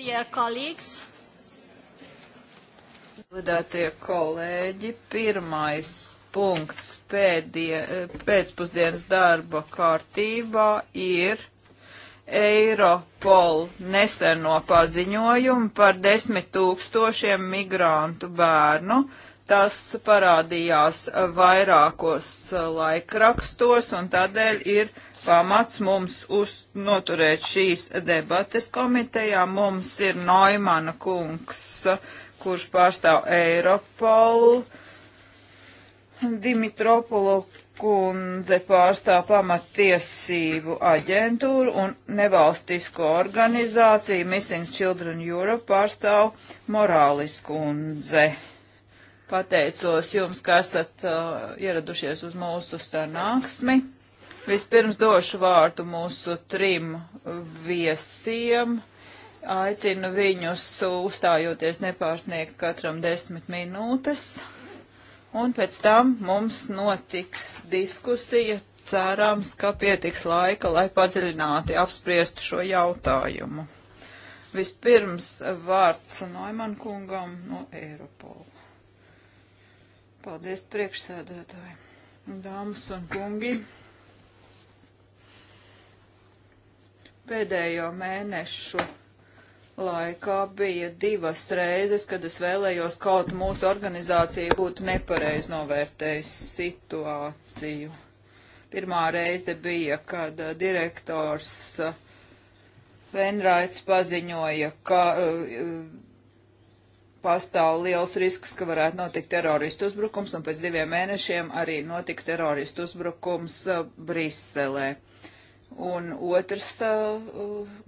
Dear colleagues. Godātie kolēģi, pirmais punkts pēdie, pēcpusdienas darba kārtībā ir Eiropol neseno paziņojumu par desmit tūkstošiem migrantu bērnu. Tas parādījās vairākos laikrakstos un tādēļ ir pamats mums uz, noturēt šīs debates komitejā. Mums ir Noimana kungs, kurš pārstāv Eiropolu, Dimitropulu kundze pārstāv pamatiesību aģentūru un nevalstisko organizāciju Missing Children Europe pārstāv Morālis kundze. Pateicos jums, ka esat uh, ieradušies uz mūsu sanāksmi. Vispirms došu vārdu mūsu trim viesiem. Aicinu viņus uzstājoties nepārsniegt katram desmit minūtes. Un pēc tam mums notiks diskusija. Cerams, ka pietiks laika, lai padziļināti apspriestu šo jautājumu. Vispirms vārds Noiman kungam no Eiropola. Paldies priekšsēdētāji, dāmas un kungi. Pēdējo mēnešu laikā bija divas reizes, kad es vēlējos kaut mūsu organizācija būtu nepareiz novērtējis situāciju. Pirmā reize bija, kad uh, direktors Venraits uh, paziņoja, ka uh, uh, pastāv liels risks, ka varētu notikt teroristu uzbrukums, un pēc diviem mēnešiem arī notika teroristu uzbrukums uh, Briselē. Un otrs uh,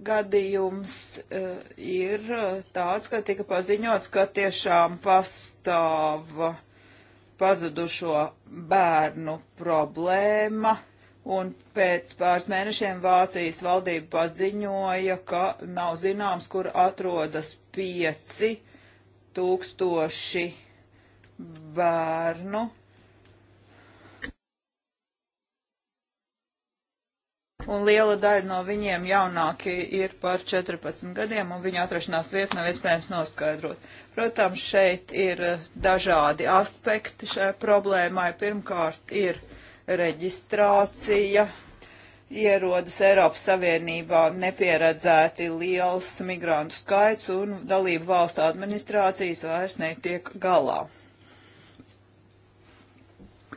gadījums uh, ir uh, tāds, ka tika paziņots, ka tiešām pastāv pazudušo bērnu problēma. Un pēc pāris mēnešiem Vācijas valdība paziņoja, ka nav zināms, kur atrodas pieci tūkstoši bērnu un liela daļa no viņiem jaunāki ir par 14 gadiem, un viņu atrašanās vietu nav iespējams noskaidrot. Protams, šeit ir eh, dažādi aspekti šai problēmai. Pirmkārt ir reģistrācija. Ierodas Eiropas Savienībā nepieredzēti liels migrantu skaits un dalību valstu administrācijas vairs netiek galā.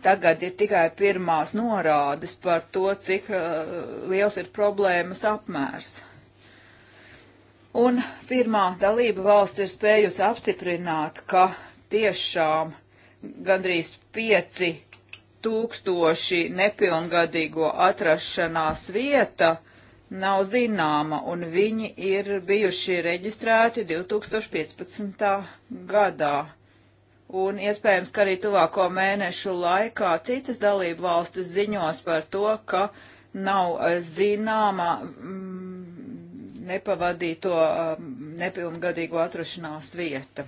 Tagad ir tikai pirmās norādes par to, cik uh, liels ir problēmas apmērs. Un pirmā dalība valsts ir spējusi apstiprināt, ka tiešām gandrīz pieci tūkstoši nepilngadīgo atrašanās vieta nav zināma, un viņi ir bijuši reģistrēti 2015. gadā. Un iespējams, ka arī tuvāko mēnešu laikā citas dalību valstis ziņos par to, ka nav eh, zināma mm, nepavadīto eh, nepilngadīgo atrašanās vieta.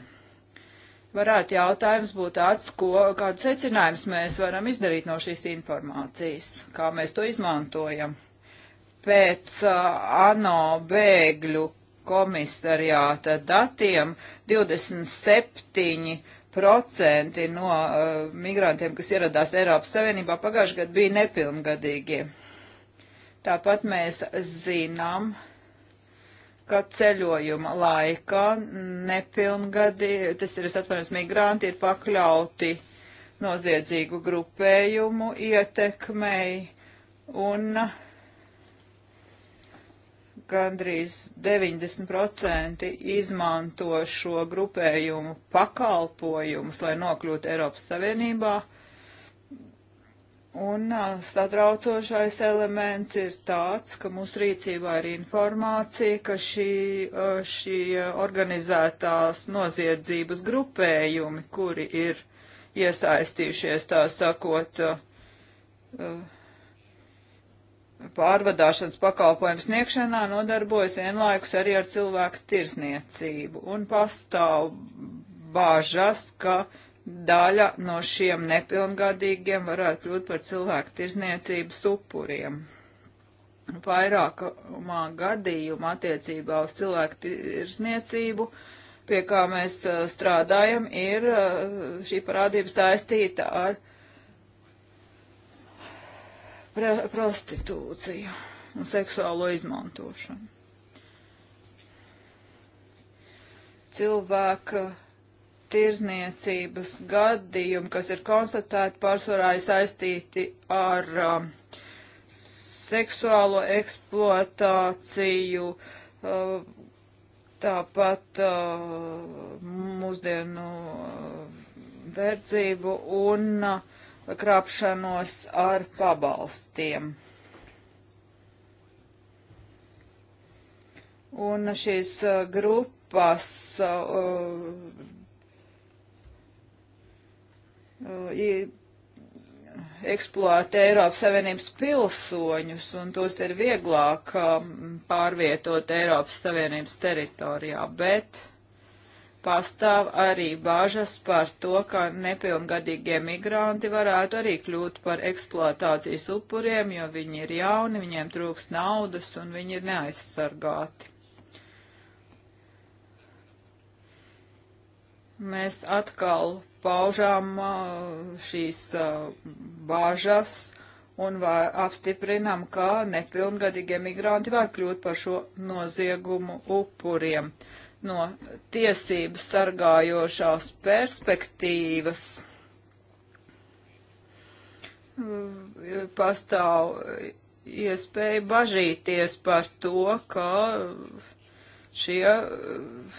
Varētu jautājums būt tāds, ko, kādu secinājumus mēs varam izdarīt no šīs informācijas, kā mēs to izmantojam. Pēc uh, ANO bēgļu komisariāta datiem 27 procenti no uh, migrantiem, kas ieradās Eiropas Savienībā pagājušajā gadā, bija nepilngadīgie. Tāpat mēs zinām, ka ceļojuma laikā nepilngadi, tas ir, es atvainojos, migranti ir pakļauti noziedzīgu grupējumu ietekmei un uh, gandrīz 90% izmanto šo grupējumu pakalpojumus, lai nokļūtu Eiropas Savienībā. Un satraucošais elements ir tāds, ka mūsu rīcībā ir informācija, ka šī, šī organizētās noziedzības grupējumi, kuri ir iesaistījušies, tā sakot, uh, pārvadāšanas pakalpojumu sniegšanā nodarbojas vienlaikus arī ar cilvēku tirzniecību un pastāv bāžas, ka daļa no šiem nepilngadīgiem varētu kļūt par cilvēku tirzniecības upuriem. Vairākumā gadījumā attiecībā uz cilvēku tirzniecību, pie kā mēs strādājam, ir šī parādība saistīta ar uh, pre, prostitūciju un seksuālo izmantošanu. Cilvēka tirzniecības gadījumi, kas ir konstatēti pārsvarā saistīti ar um, seksuālo eksploatāciju, uh, tāpat uh, mūsdienu uh, verdzību un uh, krāpšanos ar pabalstiem. Un šīs uh, grupas uh, uh, eksploatē Eiropas Savienības pilsoņus, un tos ir vieglāk um, pārvietot Eiropas Savienības teritorijā, bet uh, pastāv arī bāžas par to, ka nepilngadīgie migranti varētu arī kļūt par eksploatācijas upuriem, jo viņi ir jauni, viņiem trūks naudas un viņi ir neaizsargāti. Mēs atkal paužām uh, šīs uh, bāžas un apstiprinām, ka nepilngadīgie migranti var kļūt par šo noziegumu upuriem. Uh, no tiesību sargājošās perspektīvas mm, pastāv iespēja bažīties par to, ka šie mm,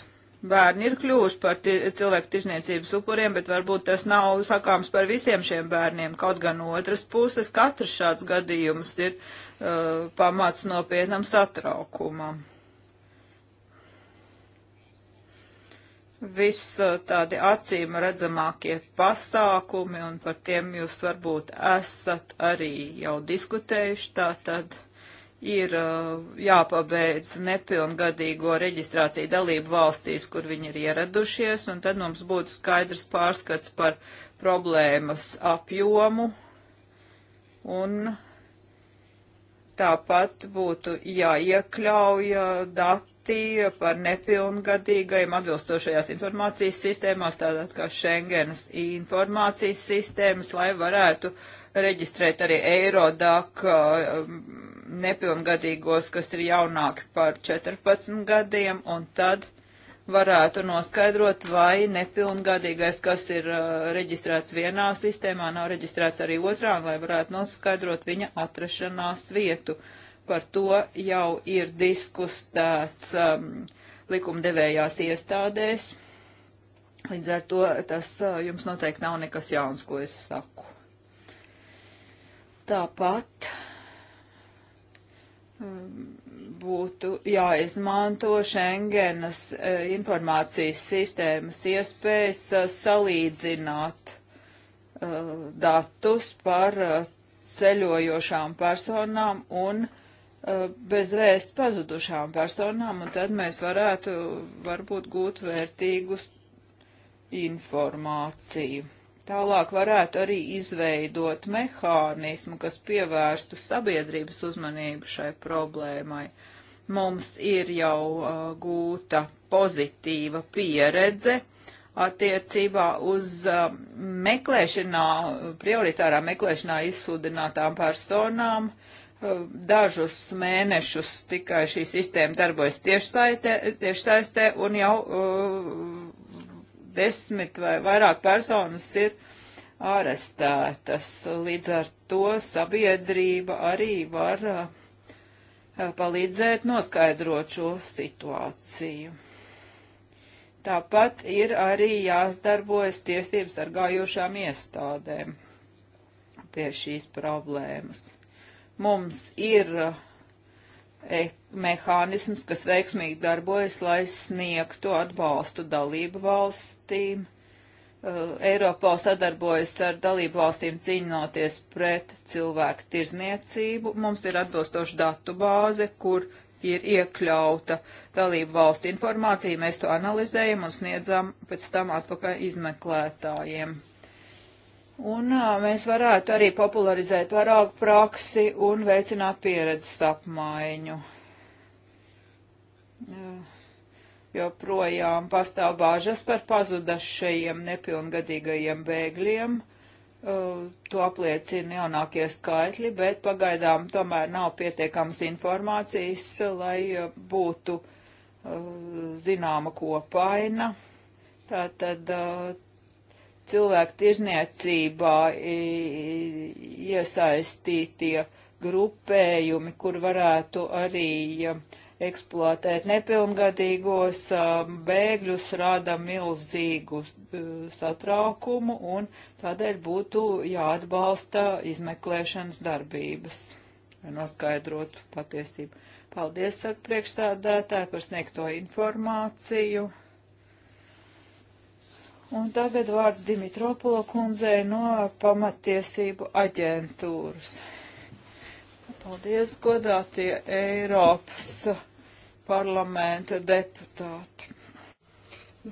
bērni ir kļuvuši par cilvēku tirzniecības upuriem, bet varbūt tas nav sakāms par visiem šiem bērniem. Kaut gan no otras puses katrs šāds gadījums ir uh, pamats nopietnam satraukumam. viss tādi acīm redzamākie pasākumi, un par tiem jūs varbūt esat arī jau diskutējuši. Tā tad ir jāpabeidz nepilngadīgo reģistrāciju dalību valstīs, kur viņi ir ieradušies, un tad mums būtu skaidrs pārskats par problēmas apjomu. Un tāpat būtu jāiekļauj dati direktīva par nepilngadīgajiem atbilstošajās informācijas sistēmās, tātad kā Schengenas informācijas sistēmas, lai varētu reģistrēt arī Eirodak uh, um, nepilngadīgos, kas ir jaunāki par 14 gadiem, un tad varētu noskaidrot, vai nepilngadīgais, kas ir uh, reģistrēts vienā sistēmā, nav reģistrēts arī otrā, lai varētu noskaidrot viņa atrašanās vietu. Uh, par to jau ir diskustēts um, likumdevējās iestādēs. Līdz ar to tas uh, jums noteikti nav nekas jauns, ko es saku. Tāpat um, būtu jāizmanto Schengenas uh, informācijas sistēmas iespējas uh, salīdzināt uh, datus par ceļojošām personām un uh, Uh, bez vēst pazudušām personām, un tad mēs varētu varbūt gūt vērtīgus informāciju. Tālāk varētu arī izveidot mehānismu, kas pievērstu sabiedrības uzmanību šai problēmai. Mums ir jau uh, gūta pozitīva pieredze attiecībā uz uh, meklēšanā, prioritārā meklēšanā izsludinātām personām, uh, Eh, dažus mēnešus tikai šī sistēma darbojas tiešsaistē, tiešsaistē un jau uh, desmit vai vairāk personas ir ārestētas. Līdz ar to sabiedrība arī var uh, palīdzēt noskaidrot šo situāciju. Tāpat ir arī jāsdarbojas tiesības sargājošām iestādēm pie šīs problēmas. Mums ir eh, e mehānisms, kas veiksmīgi darbojas, lai sniegtu atbalstu dalību valstīm. Eh, Eiropā sadarbojas ar dalību valstīm cīnoties pret cilvēku tirzniecību. Mums ir atbilstoša datu bāze, kur ir iekļauta dalību valstu informācija. Mēs to analizējam un sniedzam pēc tam atpakaļ izmeklētājiem. Un mēs varētu arī popularizēt vairāk praksi un veicināt pieredzes apmaiņu. Jo projām pastāv bāžas par pazudašajiem nepilngadīgajiem bēgļiem. To apliecina jaunākie skaitļi, bet pagaidām tomēr nav pietiekams informācijas, lai būtu zināma kopaina. Tātad cilvēku tirzniecībā iesaistītie grupējumi, kur varētu arī eksploatēt nepilngadīgos bēgļus, rada milzīgu satraukumu un tādēļ būtu jāatbalsta izmeklēšanas darbības, lai noskaidrotu patiesību. Paldies, saka priekšstādātāji, par sniegto informāciju. Un tagad vārds Dimitropulo kundzei no pamatiesību aģentūras. Paldies, godātie Eiropas parlamenta deputāti.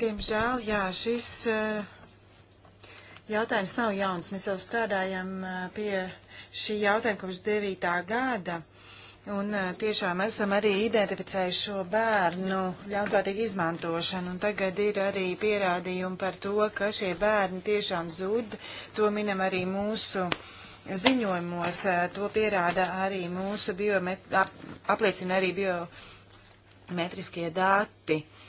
Diemžēl, jā, šis eh, jautājums nav jauns. Mēs jau strādājam eh, pie šī jautājuma kopš 9. gada. Un tiešām esam arī identificējuši šo bērnu ļaunprātīgu izmantošanu. Un tagad ir arī pierādījumi par to, ka šie bērni tiešām zud. To minam arī mūsu ziņojumos. To pierāda arī mūsu biomet... apliecina arī biometriskie dati. Uh,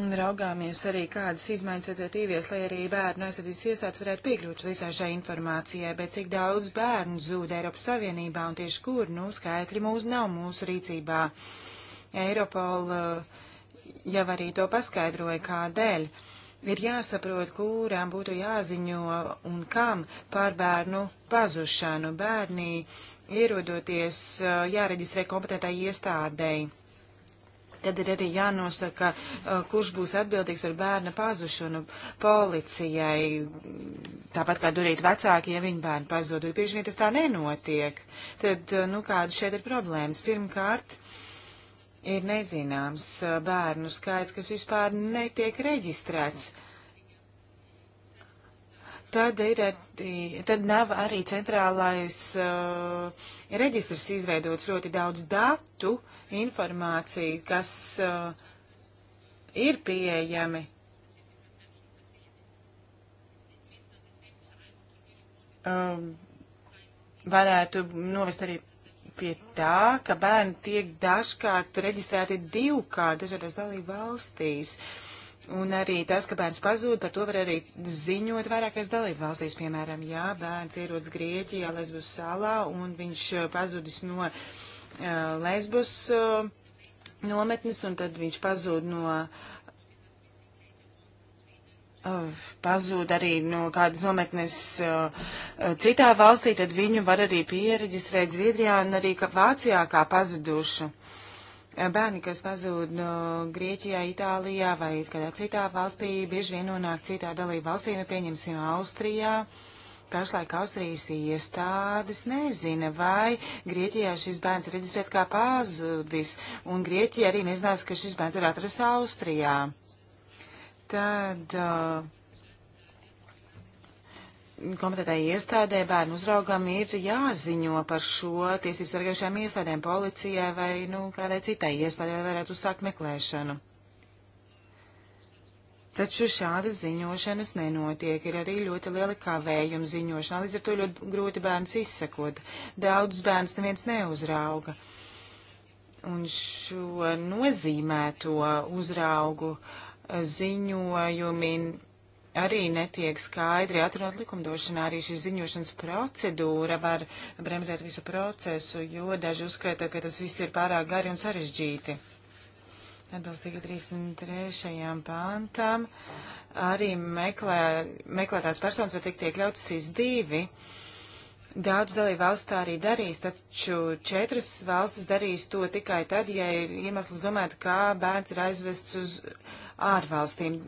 Un raugāmies arī, kādas izmaiņas vajadzētu ieviest, lai arī bērnu aizsardzības iestādes varētu piekļūt visai šai informācijai, bet cik daudz bērnu zūd Eiropas Savienībā un tieši kur, nu, skaitļi mūs nav mūsu rīcībā. Eiropola eh, jau arī to paskaidroja, kādēļ. Ir jāsaprot, kurām būtu jāziņo un kam par bērnu pazušanu. Bērnī ierodoties eh, jāreģistrē kompetentai iestādēji Tad ir arī jānosaka, uh, kurš būs atbildīgs par bērna pazušanu policijai, tāpat kā durīt vecāki, ja viņu bērni pazūd, bet bieži vien tas tā nenotiek. Tad, uh, nu, kāda šeit ir problēmas? Pirmkārt, ir nezināms uh, bērnu skaits, kas vispār netiek reģistrēts. Tad, ir arī, tad nav arī centrālais uh, reģistrs izveidots ļoti daudz datu, informāciju, kas uh, ir pieejami. Um, varētu novest arī pie tā, ka bērni tiek dažkārt reģistrēti divkārt dažādās dalību valstīs. Uh, Un arī tas, ka bērns pazūd, par to var arī ziņot vairākais dalību valstīs, piemēram, jā, bērns ierodas Grieķijā, Lesbos salā, un viņš eh, pazudis no uh, Lesbos uh, nometnes, un tad viņš pazūd no. Uh, pazūd arī no kādas nometnes uh, citā valstī, tad viņu var arī pieregistrēt Zviedrijā un arī Vācijā kā pazudušu. Uh, bērni, kas pazūd no Grieķijā, Itālijā vai kādā citā valstī, bieži vien nonāk citā dalība valstī, nu pieņemsim Austrijā. Pašlaik Austrijas iestādes nezina, vai Grieķijā šis bērns ir reģistrēts kā pazudis, un Grieķija arī nezinās, ka šis bērns ir atrasts Austrijā. Tad uh, kompetentai iestādē bērnu uzraugam ir jāziņo par šo tiesības sargājušajām iestādēm, policijai vai nu, kādai citai iestādē, lai varētu uzsākt meklēšanu. Taču šādas ziņošanas nenotiek, ir arī ļoti liela kavējuma ziņošanā, līdz ar to ļoti grūti bērnus izsekot. Daudzus bērnus neviens neuzrauga. Un šo nozīmēto uzraugu ziņojumi arī netiek skaidri atrunāt likumdošanā. Arī šī ziņošanas procedūra var bremzēt visu procesu, jo daži uzskata, ka tas viss ir pārāk gari un sarežģīti. Atbilstīgi 33. pāntām arī meklē, meklētās personas var tikt iekļautas SIS-2. Daudz dalību valsts tā arī darīs, taču četras valstis darīs to tikai tad, ja ir iemesls domāt, kā bērns ir aizvests uz ārvalstīm.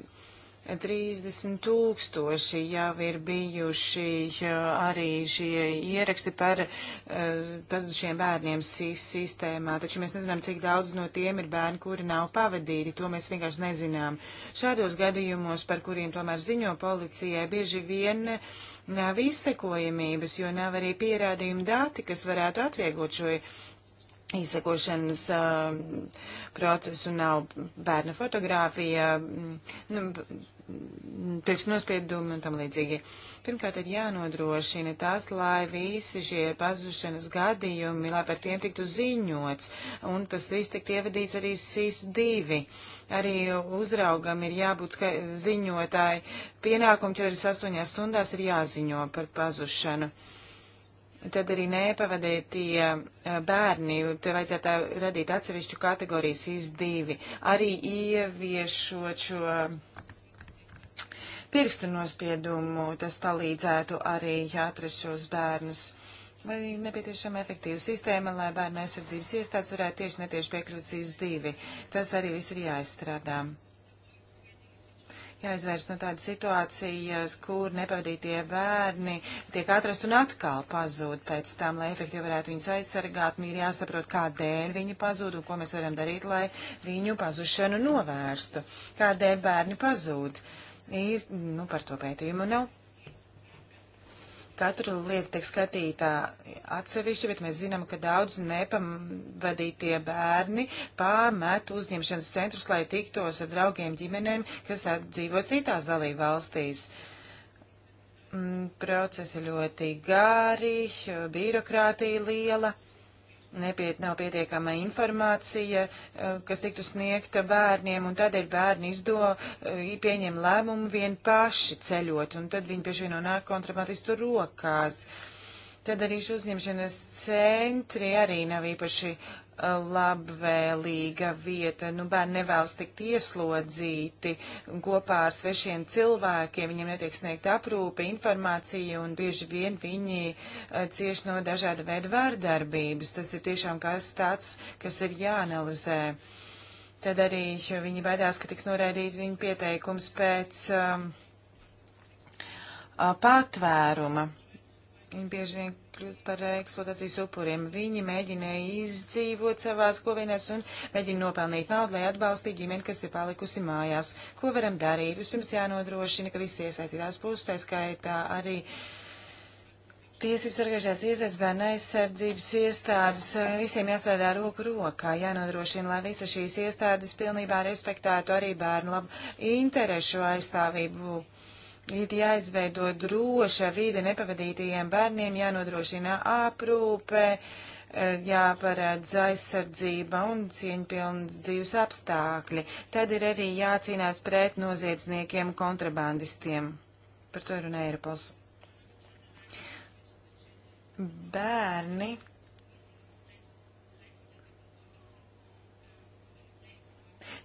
30 tūkstoši jau ir bijuši arī šie ieraksti par eh, pazudušiem bērniem sistēmā, taču mēs nezinām, cik daudz no tiem ir bērni, kuri nav pavadīti, to mēs vienkārši nezinām. Šādos gadījumos, par kuriem tomēr ziņo policijai, bieži vien nav izsekojamības, jo nav arī pierādījumu dati, kas varētu atvieglot šo izsekošanas uh, procesu, nav bērna fotografija, mm, nu, tieks nospiedumi un tam līdzīgi. Pirmkārt, ir jānodrošina tas, lai visi šie pazušanas gadījumi, lai par tiem tiktu ziņots, un tas viss tikt ievadīts arī SIS-2. Arī uzraugam ir jābūt ziņotāji. Pienākumu 48 stundās ir jāziņo par pazušanu. Tad arī nepavadītie eh, bērni, te vajadzētu radīt atsevišķu kategoriju SIS-2, arī ieviešot šo pirkstu nospiedumu. Tas palīdzētu arī atrast šos bērnus. Vai nepieciešama efektīva sistēma, lai bērnu aizsardzības iestādes varētu tieši netieši piekļūt SIS divi. Tas arī viss ir jāizstrādā. Jāizvērst no tādas situācijas, kur nepavadītie bērni tiek atrast un atkal pazūd pēc tam, lai efektīvi varētu viņus aizsargāt. Mīri jāsaprot, kādēļ viņi pazūd un ko mēs varam darīt, lai viņu pazušanu novērstu. Kādēļ bērni pazūd? Uh, Īst, nu, par to pētījumu nav. Katru lietu tiek skatītā atsevišķi, bet mēs zinām, ka daudz nepavadītie bērni pārmet uzņemšanas centrus, lai tiktos ar draugiem ģimenēm, kas dzīvo citās dalību valstīs. Mm, procesi ļoti gāri, birokrātija liela nepiet, nav pietiekama informācija, eh, kas tiktu sniegta bērniem, un tādēļ bērni izdo, eh, pieņem lēmumu vien paši ceļot, un tad viņi bieži nonāk kontrabandistu rokās. Tad arī šī uzņemšanas centri arī nav īpaši labvēlīga vieta. Nu, bērni nevēlas tikt ieslodzīti kopā ar svešiem cilvēkiem, viņiem netiek sniegta aprūpe, informācija un bieži vien viņi eh, cieš no dažāda veida vārdarbības. Tas ir tiešām kas tāds, kas ir jāanalizē. Tad arī viņi baidās, ka tiks noraidīt viņu pieteikums pēc um, patvēruma. Viņi bieži vien kļūst par eksploatācijas upuriem. Viņi mēģina izdzīvot savās kovienēs un mēģina nopelnīt naudu, lai atbalstītu ģimeni, kas ir palikusi mājās. Ko varam darīt? Vispirms jānodrošina, ka visi iesaistītās puses, tā skaitā arī. Tiesības sargājušās iestādes, bērnu aizsardzības iestādes, visiem jāstrādā roku rokā, jānodrošina, lai visas šīs iestādes pilnībā respektētu arī bērnu labu interešu aizstāvību Ir jāizveido droša vīde nepavadītajiem bērniem, jānodrošina aprūpe, eh, jāparādz aizsardzība un cieņpilns dzīves apstākļi. Tad ir arī jācīnās pret noziedzniekiem, kontrabandistiem. Par to ir un Eiropas. Bērni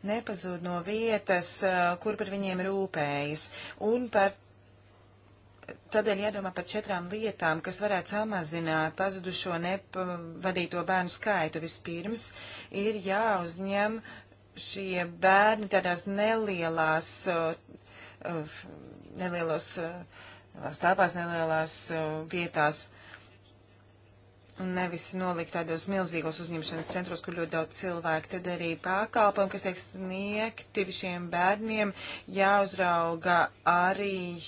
nepazūd no vietas, kur par viņiem rūpējas. Un par Tādēļ jādomā par četrām lietām, kas varētu samazināt pazudušo nepavadīto bērnu skaitu. Vispirms ir jāuzņem šie bērni tādās nelielās, nelielos, nelielos tāpās nelielās vietās un nevis nolikt tādos milzīgos uzņemšanas centros, kur ļoti daudz cilvēku. Tad arī pakalpojumi, kas tiek sniegti šiem bērniem, jāuzrauga arī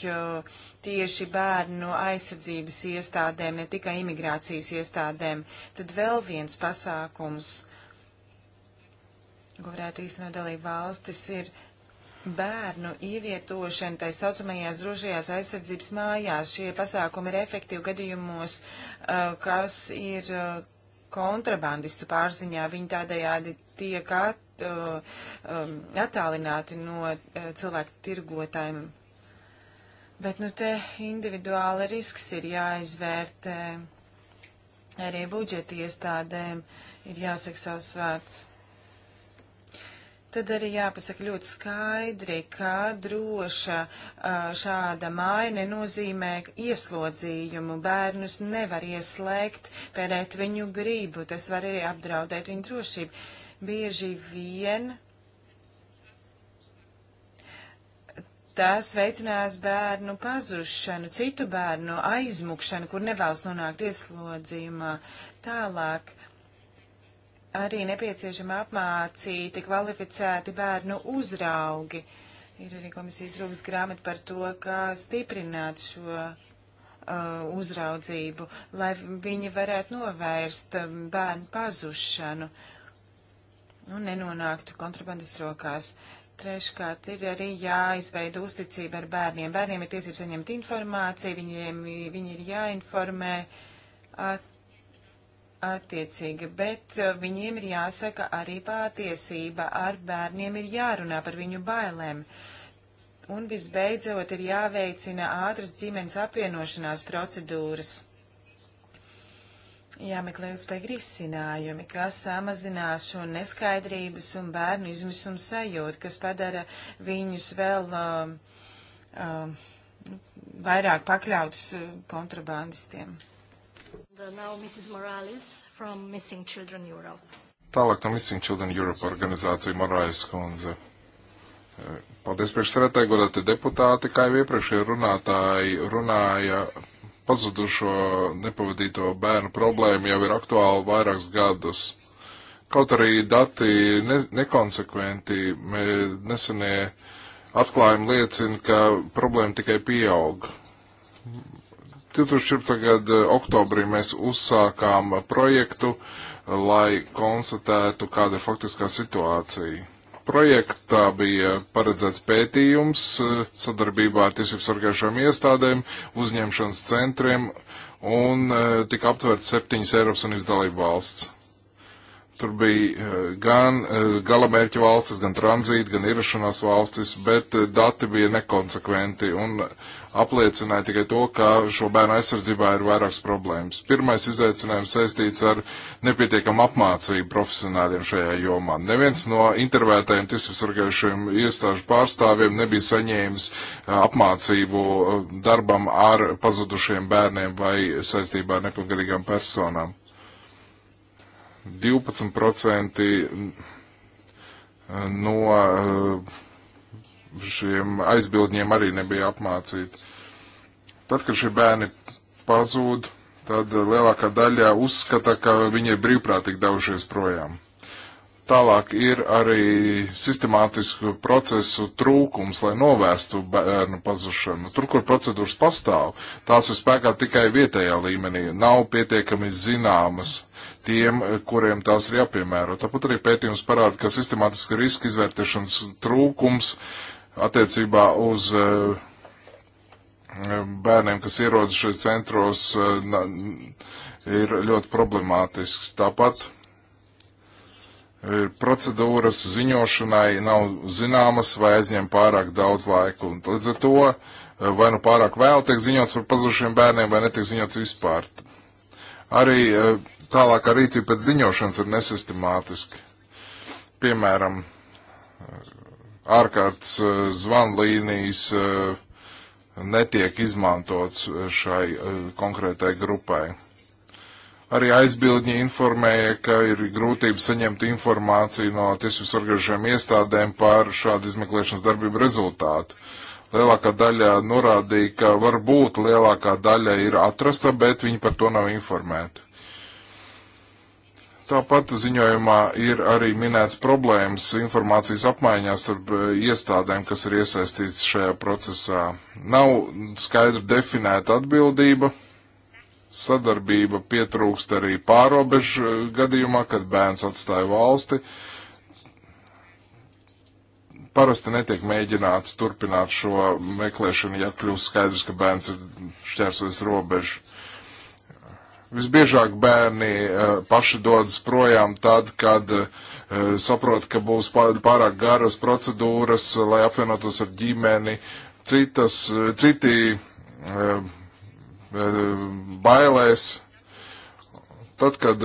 tieši bērnu aizsardzības iestādēm, ne tikai imigrācijas iestādēm. Tad vēl viens pasākums, ko varētu īstenot dalību valstis, ir bērnu ievietošana tā saucamajās drošajās aizsardzības mājās. Šie pasākumi ir efektīvi gadījumos, kas ir kontrabandistu pārziņā. Viņi tādējādi tiek at, attālināti no cilvēku tirgotājiem. Bet nu te individuāli risks ir jāizvērtē. Arī budžeti iestādēm ir jāsaka savs vārds. Tad arī jāpasaka ļoti skaidri, ka droša šāda māja nenozīmē ieslodzījumu. Bērnus nevar ieslēgt, pērēt viņu gribu, tas var arī apdraudēt viņu drošību. Bieži vien tas veicinās bērnu pazušanu, citu bērnu aizmukšanu, kur nevēlas nonākt ieslodzījumā. Tālāk arī nepieciešama apmācīti, kvalificēti bērnu uzraugi. Ir arī komisijas rūpas grāmata par to, kā stiprināt šo uh, uzraudzību, lai viņi varētu novērst um, bērnu pazušanu un nenonāktu kontrabandas rokās. Treškārt, ir arī jāizveido uzticība ar bērniem. Bērniem ir tiesības saņemt informāciju, viņiem, viņi ir jāinformē. At, attiecīgi, bet eh, viņiem ir jāsaka arī patiesība, ar bērniem ir jārunā par viņu bailēm. Un visbeidzot ir jāveicina ātras ģimenes apvienošanās procedūras. Jāmeklē ilgspējīgi risinājumi, kas samazinās šo neskaidrības un bērnu izmisumu sajūtu, kas padara viņus vēl um, um, uh, uh, vairāk pakļauts kontrabandistiem. Uh, now Mrs. Morales from Missing Children Europe. Tālāk no Missing Children Europe organizācija Morales kundze. Uh, paldies priekšsēdētāji, godāti deputāti, kā jau iepriekšējie runātāji runāja, pazudušo nepavadīto bērnu problēma jau ir aktuāla vairākus gadus. Kaut arī dati ne, nekonsekventi, nesenie atklājumi liecina, ka problēma tikai pieaug. 2014. gada eh, oktobrī mēs uzsākām projektu, lai konstatētu, kāda ir faktiskā situācija. Projektā bija paredzēts pētījums eh, sadarbībā ar tiesību sargājušām iestādēm, uzņemšanas centriem un eh, tika aptverts septiņas Eiropas Unības dalību valsts. Tur bija eh, gan eh, galamērķa valstis, gan tranzīta, gan ierašanās valstis, bet eh, dati bija nekonsekventi un apliecināja tikai to, ka šo bērnu aizsardzībā ir vairākas problēmas. Pirmais izaicinājums saistīts ar nepietiekamu apmācību profesionāļiem šajā jomā. Neviens no intervētājiem tiesībsargājušiem iestāžu pārstāvjiem nebija saņēmis apmācību darbam ar pazudušiem bērniem vai saistībā ar nepilngadīgām personām. 12% no eh, šiem aizbildņiem arī nebija apmācīti. Tad, kad šie bērni pazūd, tad lielākā daļa uzskata, ka viņi ir brīvprātīgi devušies projām. Tālāk ir arī sistemātisku procesu trūkums, lai novērstu bērnu pazušanu. Tur, kur procedūras pastāv, tās ir spēkā tikai vietējā līmenī, nav pietiekami zināmas tiem, kuriem tās ir jāpiemēro. Tāpat arī pētījums parāda, ka sistemātiska riska izvērtēšanas trūkums attiecībā uz eh, bērniem, kas ierodas šajos centros, eh, ir ļoti problemātisks. Tāpat eh, procedūras ziņošanai nav zināmas vai aizņem pārāk daudz laiku. Un līdz ar to vai nu pārāk vēl tiek ziņots par pazudušiem bērniem, vai netiek ziņots vispār. Arī uh, tālākā rīcība pēc ziņošanas ir nesistemātiska. Piemēram, ārkārtas eh, zvanlīnijas eh, netiek izmantots eh, šai konkrētai grupai. Arī aizbildņi informēja, ka ir grūtības saņemt informāciju no tiesību sargājušajām iestādēm par šādu izmeklēšanas darbību rezultātu. Lielākā daļa norādīja, ka varbūt lielākā daļa ir atrasta, bet viņi par to nav informēti. Tāpat ziņojumā ir arī minēts problēmas informācijas apmaiņā starp e, iestādēm, kas ir iesaistīts šajā procesā. Nav skaidri definēta atbildība, sadarbība pietrūkst arī pārobežu e, gadījumā, kad bērns atstāja valsti. Parasti netiek mēģināts turpināt šo meklēšanu, ja kļūst skaidrs, ka bērns ir šķērsojis robežu. Visbiežāk bērni eh, paši dodas projām tad, kad eh, saprot, ka būs pārāk garas procedūras, lai apvienotos ar ģimeni. Citas, eh, citi bailēs. Tad, kad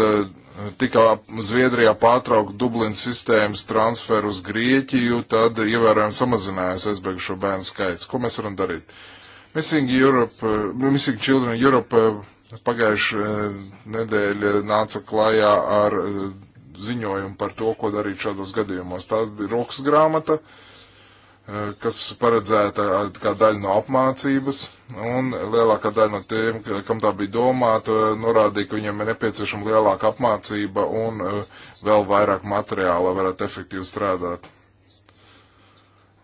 tika Zviedrijā pārtraukta Dublinas sistēmas transferu uz Grieķiju, tad ievērojami samazinājās aizbēgušo bērnu skaits. Ko mēs varam darīt? Missing, Europe, Missing Children Europe Pagājušā eh, nedēļa nāca klajā ar eh, ziņojumu par to, ko darīt šādos gadījumos. Tā bija rokas grāmata, eh, kas paredzēta kā daļa no apmācības, un lielākā daļa no tiem, kam tā bija domāta, norādīja, ka viņiem ir nepieciešama lielāka apmācība un vēl vairāk materiāla, lai varētu efektīvi strādāt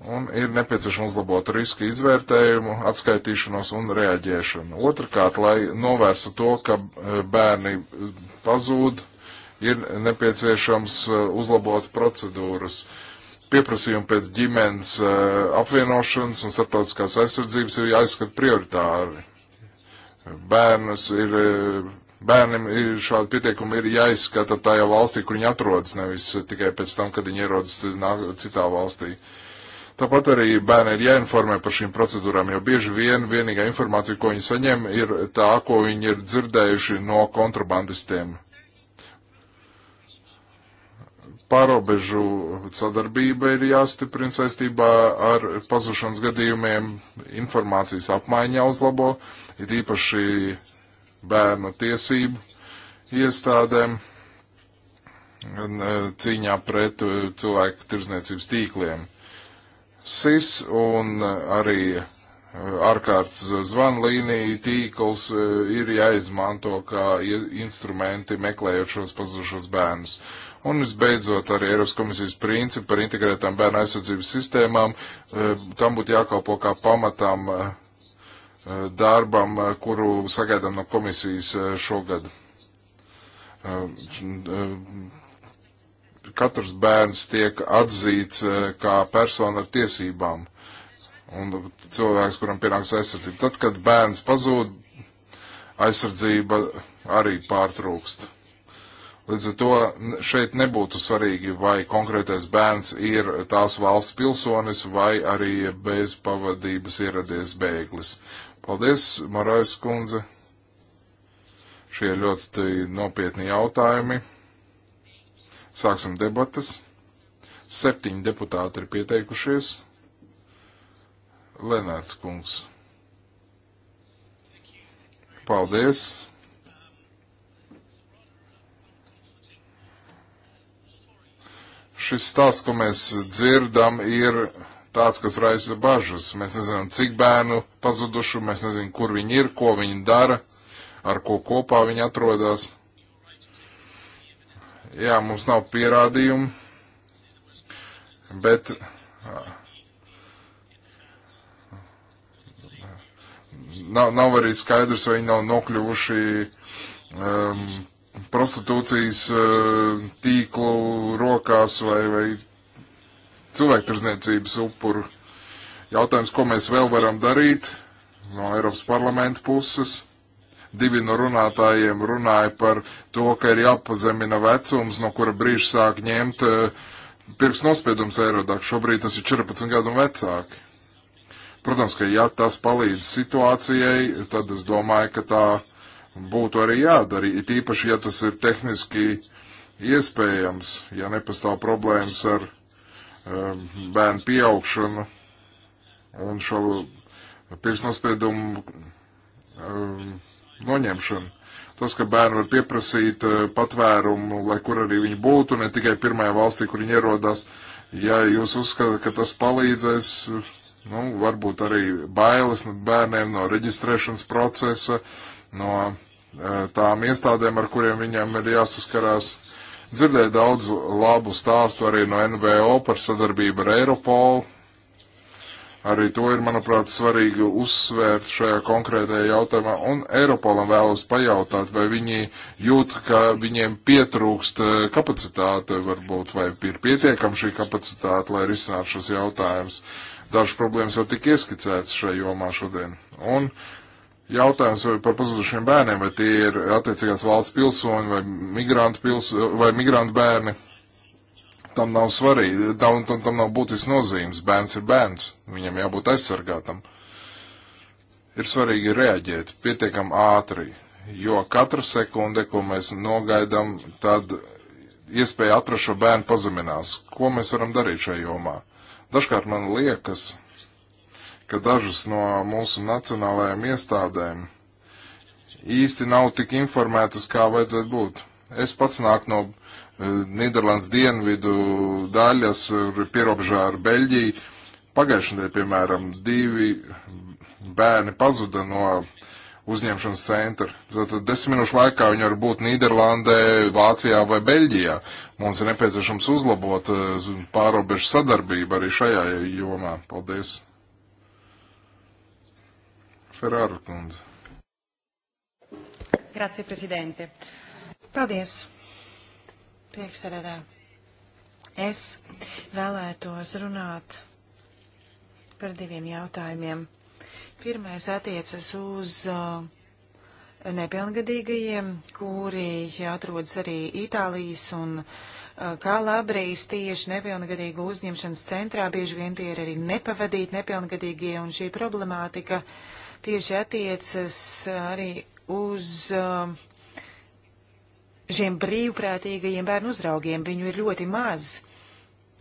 un ir nepieciešams uzlabot riska izvērtējumu, atskaitīšanos un reaģēšanu. Otrakārt, lai novērstu to, ka e, bērni e, pazūd, ir nepieciešams e, uzlabot procedūras. Pieprasījumi pēc ģimenes apvienošanas un starptautiskās aizsardzības ir jāizskata prioritāri. Bērnus ir, bērniem ir šādi pieteikumi ir jāizskata tajā valstī, kur viņi atrodas, nevis tikai pēc tam, kad viņi ierodas citā valstī. Uh, Tāpat arī bērni ir jāinformē par šīm procedūrām, jo bieži vien vienīgā informācija, ko viņi saņem, ir tā, ko viņi ir dzirdējuši no kontrabandistiem. Pārobežu sadarbība ir jāstiprina saistībā ar pazušanas gadījumiem, informācijas apmaiņa jāuzlabo, it īpaši bērnu tiesību iestādēm e, cīņā pret e, cilvēku tirzniecības tīkliem. SIS un arī eh, ārkārtas zvanlīnija tīkls eh, ir jāizmanto kā instrumenti meklējot šos pazudušos bērnus. Un visbeidzot arī Eiropas komisijas principi par integrētām bērnu aizsardzības sistēmām, eh, tam būtu jākalpo kā pamatām darbam, kuru sagaidām no komisijas šogad katrs bērns tiek atzīts eh, kā persona ar tiesībām un cilvēks, kuram pienāks aizsardzība. Tad, kad bērns pazūd, aizsardzība arī pārtrūkst. Līdz ar to šeit nebūtu svarīgi, vai konkrētais bērns ir tās valsts pilsonis vai arī bez pavadības ieradies bēglis. Paldies, Marais kundze. Šie ļoti nopietni jautājumi. Sāksim debatas. Septiņi deputāti ir pieteikušies. Lenārds kungs. Paldies. Šis stāsts, ko mēs dzirdam, ir tāds, kas raisa bažas. Mēs nezinām, cik bērnu pazudušu, mēs nezinām, kur viņi ir, ko viņi dara, ar ko kopā viņi atrodas. Jā, mums nav pierādījumu, bet nav, nav arī skaidrs, vai viņi nav nokļuvuši um, prostitūcijas uh, tīklu rokās vai, vai cilvēktirzniecības upuru. Jautājums, ko mēs vēl varam darīt no Eiropas parlamenta puses Divi no runātājiem runāja par to, ka ir jāpazemina vecums, no kura brīža sāk ņemt eh, pirks nospiedums Eirodak. Šobrīd tas ir 14 gadu un vecāki. Protams, ka ja tas palīdz situācijai, tad es domāju, ka tā būtu arī jādara. It īpaši, ja tas ir tehniski iespējams, ja nepastāv problēmas ar um, bērnu pieaugšanu un šo pirksnospiedumu um, eh, noņemšanu. Tas, ka bērni var pieprasīt eh, patvērumu, lai kur arī viņi būtu, ne tikai pirmajā valstī, kur viņi ierodas, ja jūs uzskatāt, ka tas palīdzēs, nu, varbūt arī bailes no bērniem, no reģistrēšanas procesa, no eh, tām iestādēm, ar kuriem viņam ir jāsaskarās. Dzirdēju daudz labu stāstu arī no NVO par sadarbību ar Eiropolu, Arī to ir, manuprāt, svarīgi uzsvērt šajā konkrētajā jautājumā. Un Eiropolam vēlos pajautāt, vai viņi jūt, ka viņiem pietrūkst eh, kapacitāte, varbūt, vai ir pietiekama šī kapacitāte, lai risinātu šos jautājumus. Dažas problēmas jau tika ieskicētas šajā jomā šodien. Un jautājums par pazudušiem bērniem, vai tie ir attiecīgās valsts pilsoņi vai migrantu, pils, vai migrantu bērni tam nav svarīgi, tam, tam, tam nav būtisks nozīmes. Bērns ir bērns, viņam jābūt aizsargātam. Ir svarīgi reaģēt pietiekam ātri, jo katru sekundi, ko mēs nogaidam, tad iespēja atrast šo bērnu pazeminās. Ko mēs varam darīt šajā jomā? Dažkārt man liekas, ka dažas no mūsu nacionālajām iestādēm īsti nav tik informētas, kā vajadzētu būt. Es pats nāku no Nīderlandes dienvidu daļas pierobežā ar Beļģiju. Pagājušajā nedēļā, piemēram, divi bērni pazuda no uzņemšanas centra. Tātad desmit minūšu laikā viņi var būt Nīderlandē, Vācijā vai Beļģijā. Mums ir nepieciešams uzlabot eh, pārobežu sadarbību arī šajā jomā. Paldies! Ferrara kundze. Grazie, prezidente. Paldies! Priekšsēdētā. Es vēlētos runāt par diviem jautājumiem. Pirmais attiecas uz uh, nepilngadīgajiem, kuri atrodas arī Itālijas un uh, Kalabrijas tieši nepilngadīgu uzņemšanas centrā. Bieži vien tie ir arī nepavadīti nepilngadīgie, un šī problemātika tieši attiecas uh, arī uz uh, šiem brīvprātīgajiem bērnu uzraugiem viņu ir ļoti maz.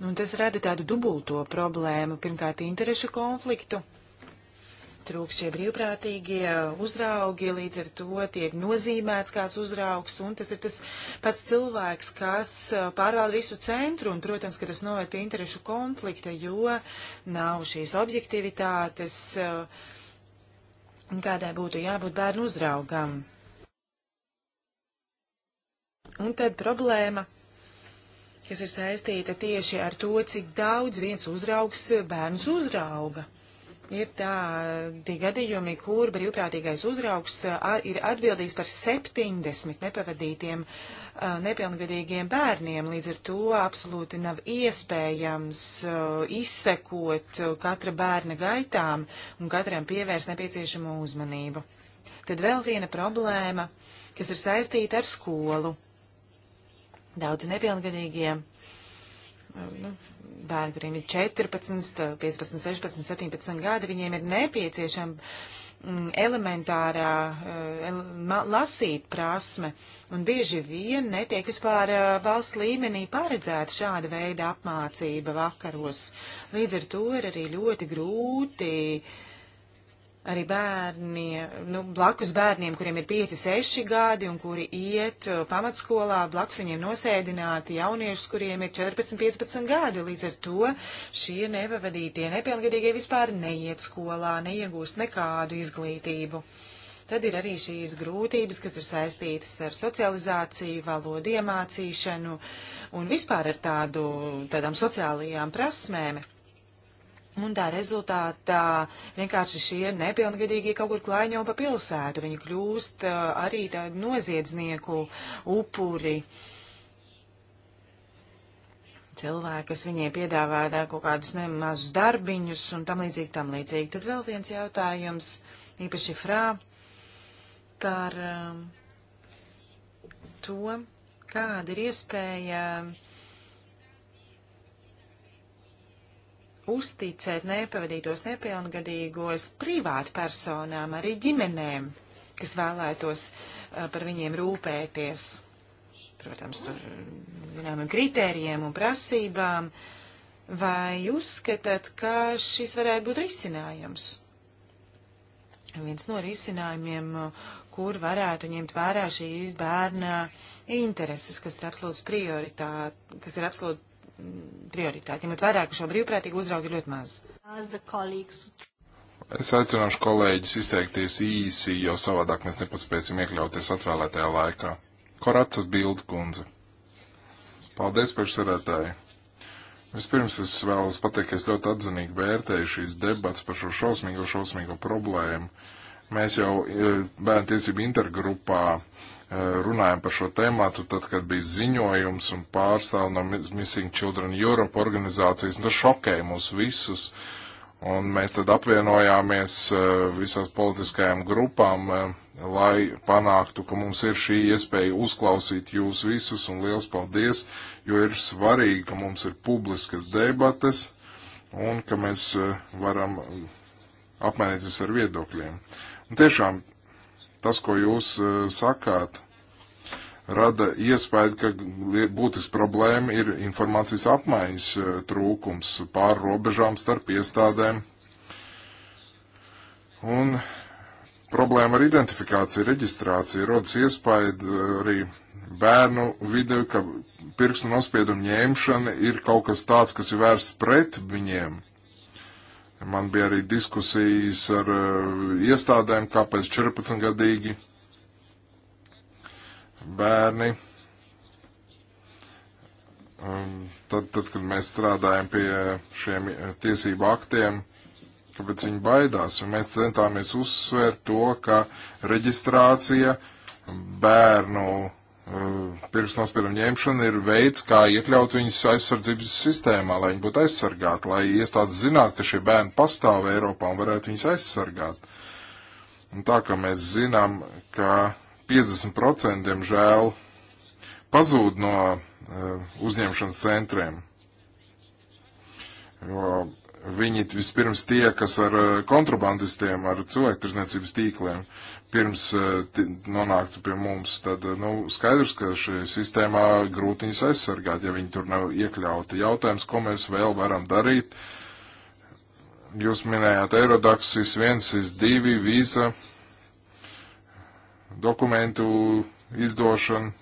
Un tas rada tādu dubulto problēmu. Pirmkārt, interešu konfliktu. Trūks šie brīvprātīgie uzraugi, līdz ar to tiek nozīmēts kāds uzraugs, un tas ir tas pats cilvēks, kas uh, pārvalda visu centru, un, protams, ka tas noved pie interešu konflikta, jo nav šīs objektivitātes, uh, kādai būtu jābūt bērnu uzraugam. Un tad problēma, kas ir saistīta tieši ar to, cik daudz viens uzraugs bērns uzrauga. Ir tādi gadījumi, kur brīvprātīgais uzraugs ir atbildīgs par 70 nepavadītiem nepilngadīgiem bērniem. Līdz ar to absolūti nav iespējams izsekot katra bērna gaitām un katram pievērst nepieciešamo uzmanību. Tad vēl viena problēma, kas ir saistīta ar skolu Daudz nepilngadīgiem ehm, nu, bērni, kuriem ir 14, 15, 16, 17 gadi, viņiem ir nepieciešama mm, elementārā eh, ele, lasīt prasme, un bieži vien netiek vispār eh, valsts līmenī paredzēta šāda veida apmācība vakaros. Līdz ar to ir arī ļoti grūti uh, arī bērni, nu, blakus bērniem, kuriem ir 5, 6 gadi un kuri iet uh, pamatskolā, blakus viņiem nosēdināti jauniešus, kuriem ir 14, 15 gadi. Līdz ar to šie nevavadītie nepilngadīgie vispār neiet skolā, neiegūst nekādu izglītību. Tad ir arī šīs grūtības, kas ir saistītas ar socializāciju, valodu iemācīšanu un vispār ar tādu, tādām sociālajām prasmēm. Un tā rezultātā vienkārši šie nepilngadīgie kaut kur klaiņo pa pilsētu. Viņi kļūst uh, arī tādu noziedznieku upuri. Cilvēki, kas viņiem piedāvā kaut kādus nemazus darbiņus un tam līdzīgi, tam līdzīgi. Tad vēl viens jautājums, īpaši frā, par um, to, kāda ir iespēja. Uh, uzticēt nepavadītos nepilngadīgos privātu personām, arī ģimenēm, kas vēlētos eh, par viņiem rūpēties. Protams, tur zināmiem kritērijiem un prasībām. Vai uzskatāt, ka šis varētu būt risinājums? Viens no risinājumiem, kur varētu ņemt vērā šīs bērna intereses, kas ir absolūts prioritā, kas ir absolūti Mm, prioritāti, ņemot vērā, ka šo brīvprātīgu uzraugu ir ļoti maz. Es aicināšu kolēģis izteikties īsi, jo savādāk mēs nepaspēsim iekļauties atvēlētajā laikā. Koracas bildu kundze. Paldies, priekšsēdētāji! Vispirms es vēlos pateikt, ka es ļoti atzinīgi vērtēju šīs debats par šo šausmīgo, šausmīgo problēmu. Mēs jau eh, bērnu tiesību intergrupā Eh, runājam par šo tēmātu, tad, kad bija ziņojums un pārstāv no Missing Children Europe organizācijas, tas šokēja mūs visus. Un mēs tad apvienojāmies eh, visās politiskajām grupām, eh, lai panāktu, ka mums ir šī iespēja uzklausīt jūs visus, un liels paldies, jo ir svarīgi, ka mums ir publiskas debates un ka mēs varam apmainīties ar viedokļiem. Un tiešām tas, ko jūs eh, sakāt, rada iespēju, ka būtisks problēma ir informācijas apmaiņas eh, trūkums pār robežām starp iestādēm. Un problēma ar identifikāciju, reģistrāciju rodas iespēja eh, arī bērnu vidē, ka pirkstu nospiedumu ņemšana ir kaut kas tāds, kas ir vērsts pret viņiem. Man bija arī diskusijas ar eh, iestādēm, kāpēc 14-gadīgi bērni. Tad, tad, kad mēs strādājam pie šiem eh, tiesību aktiem, kāpēc viņi baidās, un mēs centāmies uzsvērt to, ka reģistrācija bērnu Eh, pirkstu nospiedumu ņemšana ir veids, kā iekļaut viņus aizsardzības sistēmā, lai viņi būtu aizsargāti, lai iestādes zinātu, ka šie bērni pastāv Eiropā un varētu viņus aizsargāt. Un tā kā mēs zinām, ka 50% diemžēl pazūd no uh, uzņemšanas centriem, jo Viņi vispirms tiekas ar uh, kontrabandistiem, ar cilvēktirdzniecības tīkliem, pirms uh, nonāktu pie mums. Tad, uh, nu, skaidrs, ka šajā sistēmā grūti viņus aizsargāt, ja viņi tur nav iekļauti. Jautājums, ko mēs vēl varam darīt? Jūs minējāt Eirodax, SIS1, SIS2, vīza, dokumentu izdošanu,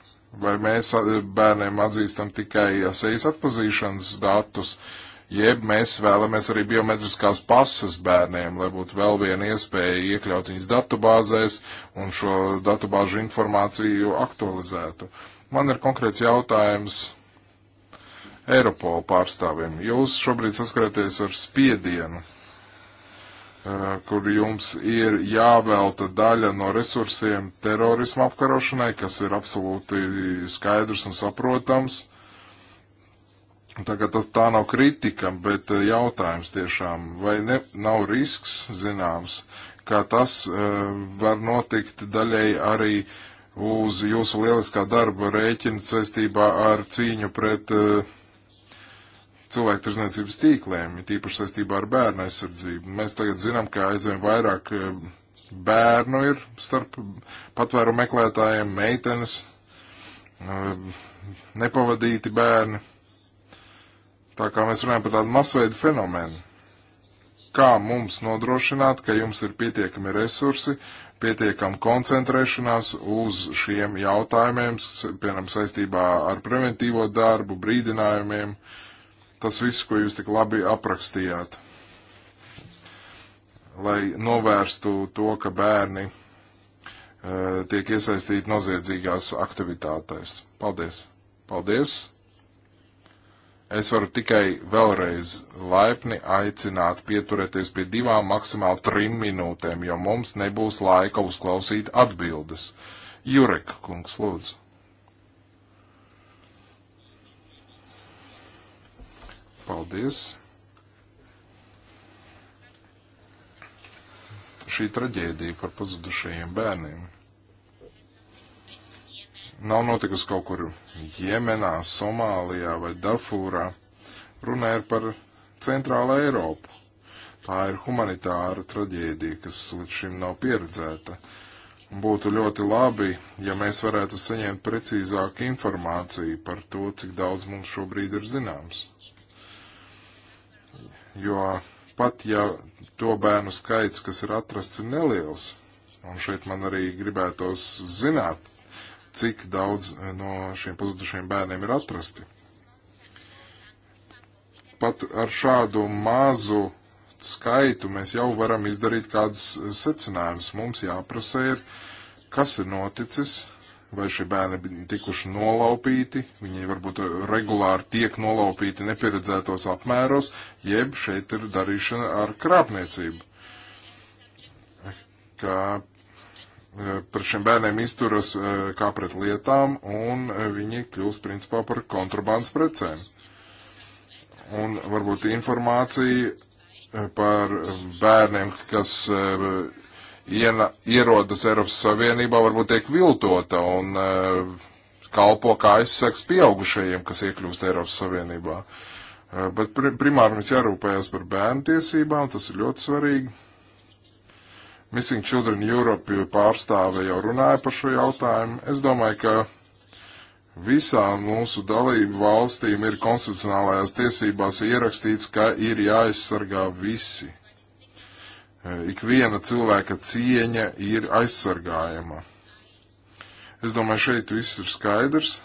vai mēs bērniem atzīstam tikai sejas atpazīšanas datus. Uh, jeb mēs vēlamies arī biometriskās pasas bērniem, lai būtu vēl viena iespēja iekļaut viņas datubāzēs un šo datubāžu informāciju aktualizētu. Man ir konkrēts jautājums Eiropola pārstāvim. Jūs šobrīd saskaraties ar spiedienu, eh, kur jums ir jāvelta daļa no resursiem terorismu apkarošanai, kas ir absolūti skaidrs un saprotams Tagad tas tā nav kritika, bet eh, jautājums tiešām, vai ne, nav risks zināms, ka tas uh, var notikt daļai arī uz jūsu lieliskā darba rēķina saistībā ar cīņu pret uh, eh, cilvēku tirzniecības tīkliem, tīpaši saistībā ar bērnu aizsardzību. Mēs tagad zinām, ka aizvien vairāk bērnu ir starp patvēru meklētājiem, meitenes, nepavadīti bērni. Tā kā mēs runājam par tādu masveidu fenomenu. Kā mums nodrošināt, ka jums ir pietiekami resursi, pietiekama koncentrēšanās uz šiem jautājumiem, piemēram, saistībā ar preventīvo darbu, brīdinājumiem, tas viss, ko jūs tik labi aprakstījāt, lai novērstu to, ka bērni e, tiek iesaistīti noziedzīgās aktivitātēs. Paldies! Paldies! Es varu tikai vēlreiz laipni aicināt pieturēties pie divām, maksimāli trim minūtēm, jo mums nebūs laika uzklausīt atbildes. Jurek, kungs, lūdzu. Paldies. Šī traģēdija par pazudušajiem bērniem nav notikusi kaut kur Jemenā, Somālijā vai Darfūrā. Runa ir par centrālu Eiropu. Tā ir humanitāra traģēdija, kas līdz šim nav pieredzēta. Būtu ļoti labi, ja mēs varētu saņemt precīzāku informāciju par to, cik daudz mums šobrīd ir zināms. Jo pat ja to bērnu skaits, kas ir atrasts, ir neliels, un šeit man arī gribētos zināt, cik daudz eh, no šiem pazudušiem bērniem ir atrasti. Pat ar šādu mazu skaitu mēs jau varam izdarīt kādas eh, secinājumus. Mums jāprasa ir, kas ir noticis, vai šie bērni tikuši nolaupīti, viņi varbūt regulāri tiek nolaupīti nepieredzētos apmēros, jeb šeit ir darīšana ar krāpniecību. Kā Eh, par šiem bērniem izturas eh, kā pret lietām, un eh, viņi kļūst principā par kontrabandas precēm. Un varbūt informācija par bērniem, kas iena, ierodas Eiropas Savienībā, varbūt tiek viltota un kalpo kā aizsaks pieaugušajiem, kas iekļūst Eiropas Savienībā. Bet primāri mums jārūpējas par bērnu tiesībām, tas ir ļoti svarīgi. Missing Children Europe pārstāve jau runāja par šo jautājumu. Es domāju, ka visām mūsu dalību valstīm ir konstitucionālajās tiesībās ierakstīts, ka ir jāaizsargā visi. E, Ikviena cilvēka cieņa ir aizsargājama. Es domāju, šeit viss ir skaidrs.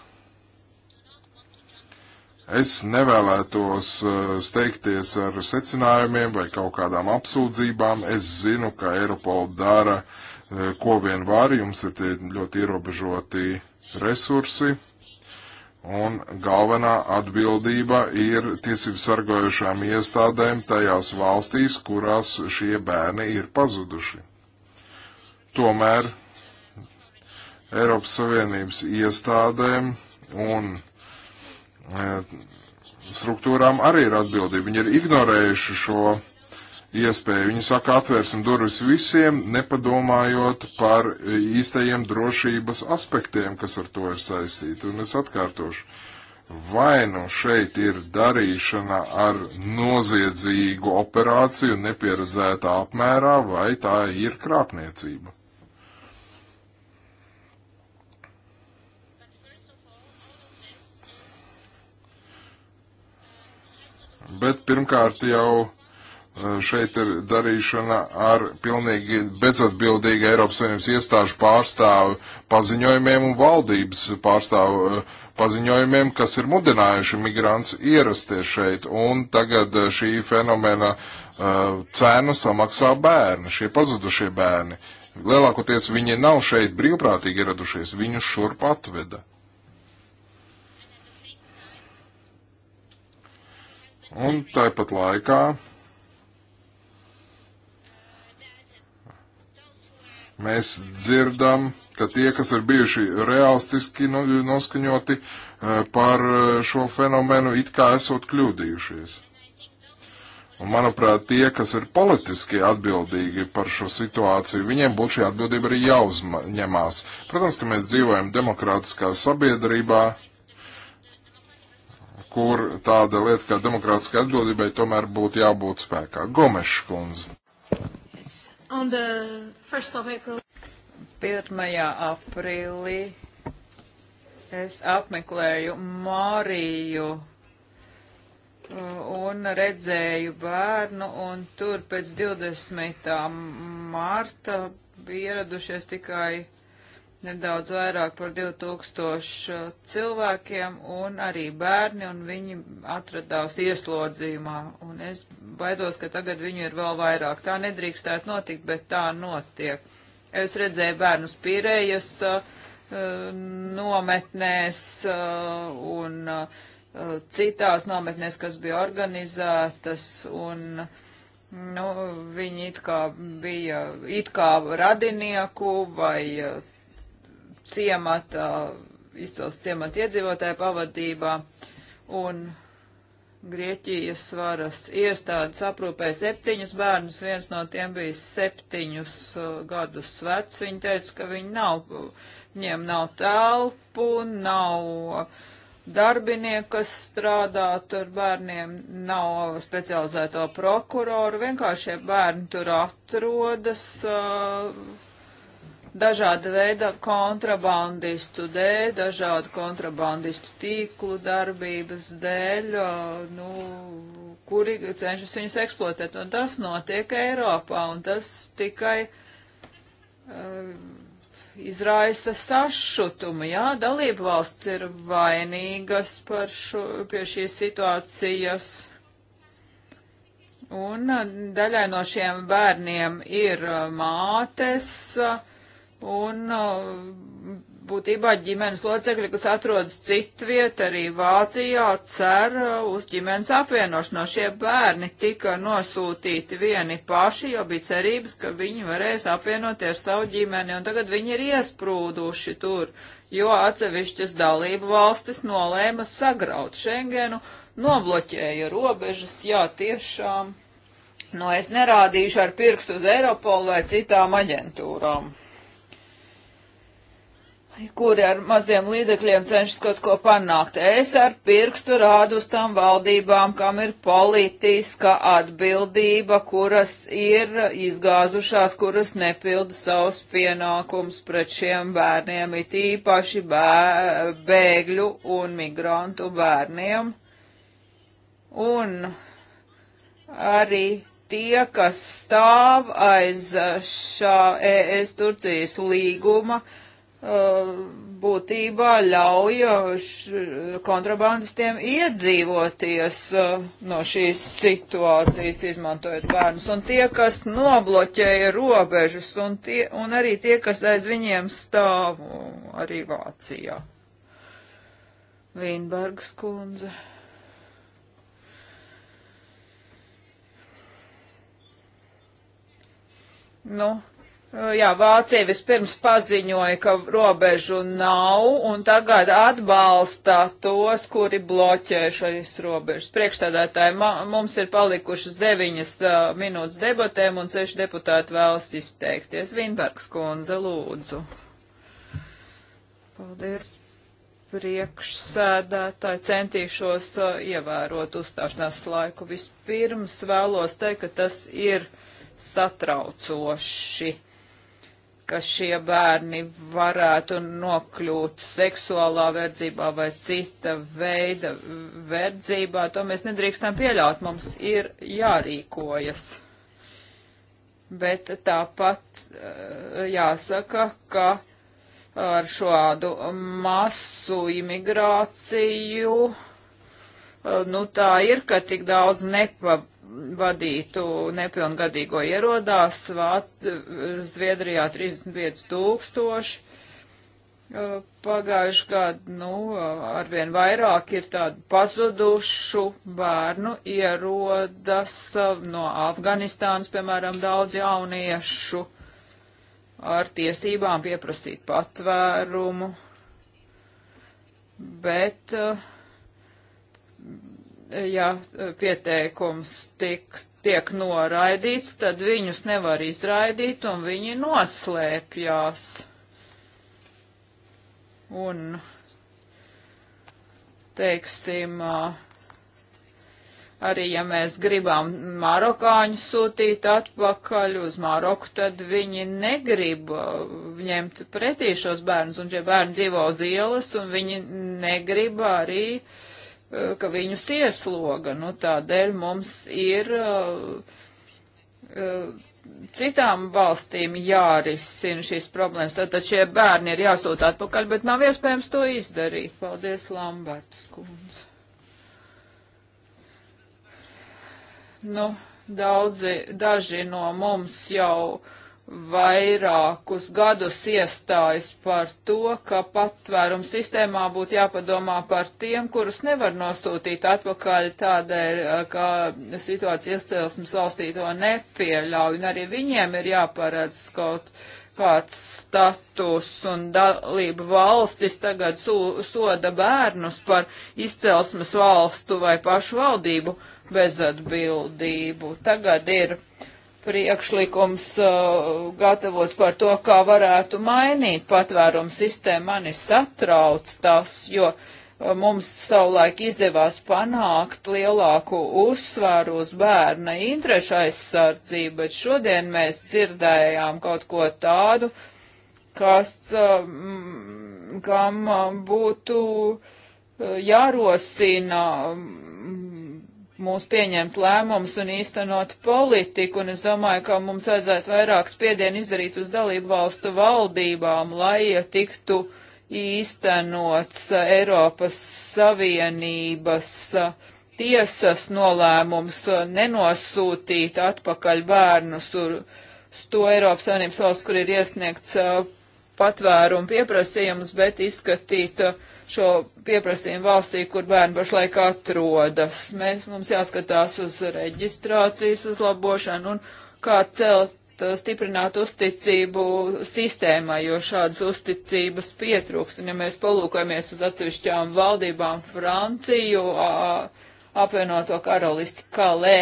Es nevēlētos eh, steigties ar secinājumiem vai kaut kādām apsūdzībām. Es zinu, ka Eiropola dara, eh, ko vien var, jums ir tie ļoti ierobežoti resursi. Un galvenā atbildība ir tiesību sargojušām iestādēm tajās valstīs, kurās šie bērni ir pazuduši. Tomēr Eiropas Savienības iestādēm un Eh, struktūrām arī ir atbildība. Viņi ir ignorējuši šo iespēju. Viņi saka, atvērsim durvis visiem, nepadomājot par īstajiem drošības aspektiem, kas ar to ir saistīti. Un es atkārtošu, vai nu šeit ir darīšana ar noziedzīgu operāciju nepieredzētā apmērā, vai tā ir krāpniecība. bet pirmkārt jau e, šeit ir darīšana ar pilnīgi bezatbildīgu Eiropas Savienības iestāžu pārstāvu paziņojumiem un valdības pārstāvu e, paziņojumiem, kas ir mudinājuši migrants ierasties šeit. Un tagad e, šī fenomena uh, cēnu samaksā bērni, šie pazudušie bērni. Lielākoties viņi nav šeit brīvprātīgi ieradušies, viņus šurp atveda. Un tāpat laikā mēs dzirdam, ka tie, kas ir bijuši realistiski nu, noskaņoti eh, par eh, šo fenomenu, it kā esot kļūdījušies. Un, manuprāt, tie, kas ir politiski atbildīgi par šo situāciju, viņiem būtu šī atbildība arī jāuzņemās. Protams, ka mēs dzīvojam demokrātiskā sabiedrībā, kur tāda lieta kā demokrātiska atbildībai tomēr būtu jābūt spēkā. Gomeša kundze. 1. aprīlī es apmeklēju Māriju uh, un redzēju bērnu, un tur pēc 20. marta bija ieradušies tikai nedaudz vairāk par 2000 cilvēkiem, un arī bērni, un viņi atradās ieslodzījumā. Un es baidos, ka tagad viņu ir vēl vairāk. Tā nedrīkstētu notikt, bet tā notiek. Es redzēju bērnus pīrējas uh, nometnēs uh, un uh, citās nometnēs, kas bija organizētas, un nu, viņi it kā bija it kā radinieku vai uh, ciemata, izcels ciemata iedzīvotāja pavadībā, un Grieķijas varas iestādes aprūpēja septiņus bērnus, viens no tiem bija septiņus uh, gadus vecs. Viņa teica, ka viņi nav, viņiem nav telpu, nav uh, darbinieku, kas strādātu ar bērniem, nav specializēto prokuroru, vienkārši šie bērni tur atrodas, uh, dažāda veida kontrabandistu dēļ, dažādu kontrabandistu tīklu darbības dēļ, nu, kuri cenšas viņus eksploatēt. Un tas notiek Eiropā, un tas tikai uh, izraisa sašutumu. Jā, dalība valsts ir vainīgas par šo, pie šīs situācijas. Un eh, daļai no šiem bērniem ir eh, mātes, uh, Un būtībā ģimenes locekļi, kas atrodas citviet, arī Vācijā cer uz ģimenes apvienošanos. Šie bērni tika nosūtīti vieni paši, jo bija cerības, ka viņi varēs apvienoties ar savu ģimeni, un tagad viņi ir iesprūduši tur, jo atsevišķas dalību valstis nolēma sagraut Schengenu, nobloķēja robežas, jā, tiešām. Nu, no es nerādīšu ar pirkstu uz Eiropolu vai citām aģentūrām kuri ar maziem līdzekļiem cenšas kaut ko panākt. Es ar pirkstu rādu uz tām valdībām, kam ir politiska atbildība, kuras ir izgāzušās, kuras nepilda savus pienākumus pret šiem bērniem, it īpaši bē, bēgļu un migrantu bērniem. Un arī tie, kas stāv aiz šā ES Turcijas līguma, uh, būtībā ļauj uh, kontrabandistiem iedzīvoties uh, no šīs situācijas, izmantojot bērnus. Un tie, kas nobloķēja robežas, un, tie, un arī tie, kas aiz viņiem stāv, arī Vācijā. Vīnbergs kundze. Nu, Eh, jā, Vācija vispirms paziņoja, ka robežu nav, un tagad atbalsta tos, kuri bloķē šīs robežas. Priekšstādātāji, mums ir palikušas deviņas uh, minūtes debatēm, un seši deputāti vēlas izteikties. Vinbergs kundze, lūdzu. Paldies. Priekšsēdētāji centīšos uh, ievērot uzstāšanās laiku. Vispirms vēlos teikt, ka tas ir satraucoši ka šie bērni varētu nokļūt seksuālā verdzībā vai cita veida verdzībā, to mēs nedrīkstam pieļaut, mums ir jārīkojas. Bet tāpat eh, jāsaka, ka ar šādu masu imigrāciju, eh, nu tā ir, ka tik daudz nepa vadītu nepilngadīgo ierodās, Vāt, Zviedrijā 35 tūkstoši. Pagājuši gadu, nu, arvien vairāk ir tādu pazudušu bērnu ierodas no Afganistānas, piemēram, daudz jauniešu ar tiesībām pieprasīt patvērumu. Bet uh, ja e, pieteikums tik, tiek noraidīts, tad viņus nevar izraidīt un viņi noslēpjās. Un, teiksim, arī ja mēs gribam marokāņu sūtīt atpakaļ uz Maroku, tad viņi negrib ņemt pretī šos bērnus, un šie bērni dzīvo uz ielas, un viņi negrib arī uh, Eh, ka viņus iesloga. Nu, tādēļ mums ir eh, eh, citām valstīm jārisina šīs problēmas. Tātad šie bērni ir jāsūt atpakaļ, bet nav iespējams to izdarīt. Paldies, Lamberts kundze. Nu, daudzi, daži no mums jau vairākus gadus iestājas par to, ka patvērums sistēmā būtu jāpadomā par tiem, kurus nevar nosūtīt atpakaļ tādēļ, eh, ka situācija iestājas valstī to nepieļauj, un arī viņiem ir jāparedz kaut kāds status un dalība valstis tagad so, soda bērnus par izcelsmes valstu vai pašu valdību bezatbildību. Tagad ir uh, priekšlikums uh, gatavots par to, kā varētu mainīt patvērumu sistēmu, mani satrauc tas, jo uh, mums savulaik izdevās panākt lielāku uzsvaru uz bērna interešu aizsardzību, bet šodien mēs dzirdējām kaut ko tādu, kas, uh, kam uh, būtu uh, jārosina um, mūs pieņemt lēmumus un īstenot politiku, un es domāju, ka mums vajadzētu vairāk spiedienu izdarīt uz dalību valstu valdībām, lai tiktu īstenots Eiropas Savienības tiesas nolēmums nenosūtīt atpakaļ bērnus uz to Eiropas Savienības valsts, kur ir iesniegts uh, patvērumu pieprasījums, bet izskatīt uh, šo pieprasījumu valstī, kur bērni pašlaik atrodas. Mēs, mums jāskatās uz reģistrācijas uzlabošanu un kā celt, eh, stiprināt uzticību sistēmai, jo šādas uzticības pietrūkst. Un ja mēs palūkojamies uz atsevišķām valdībām Franciju, apvienoto karalisti Kalē,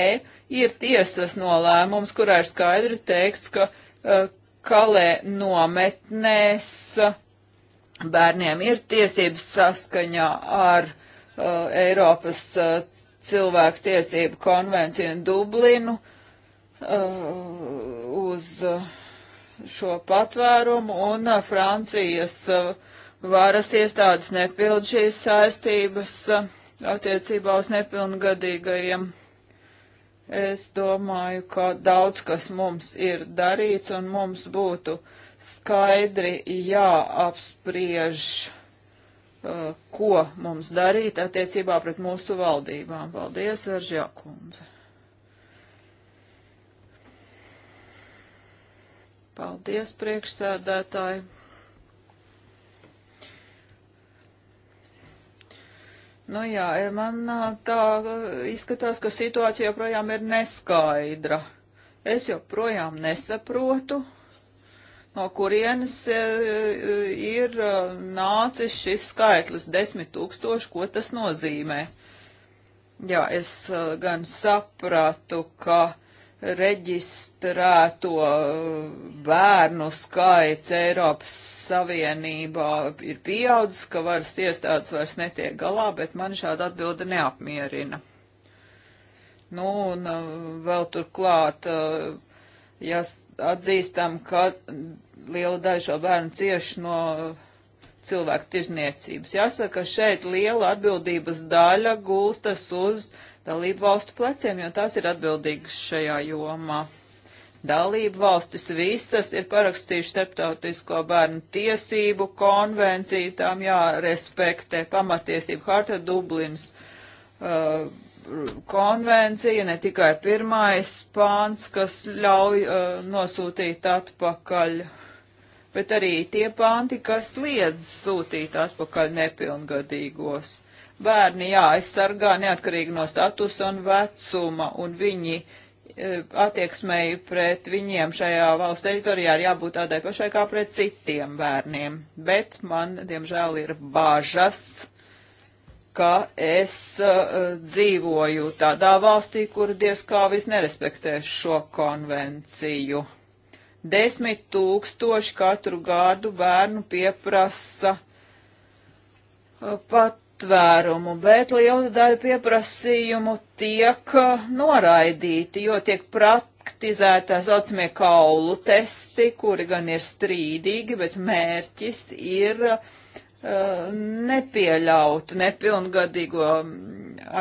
ir tiesas nolēmums, kurā ir skaidri teikts, ka Kalē eh, nometnēs uh, bērniem ir tiesības saskaņā ar uh, Eiropas uh, cilvēku tiesību konvenciju Dublinu uh, uz uh, šo patvērumu, un uh, Francijas uh, varas iestādes nepild šīs saistības uh, attiecībā uz nepilngadīgajiem. Es domāju, ka daudz kas mums ir darīts, un mums būtu uh, skaidri jāapspriež, uh, ko mums darīt attiecībā pret mūsu valdībām. Paldies, Veržjā kundze. Paldies, priekšsēdētāji. Nu jā, e, man tā izskatās, ka situācija joprojām ir neskaidra. Es joprojām nesaprotu, no kurienes e, e, ir e, nācis šis skaitlis - desmit tūkstoši, ko tas nozīmē. Jā, es gan sapratu, ka reģistrēto bērnu skaits Eiropas Savienībā ir pieaudzis, ka varas iestādes vairs netiek galā, bet man šāda atbilde neapmierina. Nu, un vēl turklāt ja atzīstam, ka liela daļa šo bērnu cieši no cilvēku tirzniecības. Jāsaka, šeit liela atbildības daļa gulstas uz dalību valstu pleciem, jo tās ir atbildīgas šajā jomā. Dalību valstis visas ir parakstījuši starptautisko bērnu tiesību konvenciju, tām jārespektē pamatiesību harta Dublins. Uh, konvencija, ne tikai pirmais pāns, kas ļauj uh, nosūtīt atpakaļ, bet arī tie pānti, kas liedz sūtīt atpakaļ nepilngadīgos. Bērni jāaizsargā neatkarīgi no statusa un vecuma, un viņi uh, attieksmēji pret viņiem šajā valsts teritorijā ir jābūt tādai pašai kā pret citiem bērniem. Bet man, diemžēl, ir bažas, ka es uh, dzīvoju tādā valstī, kur diez kā vis nerespektē šo konvenciju. Desmit tūkstoši katru gadu bērnu pieprasa uh, patvērumu, bet liela daļa pieprasījumu tiek uh, noraidīti, jo tiek praktizētā saucamie kaulu testi, kuri gan ir strīdīgi, bet mērķis ir uh, Uh, nepieļaut nepilngadīgo um,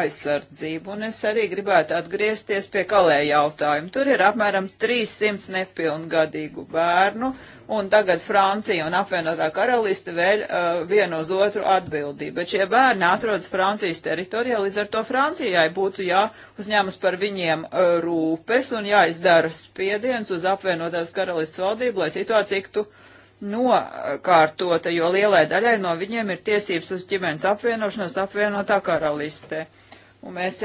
aizsardzību. Un es arī gribētu atgriezties pie kalē jautājumu. Tur ir apmēram 300 nepilngadīgu bērnu, un tagad Francija un apvienotā karaliste vēl uh, vienu uz otru atbildību. Bet šie bērni atrodas Francijas teritorijā, līdz ar to Francijai būtu jāuzņemas par viņiem uh, rūpes un jāizdara spiediens uz apvienotās karalistes valdību, lai situācija tiktu uh, nokārtota, jo lielai daļai no viņiem ir tiesības uz ģimenes apvienošanos apvienotā karalistē. Un mēs,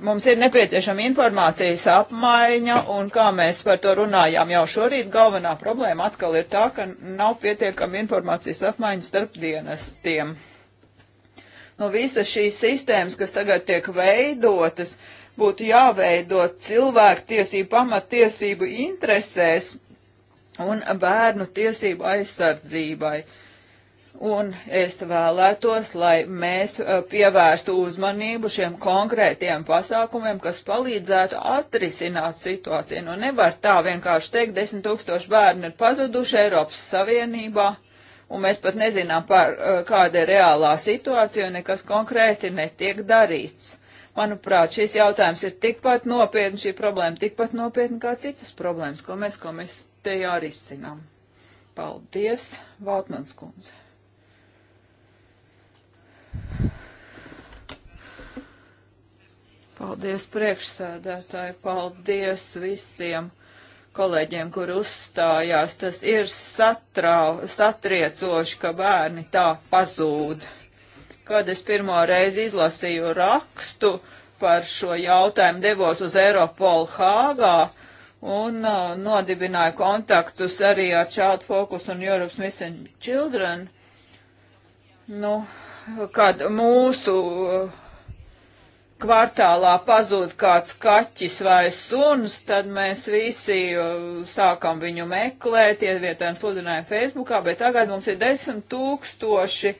mums ir nepieciešama informācijas apmaiņa, un kā mēs par to runājām jau šorīt, galvenā problēma atkal ir tā, ka nav pietiekama informācijas apmaiņa starp dienestiem. No visas šīs sistēmas, kas tagad tiek veidotas, būtu jāveido cilvēku tiesību pamattiesību interesēs, un bērnu tiesību aizsardzībai. Un es vēlētos, lai mēs uh, pievērstu uzmanību šiem konkrētiem pasākumiem, kas palīdzētu atrisināt situāciju. Nu, nevar tā vienkārši teikt, desmit tūkstoši bērnu ir pazuduši Eiropas Savienībā, un mēs pat nezinām, par, uh, kāda ir reālā situācija, un nekas konkrēti netiek darīts. Manuprāt, šis jautājums ir tikpat nopietni, šī problēma tikpat nopietni kā citas problēmas, ko mēs komis, te jārisinām. Paldies, Valtmans kundze. Paldies priekšsēdētāji, paldies visiem kolēģiem, kur uzstājās. Tas ir satrau, satriecoši, ka bērni tā pazūd. Kad es pirmo reizi izlasīju rakstu par šo jautājumu, devos uz Eiropolu Hāgā, uh, un uh, nodibināja kontaktus arī ar Child Focus un Europe's Missing Children. Nu, kad mūsu kvartālā pazūd kāds kaķis vai suns, tad mēs visi sākam viņu meklēt, ievietojam sludinājumu Facebookā, bet tagad mums ir desmit tūkstoši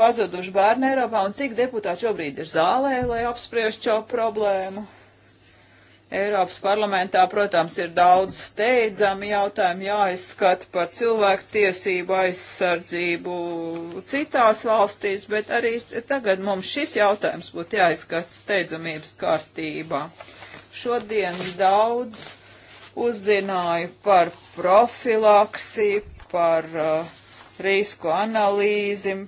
pazuduši bērni Eiropā, un cik deputāti šobrīd ir zālē, lai apspriež šo problēmu? Eiropas parlamentā, protams, ir daudz steidzami jautājumi jāizskata par cilvēku tiesību aizsardzību citās valstīs, bet arī tagad mums šis jautājums būtu jāizskata steidzamības kārtībā. Šodien daudz uzzināju par profilaksiju, par uh, risku analīzi,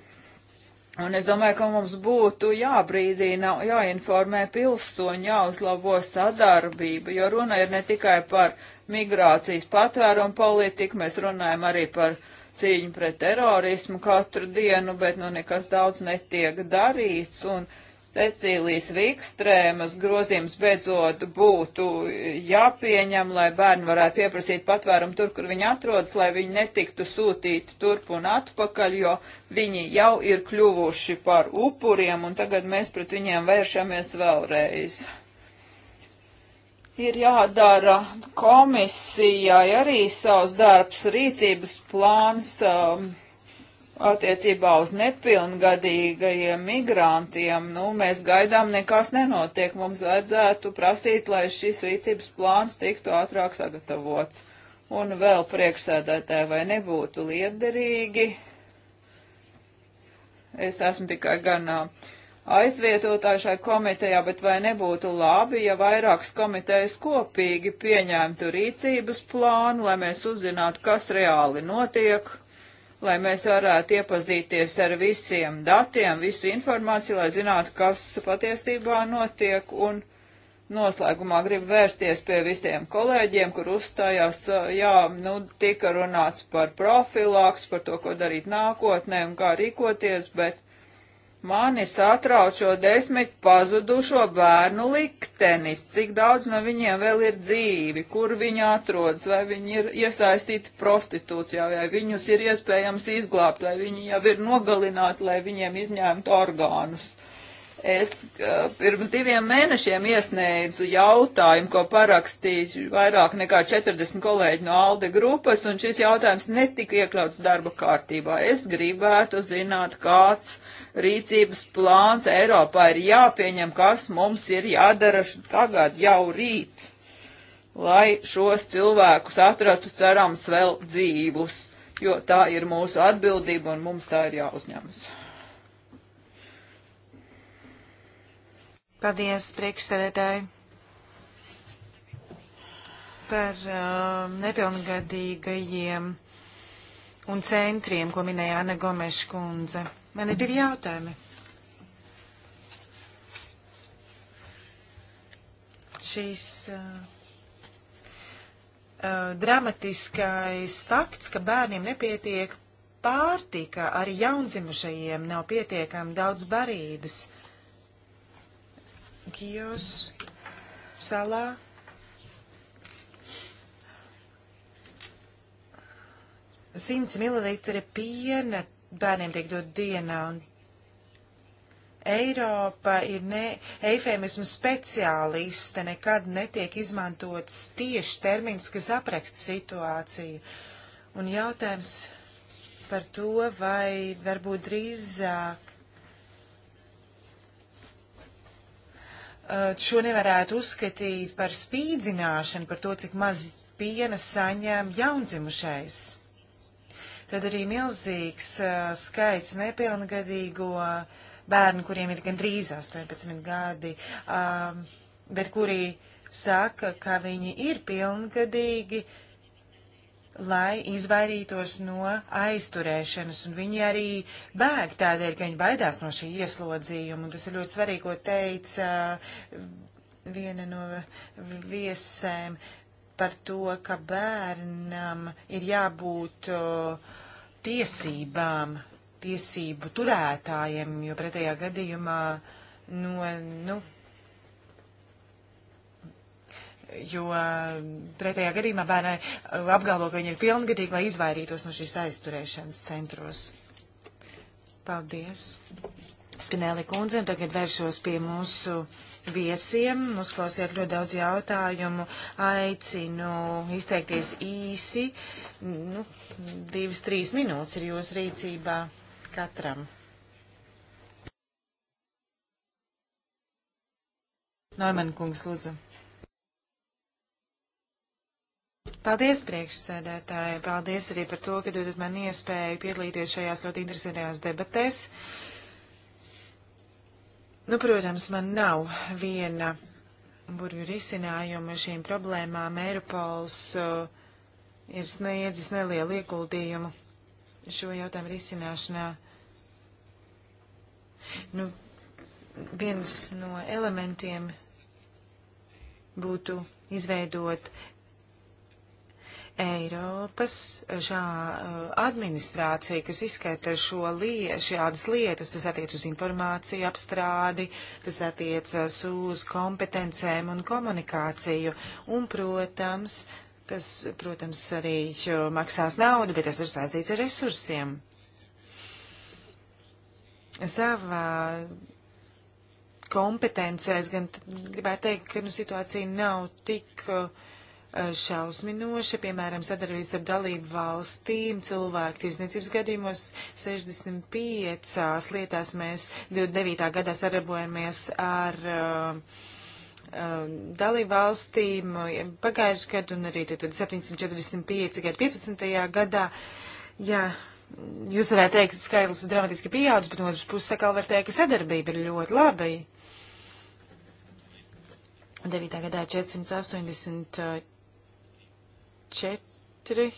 Un es domāju, ka mums būtu jābrīdina, jāinformē pilsoņi, jāuzlabo sadarbība, jo runa ir ne tikai par migrācijas patvērumu politiku, mēs runājam arī par cīņu pret terorismu katru dienu, bet nu nekas daudz netiek darīts. Un, uh, Cecīlijas Vikstrēmas grozījums beidzot būtu jāpieņem, lai bērni varētu pieprasīt patvērumu tur, kur viņi atrodas, lai viņi netiktu sūtīti turp un atpakaļ, jo viņi jau ir kļuvuši par upuriem, un tagad mēs pret viņiem vēršamies vēlreiz. Ir jādara komisijai arī savs darbs, rīcības plāns. Um, attiecībā uz nepilngadīgajiem migrantiem, nu, mēs gaidām nekas nenotiek. Mums vajadzētu prasīt, lai šis rīcības plāns tiktu ātrāk sagatavots. Un vēl priekšsēdētāji vai nebūtu liederīgi. Es esmu tikai gan aizvietotāju šai komitejā, bet vai nebūtu labi, ja vairākas komitejas kopīgi pieņemtu rīcības plānu, lai mēs uzzinātu, kas reāli notiek lai mēs varētu iepazīties ar visiem datiem, visu informāciju, lai zinātu, kas patiesībā notiek. Un noslēgumā gribu vērsties pie visiem kolēģiem, kur uzstājās, jā, nu, tika runāts par profilaks, par to, ko darīt nākotnē un kā rīkoties, bet Mani satrauc šo desmit pazudušo bērnu liktenis, cik daudz no viņiem vēl ir dzīvi, kur viņi atrodas, vai viņi ir iesaistīti prostitūcijā, vai viņus ir iespējams izglābt, vai viņi jau ir nogalināti, lai viņiem izņemtu orgānus. Es uh, pirms diviem mēnešiem iesniedzu jautājumu, ko parakstīju vairāk nekā 40 kolēģi no ALDE grupas, un šis jautājums netika iekļauts darba kārtībā. Es gribētu zināt, kāds rīcības plāns Eiropā ir jāpieņem, kas mums ir jādara tagad, jau rīt, lai šos cilvēkus atratu cerams vēl dzīvus, jo tā ir mūsu atbildība un mums tā ir jāuzņemas. Paldies, priekšsēdētāji! par uh, nepilngadīgajiem un centriem, ko minēja Ana Gomeša kundze. Man ir divi jautājumi. Šīs uh, Uh, dramatiskais fakts, ka bērniem nepietiek pārtika, arī jaundzimušajiem nav pietiekami daudz barības. Kijos salā. Simts mililitri piena bērniem tiek dot dienā. Un Eiropa ir ne eifēmismu speciāliste, nekad netiek izmantots tieši termins, kas apraksta situāciju. Un jautājums par to, vai varbūt drīzāk eh, šo nevarētu uzskatīt par spīdzināšanu, par to, cik maz piena saņem jaundzimušais tad arī milzīgs uh, skaits nepilngadīgo bērnu, kuriem ir gandrīz 18 gadi, uh, bet kuri saka, ka viņi ir pilngadīgi, lai izvairītos no aizturēšanas, un viņi arī bēg tādēļ, ka viņi baidās no šī ieslodzījuma, un tas ir ļoti svarīgi, ko teica viena no viesēm par to, ka bērnam ir jābūt uh, tiesībām, tiesību turētājiem, jo pretējā gadījumā no, nu, nu, jo pretējā gadījumā bērnai apgalvo, ka viņi ir pilngadīgi, lai izvairītos no šīs aizturēšanas centros. Paldies. Spinēli kundze, un tagad vēršos pie mūsu viesiem. Uzklausījāt ļoti daudz jautājumu. Aicinu izteikties īsi. Nu, divas, trīs minūtes ir jūsu rīcībā katram. Noiman kungs, lūdzu. Paldies, priekšsēdētāji. Paldies arī par to, ka dodat man iespēju piedalīties šajās ļoti interesantajās debatēs. Uh, Nu, protams, man nav viena burvju risinājuma šīm problēmām. Eiropols uh, ir sniedzis nelielu ieguldījumu šo jautājumu risināšanā. Nu, viens no elementiem būtu izveidot Eiropas eh, šā eh, administrācija, kas izskaita šo liet, šādas lietas, tas attiec uz informāciju apstrādi, tas attiecas uz kompetencēm un komunikāciju. Un, protams, tas, protams, arī eh, maksās naudu, bet tas ir saistīts ar resursiem. Savā kompetencēs gan gribētu teikt, ka nu, situācija nav tik uh, šausminoša, piemēram, sadarbības ar dalību valstīm, cilvēku tirzniecības gadījumos 65 lietās mēs 29. gadā sadarbojamies ar uh, uh, dalību valstīm pagājušajā gadu un arī tad 745 gadu 15. gadā. Jā, jūs varētu teikt, ka skaitlis ir dramatiski pieaudzis, bet no otras puses atkal var teikt, ka sadarbība ir ļoti laba. 9. gadā 484 četri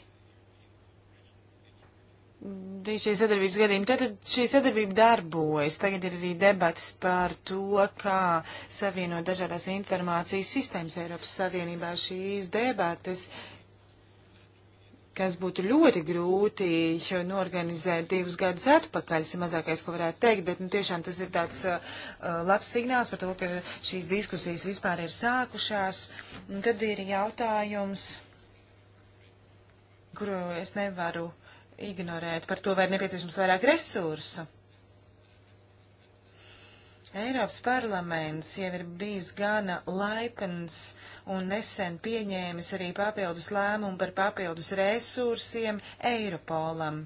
šīs sadarbības gadījumi. Tātad šī sadarbība darbojas. Tagad ir arī debats par to, kā savienot dažādās informācijas sistēmas Eiropas Savienībā. Šīs debates, kas būtu ļoti grūti norganizēt divus gadus atpakaļ, ir mazākais, ko varētu teikt, bet nu, tiešām tas ir tāds uh, uh, labs signāls par to, ka šīs diskusijas vispār ir sākušās. Un tad ir jautājums kuru es nevaru ignorēt. Par to vai ir nepieciešams vairāk resursu. Eiropas parlaments jau ir bijis gana laipns un nesen pieņēmis arī papildus lēmumu par papildus resursiem Eiropolam.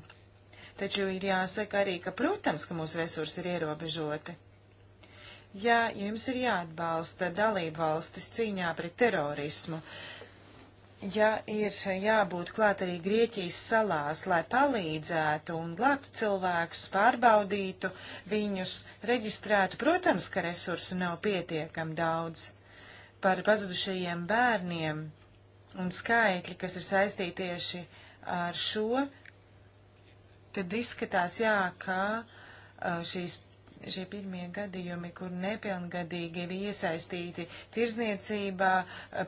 Taču ir jāsaka arī, ka, protams, ka mūsu resursi ir ierobežoti. Ja jums ir jāatbalsta dalību valstis cīņā pret terorismu, ja ir jābūt klāt arī Grieķijas salās, lai palīdzētu un glābtu cilvēkus, pārbaudītu viņus, reģistrētu, protams, ka resursu nav pietiekami daudz par pazudušajiem bērniem un skaitļi, kas ir saistīti tieši ar šo, tad izskatās, jā, ka uh, šīs šie pirmie gadījumi, kur nepilngadīgi ir iesaistīti tirzniecībā,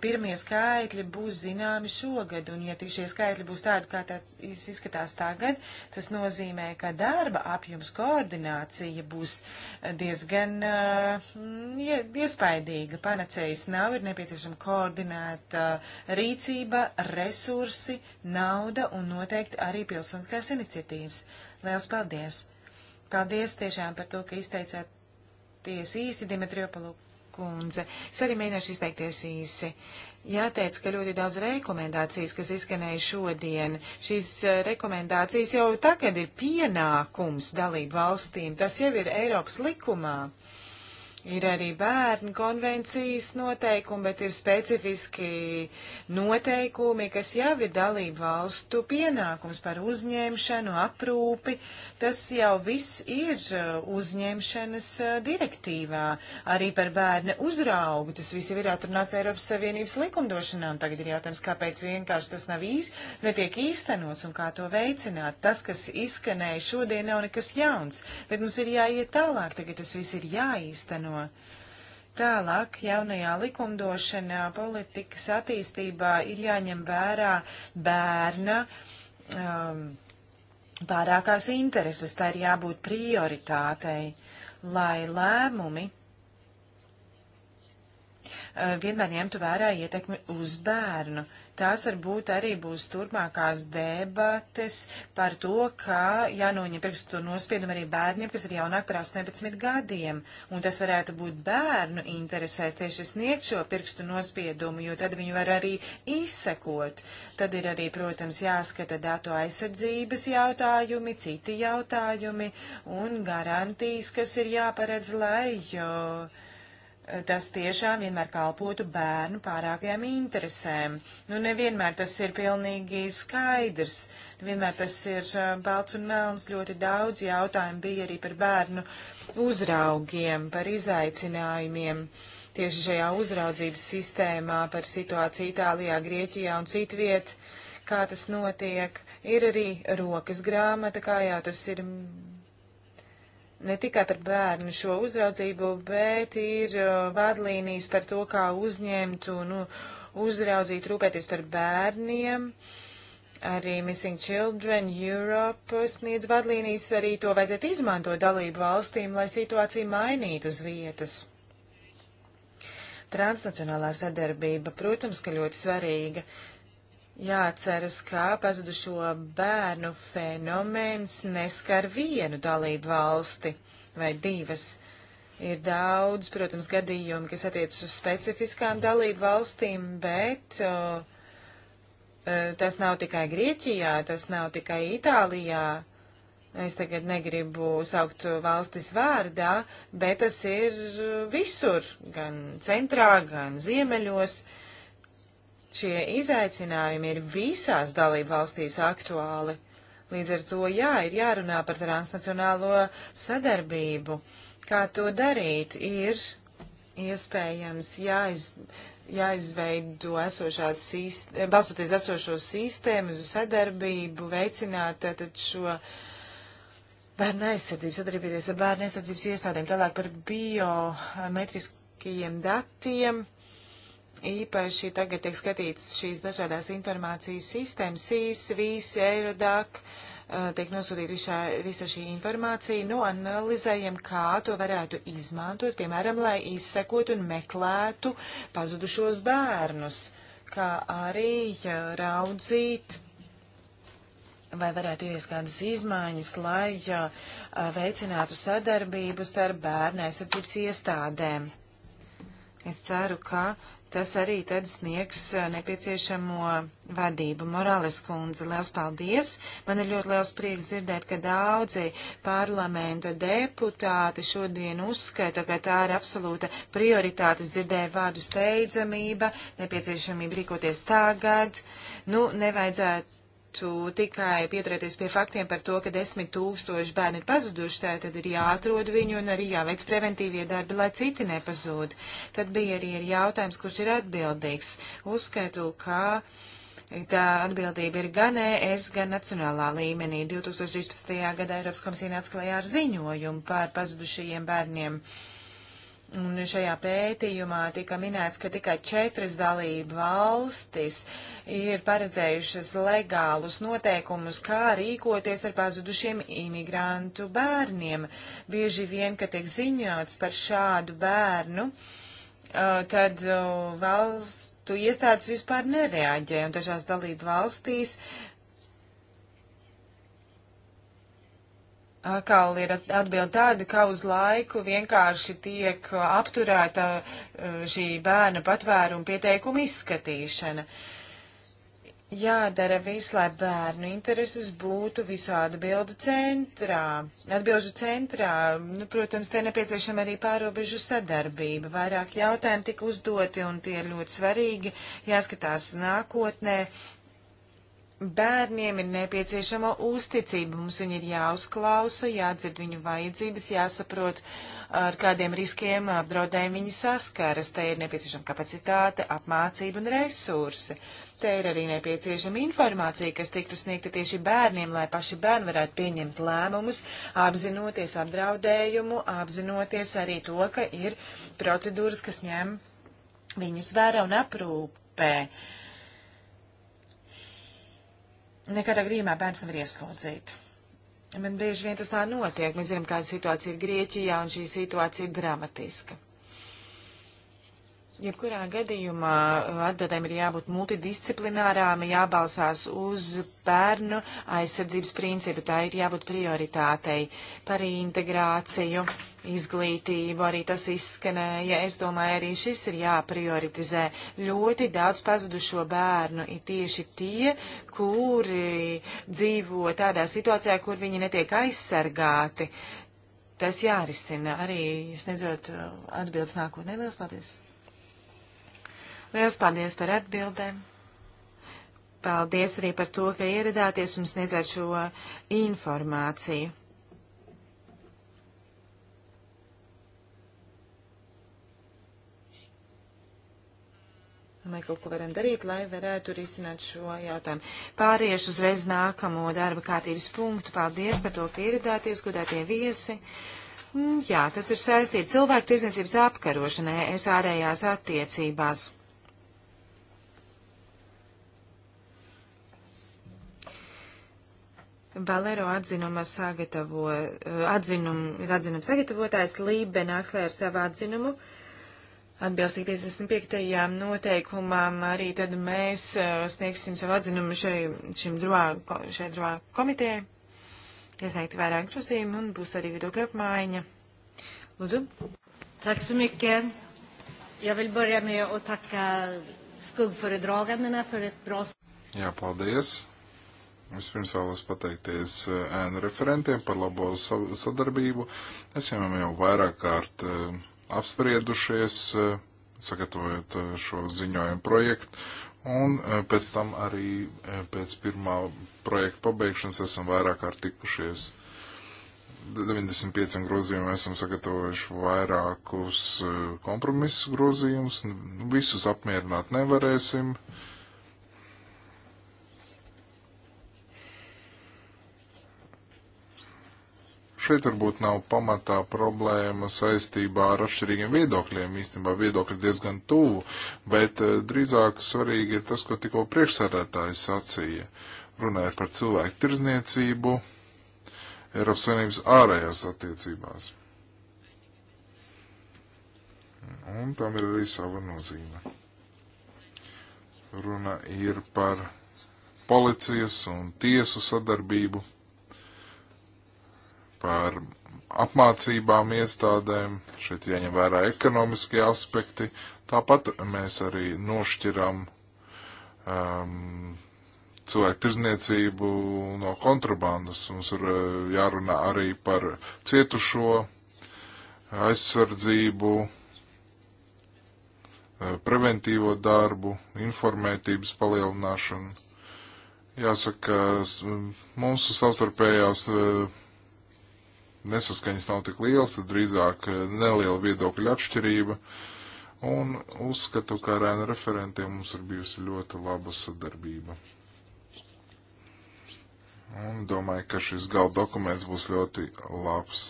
pirmie skaitļi būs zināmi šogad, un ja šie skaitļi būs tādi, kā tāds izskatās tagad, tas nozīmē, ka darba apjoms koordinācija būs diezgan uh, iespaidīga. Panacējas nav, ir nepieciešama koordinēta uh, rīcība, resursi, nauda un noteikti arī pilsoniskās iniciatīvas. Liels paldies! Paldies tiešām par to, ka izteicāties īsi, Dimitriopolu kundze. Es arī mēģināšu izteikties īsi. Jāteic, ka ļoti daudz rekomendācijas, kas izskanēja šodien, šīs e, rekomendācijas jau tagad ir pienākums dalību valstīm. Tas jau ir Eiropas likumā. Ir arī bērnu konvencijas noteikumi, bet ir specifiski noteikumi, kas jau ir dalību valstu pienākums par uzņemšanu, aprūpi. Tas jau viss ir uh, uzņemšanas uh, direktīvā. Arī par bērnu uzraugu tas viss jau ir atrunāts Eiropas Savienības likumdošanā. Un tagad ir jautājums, kāpēc vienkārši tas nav īsti, netiek īstenots un kā to veicināt. Tas, kas izskanēja šodien, nav nekas jauns, bet mums ir jāiet tālāk. Tagad tas viss ir jāīsteno jāīsteno. Tālāk jaunajā likumdošanā politikas attīstībā ir jāņem vērā bērna um, pārākās intereses, tā ir jābūt prioritātei, lai lēmumi uh, vienmēr ņemtu vērā ietekmi uz bērnu. Uh, Tās varbūt arī būs turpmākās debates par to, ka jānoņem pirkstu nospiedumu arī bērniem, kas ir jaunāk par 18 gadiem. Un tas varētu būt bērnu interesēs tieši sniegt šo pirkstu nospiedumu, jo tad viņu var arī izsekot. Tad ir arī, protams, jāskata datu aizsardzības jautājumi, citi jautājumi un garantijas, kas ir jāparedz, lai. Jo, uh, tas tiešām vienmēr kalpotu bērnu pārākajām interesēm. Nu, nevienmēr tas ir pilnīgi skaidrs, nevienmēr tas ir balts un melns. Ļoti daudz jautājumu bija arī par bērnu uzraugiem, par izaicinājumiem. Tieši šajā uzraudzības sistēmā par situāciju Itālijā, Grieķijā un citviet, kā tas notiek, ir arī rokas grāmata, kā jau tas ir ne tikai par bērnu šo uzraudzību, bet ir uh, vadlīnijas par to, kā uzņemt un nu, uzraudzīt, rūpēties par bērniem. Arī Missing Children Europe sniedz vadlīnijas, arī to vajadzētu izmantot dalību valstīm, lai situāciju mainītu uz vietas. Transnacionālā sadarbība, protams, ka ļoti svarīga. Jāceras, ka pazudušo bērnu fenomens neskar vienu dalību valsti vai divas. Ir daudz, protams, gadījumi, kas attiecas uz specifiskām dalību valstīm, bet uh, tas nav tikai Grieķijā, tas nav tikai Itālijā. Es tagad negribu saukt valstis vārdā, bet tas ir visur, gan centrā, gan ziemeļos. Uh, Šie izaicinājumi ir visās dalību valstīs aktuāli. Līdz ar to, jā, ir jārunā par transnacionālo sadarbību. Kā to darīt, ir iespējams jāiz, jāizveido esošās, balstoties esošo sistēmu, sadarbību, veicināt tad šo bērnu aizsardzību, sadarbīties ar bērnu aizsardzības iestādēm, tālāk par biometriskajiem datiem īpaši tagad tiek skatīts šīs dažādās informācijas sistēmas, SIS, VIS, Eurodac, tiek nosūtīta visa šī informācija, nu analizējam, kā to varētu izmantot, piemēram, lai izsekot un meklētu pazudušos bērnus, kā arī raudzīt vai varētu ieviest kādas izmaiņas, lai jā, veicinātu sadarbību starp bērnu aizsardzības iestādēm. Es ceru, ka tas arī tad sniegs nepieciešamo vadību. Morales kundze, liels paldies! Man ir ļoti liels prieks dzirdēt, ka daudzi parlamenta deputāti šodien uzskata, ka tā ir absolūta prioritāte. Es dzirdēju vārdu steidzamība, nepieciešamība rīkoties tagad. Nu, nevajadzētu varētu tikai pieturēties pie faktiem par to, ka desmit tūkstoši bērni ir pazuduši, tā tad ir jāatrod viņu un arī jāveic preventīvie darbi, lai citi nepazūd. Tad bija arī ir jautājums, kurš ir atbildīgs. Uzskatu, ka tā atbildība ir gan ES, gan nacionālā līmenī. 2016. gadā Eiropas komisija nāca klajā ar ziņojumu par pazudušajiem bērniem. Uh, Un šajā pētījumā tika minēts, ka tikai četras dalība valstis ir paredzējušas legālus noteikumus, kā rīkoties ar pazudušiem imigrantu bērniem. Bieži vien, kad tiek ziņots par šādu bērnu, uh, tad uh, valstu iestādes vispār nereaģē, un dažās dalību valstīs uh, atkal ir atbildi tāda, ka uz laiku vienkārši tiek uh, apturēta uh, šī bērna patvēruma pieteikuma izskatīšana. Jādara viss, lai bērnu intereses būtu visu atbildu centrā. Atbilžu centrā, nu, protams, te nepieciešama arī pārobežu sadarbība. Vairāk jautājumu tika uzdoti un tie ir ļoti svarīgi. Jāskatās nākotnē, Bērniem ir nepieciešama uzticība, mums viņi ir jāuzklausa, jādzird viņu vajadzības, jāsaprot, ar kādiem riskiem apdraudējumi viņi saskaras. Te ir nepieciešama kapacitāte, apmācība un resursi. Te ir arī nepieciešama informācija, kas tiktu sniegta tieši bērniem, lai paši bērni varētu pieņemt lēmumus, apzinoties apdraudējumu, apzinoties arī to, ka ir procedūras, kas ņem viņus vērā un aprūpē. Uh, Nekādā gadījumā bērns nevar ieslodzīt. Man bieži vien tas tā notiek. Mēs zinām, kāda situācija ir Grieķijā, un šī situācija ir dramatiska. Jebkurā gadījumā uh, atbildēm ir jābūt multidisciplinārām, jābalsās uz bērnu aizsardzības principu, tā ir jābūt prioritātei par integrāciju, izglītību, arī tas izskanēja. Es domāju, arī šis ir jāprioritizē. Ļoti daudz pazudušo bērnu ir tieši tie, kuri dzīvo tādā situācijā, kur viņi netiek aizsargāti. Tas jārisina arī sniedzot uh, atbildes nākotnē. Lielas paldies! Liels paldies par atbildēm. Paldies arī par to, ka ieradāties un sniedzāt šo informāciju. Vai kaut ko varam darīt, lai varētu risināt šo jautājumu? Pāriešu uzreiz nākamo darba kārtības punktu. Paldies par to, ka ieradāties, gudētie viesi. Mm, jā, tas ir saistīts cilvēku tiesniecības apkarošanai, es ārējās attiecībās. Valero atzinuma sagatavo, eh, atzinum, ir atzinuma sagatavotājs, Lībe nāks lai ar savu atzinumu. Atbilstīgi 55. noteikumam arī tad mēs eh, sniegsim savu atzinumu šai, šim droā, šai droā komitē. Iesniegt vairāk grozījumu un būs arī viedokļa apmaiņa. Lūdzu. Tack så mycket. Jag vill börja med att tacka skuggföredragandena för ett bra... Jā, paldies. Vispirms vēlos pateikties eh, ēnu referentiem par labo sadarbību. Esam jau vairāk kārt eh, apspriedušies, eh, sagatavojot šo ziņojumu projektu, un pēc tam arī pēc pirmā projekta pabeigšanas esam vairāk kārt tikušies. 95 grozījumu esam sagatavojuši vairākus kompromisu grozījumus, visus apmierināt nevarēsim Šeit varbūt nav pamatā problēma saistībā ar atšķirīgiem viedokļiem. Īstenībā viedokļi diezgan tuvu, bet eh, drīzāk svarīgi ir tas, ko tikko priekšsēdētājs sacīja. Runāja par cilvēku tirzniecību Eiropas Savienības ārējās attiecībās. Un tam ir arī sava nozīme. Runa ir par policijas un tiesu sadarbību par apmācībām iestādēm, šeit jāņem vērā ekonomiskie aspekti. Tāpat mēs arī nošķiram um, cilvēku tirzniecību no kontrabandas. Mums ir uh, jārunā arī par cietušo aizsardzību, uh, preventīvo darbu, informētības palielināšanu. Jāsaka, mūsu savstarpējās uh, nesaskaņas nav tik liels, tad drīzāk eh, neliela viedokļa atšķirība. Un uzskatu, ka ar ēnu referentiem mums ir bijusi ļoti laba sadarbība. Un domāju, ka šis galda dokuments būs ļoti labs.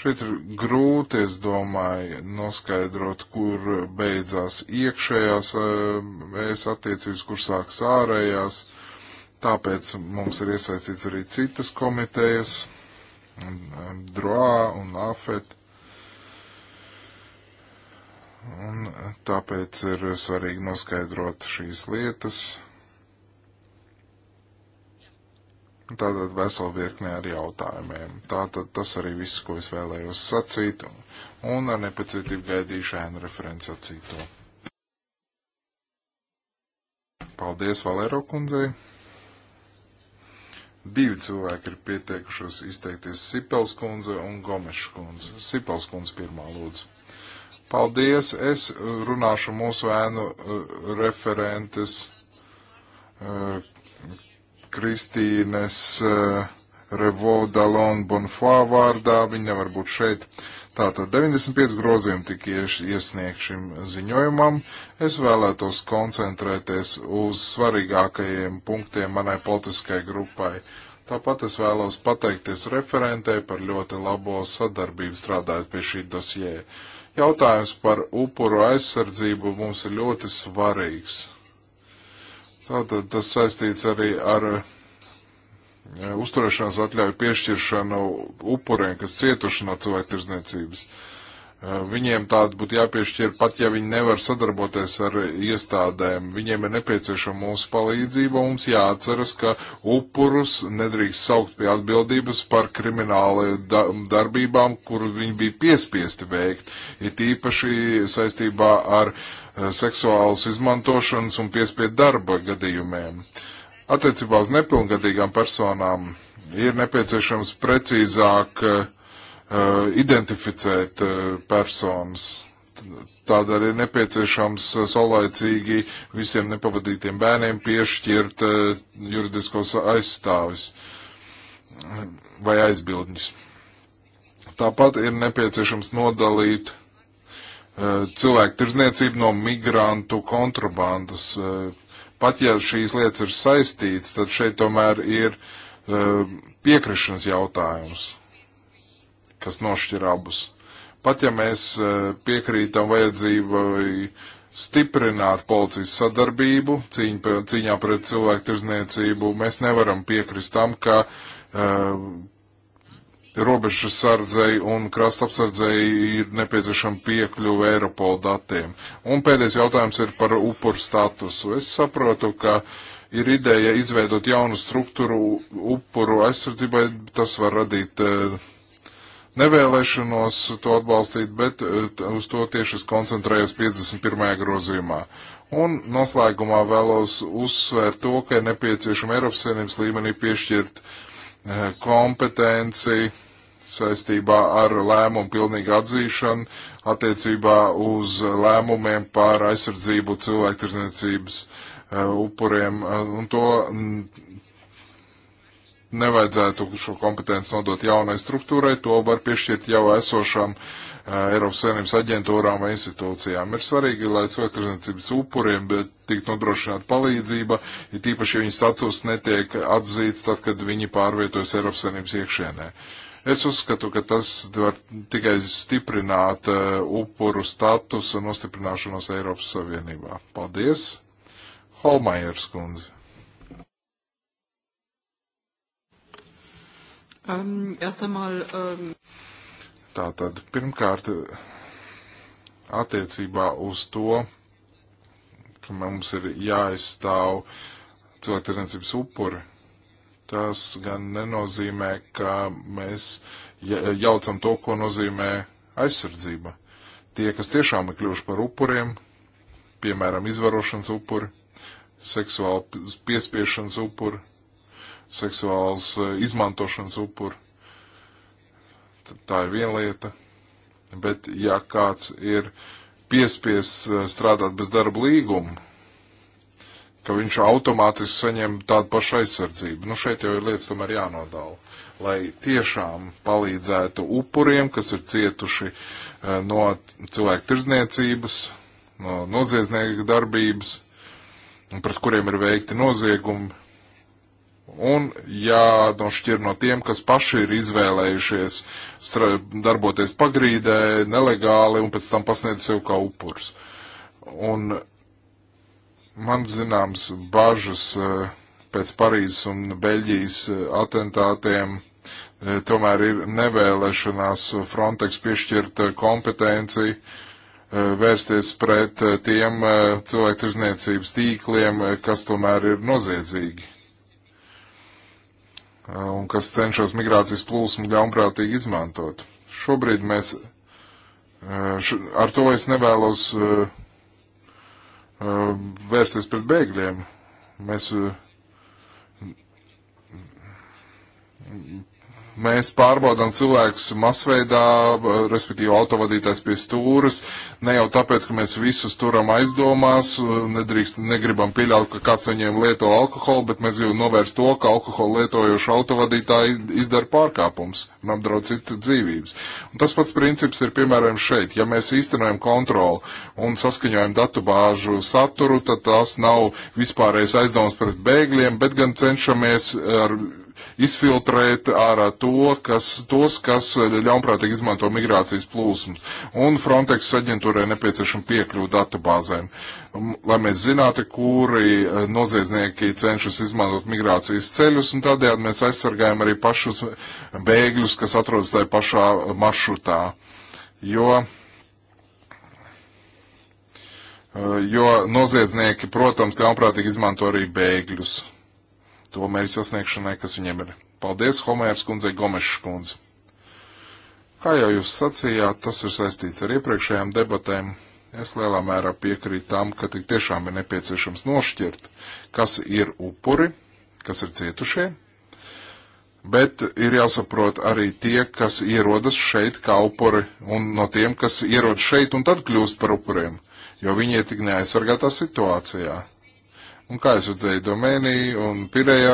Šeit ir grūti, es domāju, noskaidrot, kur beidzās iekšējās eh, es attiecības, kur sākas ārējās. Tāpēc mums ir iesaistīts arī citas komitejas. Um, droā un afet. Un tāpēc ir svarīgi noskaidrot šīs lietas. Tātad vesela virkne ar jautājumiem. Tātad tas arī viss, ko es vēlējos sacīt, un ar nepacietību gaidīšu ēnu referents sacīto. Paldies Valero kundzei! Divi cilvēki ir pieteikušos izteikties Sipels kundze un Gomeša kundze. Sipels kundze pirmā lūdzu. Paldies, es runāšu mūsu ēnu eh, referentes eh, Kristīnes eh, Revo Dalon Bonfoy vārdā, viņa nevar būt šeit. Uh, Tātad 95 grozījumi tika iesniegt šim ziņojumam. Es vēlētos koncentrēties uz svarīgākajiem punktiem manai politiskajai grupai. Tāpat es vēlos pateikties referentē par ļoti labo sadarbību strādājot pie šī dosjē. Jautājums par upuru aizsardzību mums ir ļoti svarīgs. Tātad tas saistīts arī ar Eh, uzturēšanās atļauju piešķiršanu upuriem, kas cietuši no cilvēktirdzniecības. Eh, viņiem tāda būtu jāpiešķir, pat ja viņi nevar sadarboties ar iestādēm. Viņiem ir nepieciešama mūsu palīdzība. Mums jāatceras, ka upurus nedrīkst saukt pie atbildības par krimināli darbībām, kuru viņi bija piespiesti veikt. Ir tīpaši saistībā ar eh, seksuālas izmantošanas un piespiedu darba gadījumiem. Uh, Attiecībā uz nepilngadīgām personām ir nepieciešams precīzāk uh, identificēt uh, personas. Tādēļ ir nepieciešams saulaicīgi visiem nepavadītiem bērniem piešķirt uh, juridiskos aizstāvis vai aizbildņus. Tāpat ir nepieciešams nodalīt cilvēku tirzniecību no migrantu kontrabandas. Uh, pat ja šīs lietas ir saistītas, tad šeit tomēr ir uh, piekrišanas jautājums, kas nošķir abus. Pat ja mēs uh, piekrītam vajadzībai stiprināt policijas sadarbību cīņ, cīņā pret cilvēku tirzniecību, mēs nevaram piekrist tam, ka uh, robežu sardzei un krasta apsardzei ir nepieciešama piekļuva Eiropola datiem. Un pēdējais jautājums ir par upuru statusu. Es saprotu, ka ir ideja izveidot jaunu struktūru upuru aizsardzībai, tas var radīt eh, nevēlēšanos to atbalstīt, bet eh, uz to tieši es koncentrējos 51. grozījumā. Un noslēgumā vēlos uzsvērt to, ka ir nepieciešama Eiropas Savienības līmenī piešķirt uh, Eh, kompetenci saistībā ar lēmumu pilnīgu atzīšanu attiecībā uz lēmumiem par aizsardzību cilvēktirdzniecības eh, upuriem. Eh, un to mm, nevajadzētu šo kompetenci nodot jaunai struktūrai, to var piešķirt jau esošam uh, Eiropas Savienības aģentūrām vai institūcijām. Ir svarīgi, lai cilvēktirdzniecības upuriem tiktu nodrošināta palīdzība, ja tīpaši ja viņu status netiek atzīts tad, kad viņi pārvietojas Eiropas Savienības iekšēnē. Es uzskatu, ka tas var tikai stiprināt uh, upuru statusu nostiprināšanos Eiropas Savienībā. Paldies! Holmajers kundze. Um, erst einmal, um Tātad, pirmkārt, attiecībā uz to, ka mums ir jāizstāv cilvēktirniecības upuri, tas gan nenozīmē, ka mēs jaucam to, ko nozīmē aizsardzība. Tie, kas tiešām ir kļuvuši par upuriem, piemēram, izvarošanas upuri, seksuāla piespiešanas upuri, seksuāls eh, izmantošanas upuri, tā ir viena lieta, bet ja kāds ir piespies eh, strādāt bez darba līguma, ka viņš automātiski saņem tādu pašu aizsardzību. Nu, šeit jau ir lietas tomēr jānodala, lai tiešām palīdzētu upuriem, kas ir cietuši eh, no cilvēku tirzniecības, no noziedznieka darbības, pret kuriem ir veikti noziegumi, un jānošķir no tiem, kas paši ir izvēlējušies darboties pagrīdē, nelegāli un pēc tam pasniedz sev kā upurs. Un man zināms bažas eh, pēc Parīzes un Beļģijas eh, atentātiem eh, tomēr ir nevēlešanās Frontex piešķirt kompetenci vērsties pret tiem cilvēku tirzniecības tīkliem, kas tomēr ir noziedzīgi. Eh, un kas cenšas migrācijas plūsmu ļaunprātīgi izmantot. Šobrīd mēs, eh, š, ar to es nevēlos eh, vērsties pret bēgļiem. Mēs mēs pārbaudām cilvēkus masveidā, respektīvi autovadītājs pie stūras, ne jau tāpēc, ka mēs visus turam aizdomās, nedrīkst, negribam pieļaut, ka kāds viņiem lieto alkoholu, bet mēs gribam novērst to, ka alkoholu lietojoši autovadītāji izdara pārkāpums un apdraud citu dzīvības. Un tas pats princips ir piemēram šeit. Ja mēs īstenojam kontroli un saskaņojam datubāžu saturu, tad tās nav vispārējais aizdoms pret bēgļiem, bet gan cenšamies ar izfiltrēt ārā to, kas, tos, kas ļaunprātīgi izmanto migrācijas plūsmas. Un Frontex aģentūrai nepieciešama piekļuva datubāzēm, um, lai mēs zinātu, kuri eh, noziedznieki cenšas izmantot migrācijas ceļus, un tādējādi mēs aizsargājam arī pašus bēgļus, kas atrodas tajā pašā maršrutā. Jo eh, jo noziedznieki, protams, ļaunprātīgi izmanto arī bēgļus to mērķu sasniegšanai, kas viņiem ir. Paldies, Homērs kundze, Gomešs kundze. Kā jau jūs sacījāt, tas ir saistīts ar iepriekšējām debatēm. Es lielā mērā piekrītu tam, ka tik tiešām ir nepieciešams nošķirt, kas ir upuri, kas ir cietušie, bet ir jāsaprot arī tie, kas ierodas šeit kā upuri, un no tiem, kas ierodas šeit un tad kļūst par upuriem, jo viņi ir tik neaizsargātā situācijā. Un kā es redzēju domēnī un pirējā,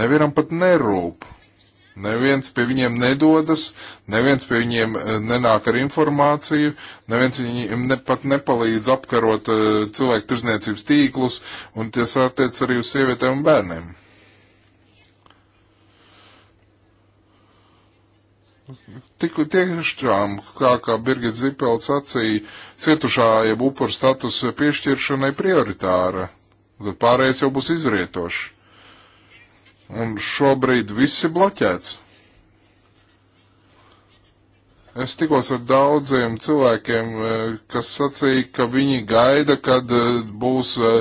nevienam pat nerūp. Neviens pie viņiem nedodas, neviens pie viņiem eh, nenāk ar informāciju, neviens viņiem ne, pat nepalīdz apkarot uh, cilvēku tirzniecības tīklus, un tas attiec arī uz sievietēm un bērniem tik tiešām, kā, kā Birgit Zipel sacīja, cietušā jeb upur status piešķiršanai prioritāra. Tad pārējais jau būs izrietoši. Un šobrīd viss ir bloķēts. Es tikos ar daudziem cilvēkiem, eh, kas sacīja, ka viņi gaida, kad eh, būs uh,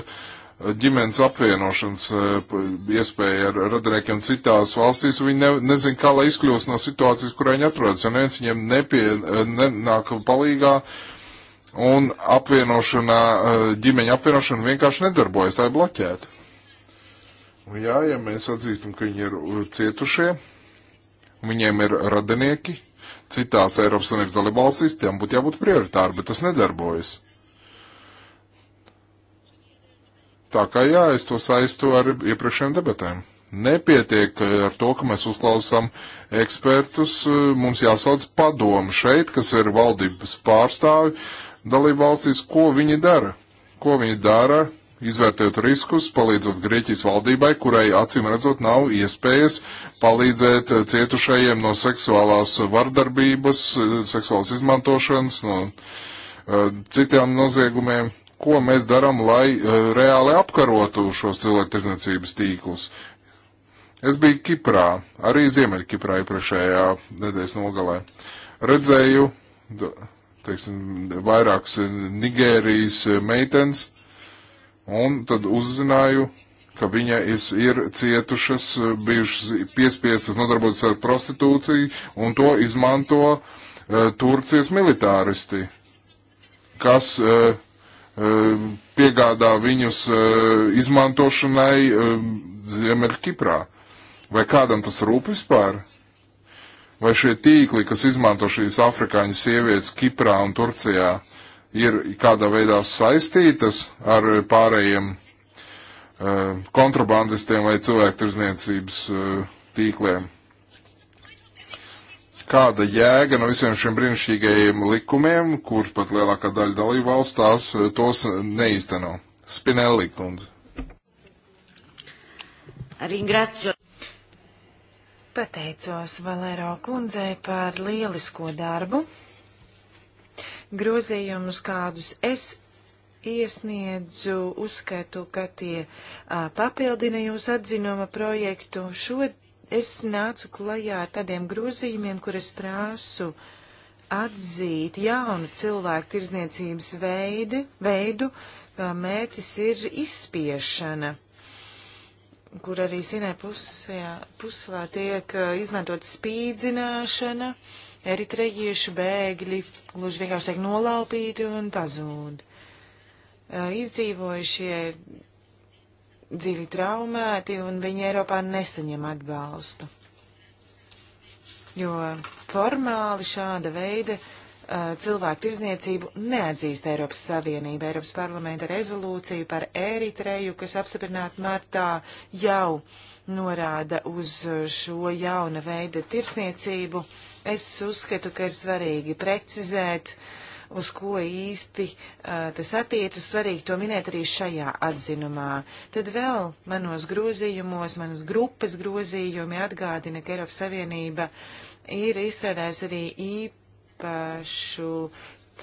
ģimenes apvienošanas eh, iespēja ar radiniekiem citās valstīs, viņi ne, nezin, kā lai izkļūst no situācijas, kurā viņi atrodas, jo neviens viņiem nepie, eh, nenāk palīgā, un apvienošanā, eh, ģimeņa apvienošana vienkārši nedarbojas, tā ir bloķēta. Un jā, ja mēs atzīstam, ka viņi ir cietušie, viņiem ir radinieki, citās Eiropas Savienības dalībvalstīs, tiem būtu jābūt prioritāri, bet tas nedarbojas. Tā kā jā, es to saistu ar iepriekšējām debatēm. Nepietiek eh, ar to, ka mēs uzklausām ekspertus, eh, mums jāsauc padomu šeit, kas ir valdības pārstāvi dalību valstīs, ko viņi dara. Ko viņi dara, izvērtējot riskus, palīdzot Grieķijas valdībai, kurai acīm redzot nav iespējas palīdzēt eh, cietušajiem no seksuālās vardarbības, seksuālas izmantošanas, no uh, citiem noziegumiem ko mēs darām, lai eh, reāli apkarotu šos cilvēktirdzniecības tīklus. Es biju Kiprā, arī Ziemeļkiprā iepriekšējā nedēļas nogalē. Redzēju, teiksim, vairākas eh, Nigērijas eh, meitenes, un tad uzzināju, ka viņa ir cietušas, bijušas piespiestas nodarboties ar prostitūciju, un to izmanto uh, Turcijas militāristi, kas uh, Ehm, piegādā viņus eh, izmantošanai ehm, Ziemeļķiprā. Vai kādam tas rūp vispār? Vai šie tīkli, kas izmanto šīs afrikāņu sievietes Kiprā un Turcijā, ir kādā veidā saistītas ar pārējiem uh, kontrabandistiem vai cilvēktirzniecības uh, tīkliem? kāda jēga no visiem šiem brīnišķīgajiem likumiem, kurš pat lielākā daļa dalību valsts tās eh, tos neīsteno. Spinelli kundze. Ringrazio. Pateicos Valero kundzei par lielisko darbu. Grozījumus, kādus es iesniedzu, uzskatu, ka tie a, papildina jūs atzinuma projektu. Šo es nācu klajā ar tādiem grozījumiem, kur es prāsu atzīt jaunu cilvēku tirzniecības veidi, veidu, mērķis ir izspiešana, kur arī sinē pusē, pusvā tiek uh, izmantot spīdzināšana, eritrejieši bēgļi, gluži vienkārši tiek nolaupīti un pazūd. Uh, izdzīvojušie dziļi traumēti un viņi Eiropā nesaņem atbalstu. Jo formāli šāda veida uh, cilvēku tirzniecību neatzīst Eiropas Savienība. Eiropas parlamenta rezolūcija par Eritreju, kas apstiprināta martā, jau norāda uz šo jauna veida tirsniecību. Es uzskatu, ka ir svarīgi precizēt uh, uz ko īsti uh, tas attiecas, svarīgi to minēt arī šajā atzinumā. Tad vēl manos grozījumos, manas grupas grozījumi atgādina, ka Eiropas Savienība ir izstrādājusi arī īpašu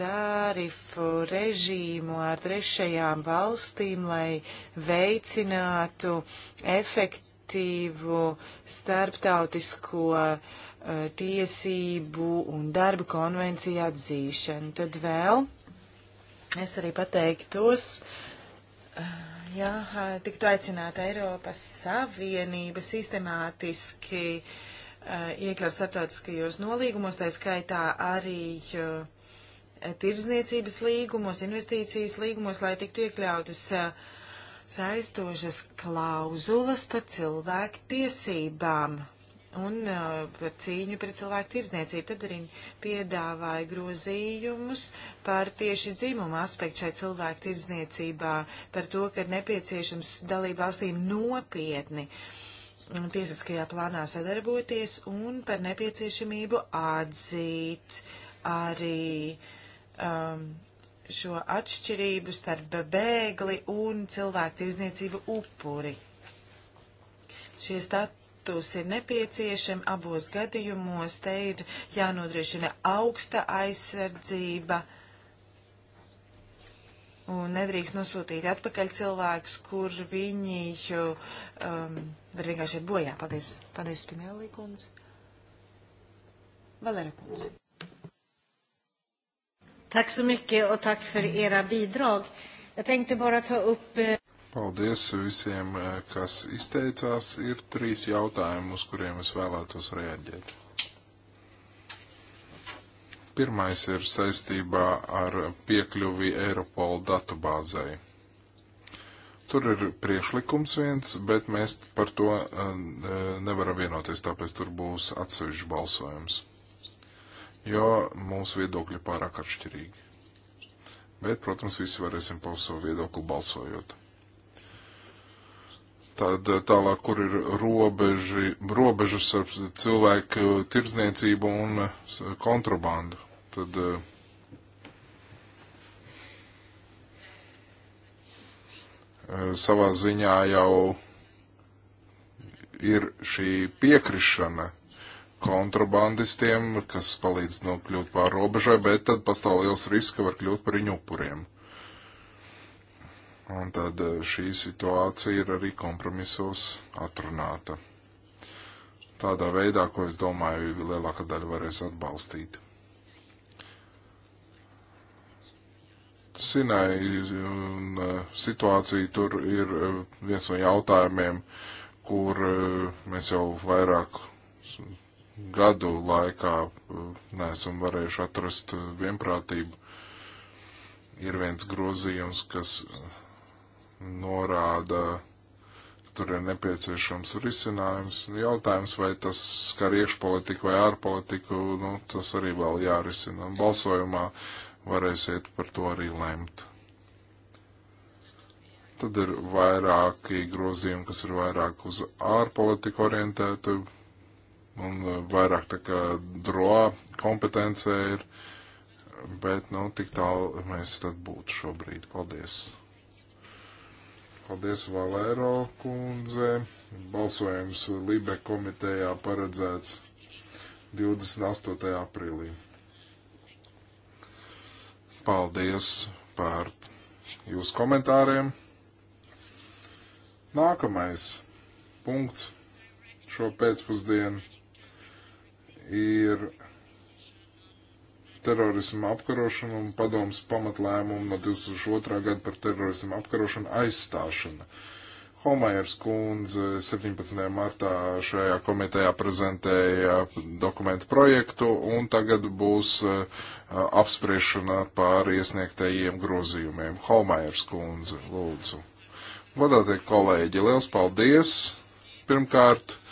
tarifu režīmu ar trešajām valstīm, lai veicinātu efektīvu starptautisko uh, Eh, tiesību un darba konvenciju atzīšanu. Tad vēl es arī pateiktos, eh, ja eh, tiktu aicināta Eiropas Savienība sistemātiski iekļaut starptautiskajos nolīgumos, tā skaitā arī tirzniecības līgumos, investīcijas līgumos, lai tiktu iekļautas saistošas klauzulas par cilvēku tiesībām un uh, par cīņu pret cilvēku tirdzniecību. Tad arī piedāvāja grozījumus par tieši dzimumu aspektu šai cilvēku tirdzniecībā, par to, ka ir nepieciešams dalību valstīm nopietni tiesiskajā plānā sadarboties un par nepieciešamību atzīt arī um, šo atšķirību starp bēgli un cilvēku tirdzniecību upuri. Šie stat status ir nepieciešama. Abos gadījumos te ir jānodrošina augsta aizsardzība un nedrīkst nosūtīt atpakaļ cilvēkus, kur viņi um, var vienkārši iet bojā. Paldies, paldies Spinelli kundze. Valera kundze. Tack så mycket och tack för era bidrag. Jag tänkte bara ta upp... Eh, Paldies visiem, eh, kas izteicās. Ir trīs jautājumi, uz kuriem es vēlētos reaģēt. Pirmais ir saistībā ar piekļuvi Eiropola datubāzei. Tur ir priekšlikums viens, bet mēs par to eh, nevaram vienoties, tāpēc tur būs atsevišķi balsojums, jo mūsu viedokļi pārāk atšķirīgi. Bet, protams, visi varēsim paust savu viedokli balsojot. Tad eh, tālāk, kur ir robeži, robežas ar cilvēku tirdzniecību un eh, kontrabandu. Tad, eh, savā ziņā jau ir šī piekrišana kontrabandistiem, kas palīdz nokļūt pār robežai, bet tad pastāv liels risks, ka var kļūt par viņu upuriem. Un tad eh, šī situācija ir arī kompromisos atrunāta. Tādā veidā, ko es domāju, lielākā daļa varēs atbalstīt. Sinai un eh, situācija tur ir eh, viens no jautājumiem, kur mēs jau vairāk gadu laikā neesam varējuši atrast vienprātību. Ir viens grozījums, kas norāda, ka tur ir nepieciešams risinājums. Jautājums, vai tas skar iekšpolitiku vai ārpolitiku, nu, tas arī vēl jārisina. Balsojumā varēsiet par to arī lemt. Tad ir vairāki grozījumi, kas ir vairāk uz ārpolitiku orientēti un e, vairāk tā kā droā kompetencē ir, bet, nu, tik tālu mēs tad būtu šobrīd. Paldies! Paldies Valēro kundze. Balsojums Libe komitejā paredzēts 28. aprīlī. Paldies par jūsu komentāriem. Nākamais punkts šo pēcpusdienu ir terorismu apkarošanu un padomus pamatlēmumu no 2002. gada par terorismu apkarošanu aizstāšana. Homairs kundze 17. martā šajā komitejā prezentēja dokumentu projektu un tagad būs uh, apspriešana pār iesniegtajiem grozījumiem. Homairs kundze, lūdzu. Godātie kolēģi, liels paldies! Pirmkārt, uh,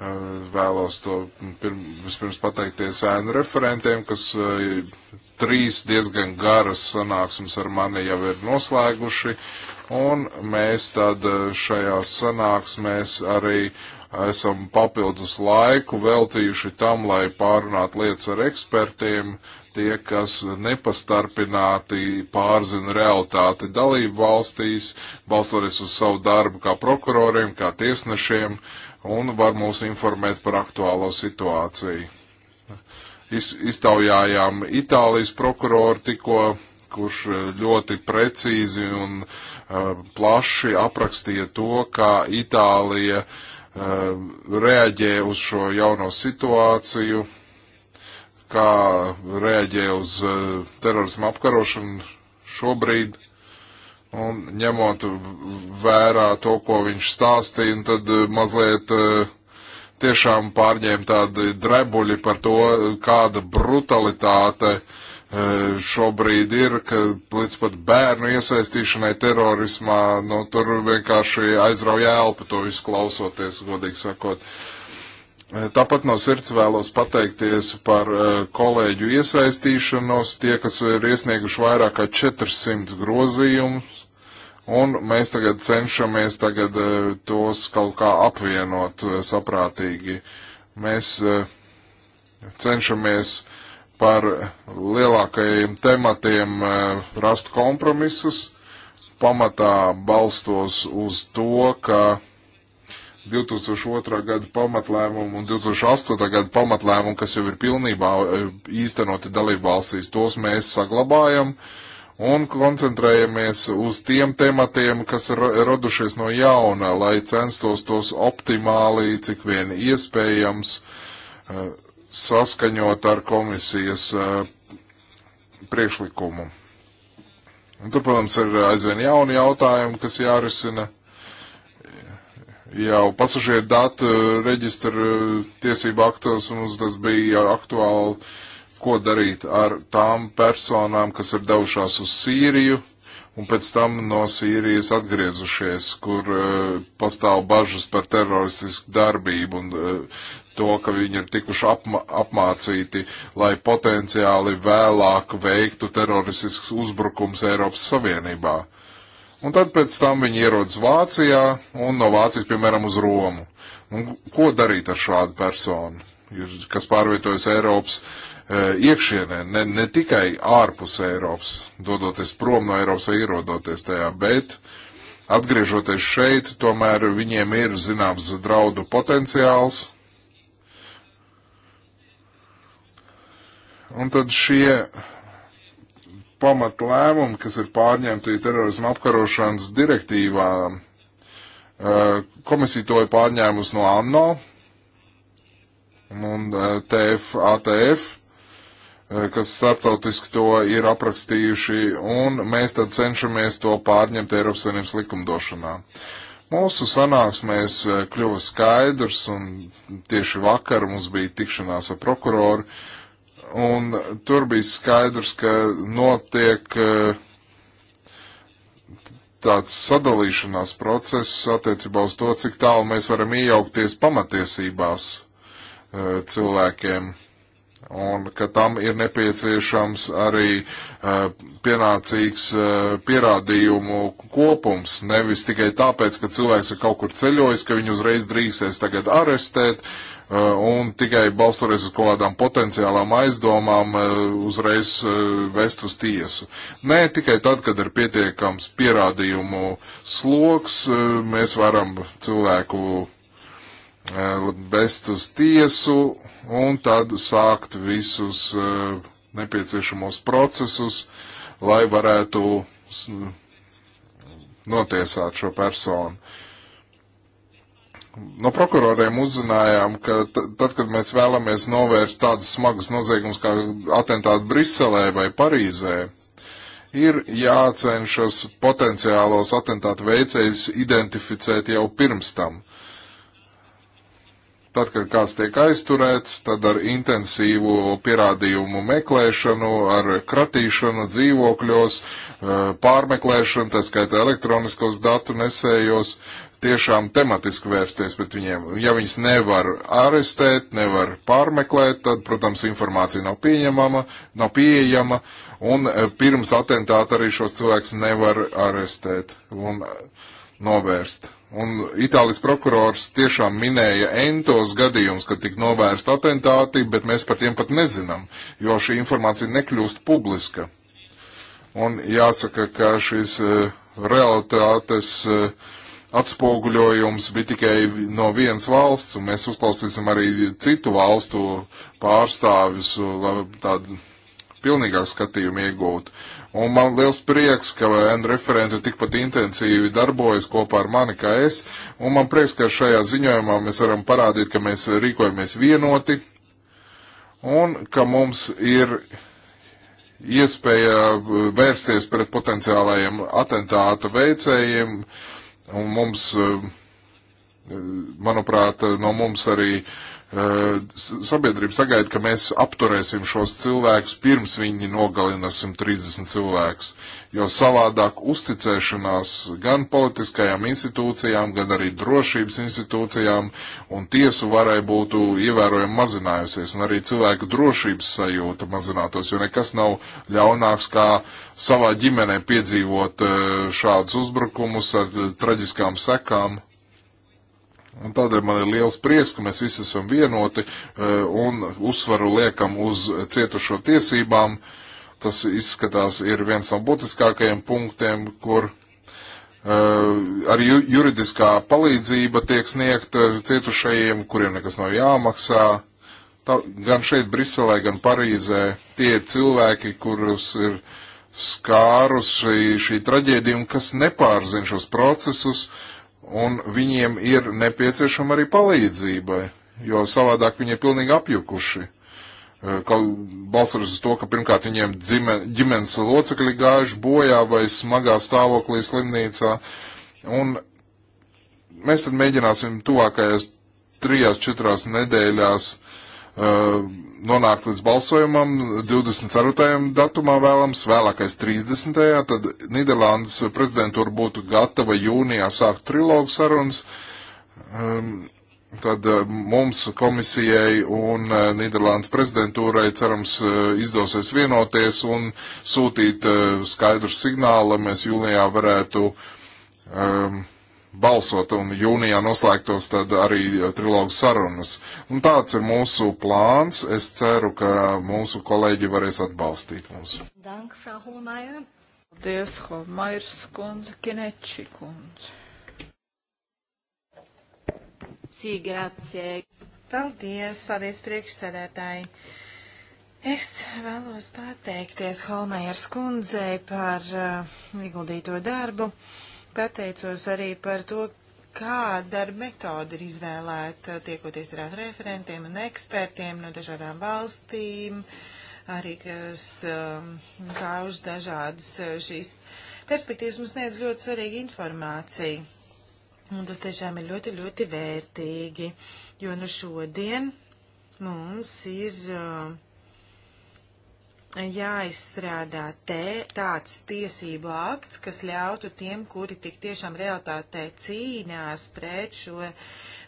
Ehm, vēlos to vispirms pateikties ēnu referentiem, kas eh, trīs diezgan garas sanāksmes ar mani jau ir noslēguši, un mēs tad eh, šajās sanāksmēs arī esam papildus laiku veltījuši tam, lai pārunātu lietas ar ekspertiem, tie, kas nepastarpināti pārzina realitāti dalību valstīs, balstoties uz savu darbu kā prokuroriem, kā tiesnešiem, uh, un var mūs informēt par aktuālo situāciju. Iz, iztaujājām Itālijas prokuroru tikko, kurš eh, ļoti precīzi un uh, plaši aprakstīja to, kā Itālija uh, reaģē uz šo jauno situāciju, kā reaģē uz uh, terorismu apkarošanu šobrīd Un ņemot vērā to, ko viņš stāstīja, tad eh, mazliet eh, tiešām pārņēma tādi drebuļi par to, kāda brutalitāte eh, šobrīd ir, ka līdz pat bērnu iesaistīšanai terorismā, nu, tur vienkārši aizrauja elpa to visu klausoties, godīgi sakot. Uh, Eh, tāpat no sirds vēlos pateikties par eh, kolēģu iesaistīšanos, tie, kas ir iesnieguši vairāk kā 400 grozījumus, un mēs tagad cenšamies tagad eh, tos kaut kā apvienot saprātīgi. Mēs cenšamies par lielākajiem tematiem rast kompromisus, pamatā balstos uz to, ka 2002. gada pamatlēmumu un 2008. gada pamatlēmumu, kas jau ir pilnībā e, īstenoti dalību valstīs, tos mēs saglabājam un koncentrējamies uz tiem tematiem, kas ir radušies no jauna, lai censtos tos optimāli, cik vien iespējams, e, saskaņot ar komisijas e, priekšlikumu. Un tur, protams, ir aizvien jauni jautājumi, kas jārisina jau pasažieru datu reģistra eh, tiesību aktos, un tas bija aktuāli, ko darīt ar tām personām, kas ir devušās uz Sīriju, un pēc tam no Sīrijas atgriezušies, kur uh, pastāv bažas par teroristisku darbību un uh, to, ka viņi ir tikuši apma apmācīti, lai potenciāli vēlāk veiktu teroristisks uzbrukums Eiropas Savienībā. Uh, Un tad pēc tam viņi ierodas Vācijā un no Vācijas, piemēram, uz Romu. Un ko darīt ar šādu personu, kas pārvietojas Eiropas e, iekšienē, ne, ne tikai ārpus Eiropas, dodoties prom no Eiropas vai ierodoties tajā, bet atgriežoties šeit, tomēr viņiem ir zināms draudu potenciāls, Un tad šie pamat lēmumi, kas ir pārņemti terorismu apkarošanas direktīvā. Komisija to ir pārņēmusi no ANO un TFATF, kas starptautiski to ir aprakstījuši, un mēs tad cenšamies to pārņemt Eiropas Savienības likumdošanā. Mūsu sanāksmēs kļuva skaidrs, un tieši vakar mums bija tikšanās ar prokuroru, uh, Un tur bija skaidrs, ka notiek eh, tāds sadalīšanās process attiecībā uz to, cik tālu mēs varam iejaukties pamatiesībās eh, cilvēkiem. Un ka tam ir nepieciešams arī eh, pienācīgs pierādījumu kopums, nevis tikai tāpēc, ka cilvēks ir kaut kur ceļojis, ka viņu uzreiz drīksēs tagad arestēt, uh, Eh, un tikai balstoties uz kaut kādām potenciālām aizdomām eh, uzreiz eh, vest uz tiesu. Nē, tikai tad, kad ir pietiekams pierādījumu sloks, mēs varam cilvēku vest uz tiesu un tad sākt visus nepieciešamos procesus, lai varētu notiesāt šo personu. No prokuroriem uzzinājām, ka tad, kad mēs vēlamies novērst tādas smagas noziegumus kā atentāti Briselē vai Parīzē, ir jācenšas potenciālos atentātu veicējus identificēt jau pirms tam. Tad, kad kāds tiek aizturēts, tad ar intensīvu pierādījumu meklēšanu, ar kratīšanu dzīvokļos, eh, pārmeklēšanu, tā skaitā elektroniskos datu nesējos, tiešām tematiski vērsties pret viņiem. Ja viņas nevar arestēt, nevar pārmeklēt, tad, protams, informācija nav pieņemama, nav pieejama, un e, pirms atentāta arī šos cilvēkus nevar arestēt un e, novērst. Un Itālijas prokurors tiešām minēja entos gadījumus, kad tik novērst atentāti, bet mēs par tiem pat nezinām, jo šī informācija nekļūst publiska. Un jāsaka, ka šis uh, realitātes uh, atspoguļojums bija tikai no vienas valsts, un mēs uzklausīsim arī citu valstu pārstāvis, lai tādu pilnīgāku skatījumu iegūtu. Un man liels prieks, ka N referenti tikpat intensīvi darbojas kopā ar mani kā es, un man prieks, ka šajā ziņojumā mēs varam parādīt, ka mēs rīkojamies vienoti, un ka mums ir iespēja vērsties pret potenciālajiem atentāta veicējiem, uh, Un mums, eh, manuprāt, no mums arī sabiedrība sagaida, ka mēs apturēsim šos cilvēkus pirms viņi nogalina 130 cilvēkus, jo savādāk uzticēšanās gan politiskajām institūcijām, gan arī drošības institūcijām un tiesu varai būtu ievērojami mazinājusies, un arī cilvēku drošības sajūta mazinātos, jo nekas nav ļaunāks, kā savā ģimenē piedzīvot eh, šādus uzbrukumus ar eh, traģiskām sekām. Un tādēļ man ir liels prieks, ka mēs visi esam vienoti e, un uzsvaru liekam uz cietušo tiesībām. Tas izskatās ir viens no būtiskākajiem punktiem, kur e, arī juridiskā palīdzība tiek sniegta cietušajiem, kuriem nekas nav jāmaksā. Tā, gan šeit, Briselē, gan Parīzē tie ir cilvēki, kurus ir skārus šī, šī traģēdija un kas nepārzina šos procesus. Uh, un viņiem ir nepieciešama arī palīdzība, jo savādāk viņi ir pilnīgi apjukuši. Eh, balstoties uz to, ka pirmkārt viņiem dzime, ģimenes locekļi gājuši bojā vai smagā stāvoklī slimnīcā, un mēs tad mēģināsim tuvākajās trijās, četrās nedēļās uh, nonākt līdz balsojumam 24. datumā vēlams, vēlākais 30. tad Nīderlandes prezidentūra būtu gatava jūnijā sākt trilogu sarunas. Tad mums komisijai un Nīderlandes prezidentūrai cerams izdosies vienoties un sūtīt skaidru signālu, lai mēs jūnijā varētu um, balsot un jūnijā noslēgtos tad arī eh, trilogu sarunas. Un tāds ir mūsu plāns. Es ceru, ka mūsu kolēģi varēs atbalstīt mums. Dank, Frau Holmeier. Paldies, Holmeiers kundze, Kineči kundze. Sī, grazie. Paldies, paldies priekšsēdētāji. Es vēlos pateikties Holmeiers kundzei par uh, ieguldīto darbu. Uh, Pateicos arī par to, kā darba metode ir izvēlēta, tiekoties ar referentiem un ekspertiem no dažādām valstīm, arī kas um, kauž dažādas uh, šīs perspektīvas mums sniedz ļoti svarīgu informāciju. Un tas tiešām ir ļoti, ļoti vērtīgi, jo nu šodien mums ir. Uh, jāizstrādā te, tāds tiesību akts, kas ļautu tiem, kuri tik tiešām realitātē cīnās pret šo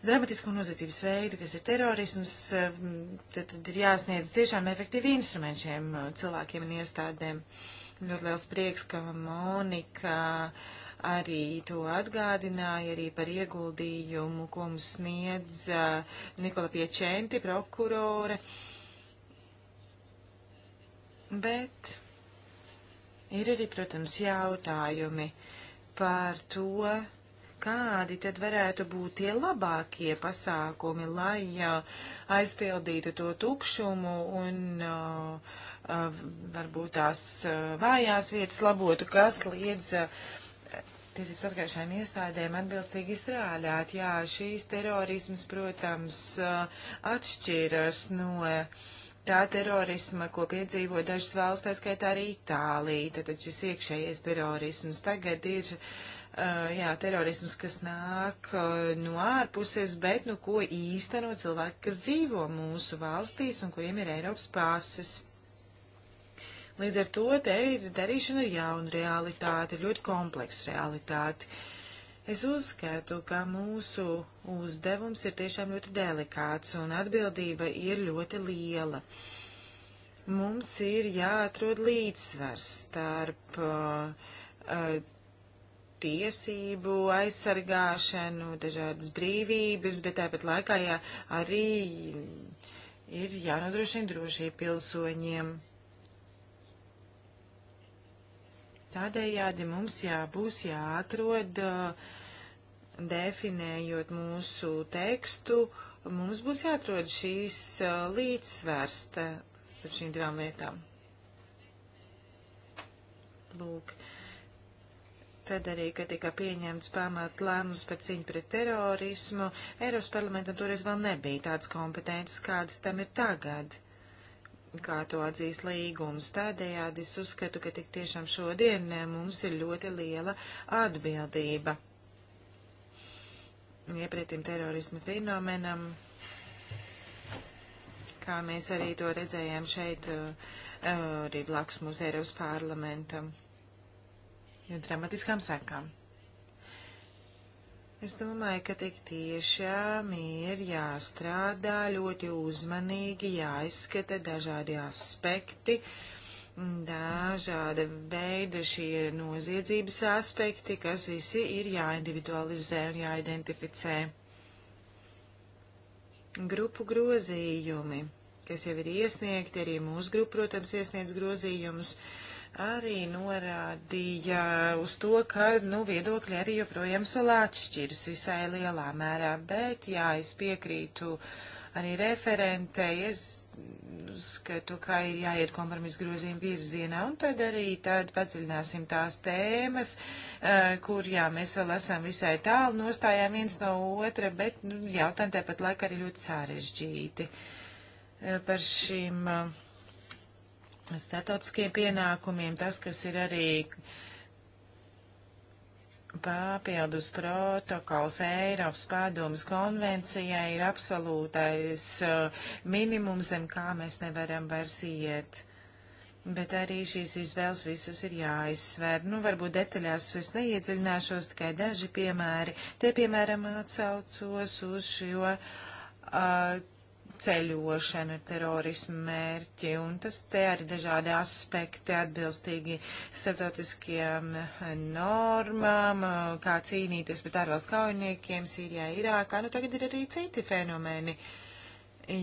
dramatisko noziedzības veidu, kas ir terorisms, tad, tad ir jāsniedz tiešām efektīvi instrumenti šiem cilvēkiem un iestādēm. Ļoti liels prieks, ka Monika arī to atgādināja, arī par ieguldījumu, ko mums sniedz Nikola Piečenti, prokurore. Uh, Bet ir arī, protams, jautājumi par to, kādi tad varētu būt tie labākie pasākumi, lai aizpildītu to tukšumu un varbūt tās vājās vietas labotu, kas liedz tiesību sargājušajām iestādēm atbilstīgi strādāt. Jā, šīs terorisms, protams, atšķiras no. Uh, tā terorisma, ko piedzīvo dažas valsts, tā skaitā arī Itālija, tad šis iekšējais terorisms tagad ir. Uh, jā, terorisms, kas nāk uh, no ārpuses, bet nu ko īsteno cilvēki, kas dzīvo mūsu valstīs un kuriem ir Eiropas pases. Līdz ar to te ir darīšana ar jaunu realitāti, ļoti kompleksu realitāti. Uh, Es uzskatu, ka mūsu uzdevums ir tiešām ļoti delikāts un atbildība ir ļoti liela. Mums ir jāatrod līdzsvars starp uh, uh, tiesību aizsargāšanu, dažādas brīvības, bet tāpat laikā jā, arī ir jānodrošina drošība pilsoņiem. Tādējādi mums jābūs jāatrod, definējot mūsu tekstu, mums būs jāatrod šīs līdzsvērs starp šīm divām lietām. Lūk. Tad arī, kad tika pieņemts pamat lēmums par cīņu pret terorismu, Eiropas parlamentam toreiz vēl nebija tādas kompetences, kādas tam ir tagad. Uh, kā to atzīst līgums. Tādējādi es uzskatu, ka tik tiešām šodien eh, mums ir ļoti liela atbildība. Iepretim terorismu fenomenam, kā mēs arī to redzējām šeit, eh, arī blakus mūsu Eiropas parlamentam, dramatiskām sekām. Es domāju, ka tik tiešām ir jāstrādā ļoti uzmanīgi, jāizskata dažādi aspekti, dažāda veida šie noziedzības aspekti, kas visi ir jāindividualizē un jāidentificē. Grupu grozījumi, kas jau ir iesniegti, arī mūsu grupa, protams, iesniedz grozījumus. Uh, arī norādīja uz to, ka nu, viedokļi arī joprojām vēl atšķiras visai lielā mērā, bet jā, es piekrītu arī referentei, es skatu, ka ir jāiet kompromisu grozījuma virzienā, un tad arī tad padziļināsim tās tēmas, eh, kur jā, mēs vēl esam visai tālu, nostājām viens no otra, bet nu, jautājumi tāpat laikā arī ļoti sarežģīti eh, par šīm uh, startautiskiem pienākumiem, tas, kas ir arī papildus protokols Eiropas padomas konvencijai, ir absolūtais uh, minimums, zem kā mēs nevaram vairs iet. Bet arī šīs izvēles visas ir jāizsver. Nu, varbūt detaļās es neiedziļināšos, tikai daži piemēri. Te, piemēram, atsaucos uz šo uh, apceļošana ar terorismu mērķi, un tas te arī dažādi aspekti atbilstīgi starptautiskiem eh, normām, eh, kā cīnīties pret ārvalstu kaujiniekiem Sīrijā, Irākā. Nu, tagad ir arī citi fenomeni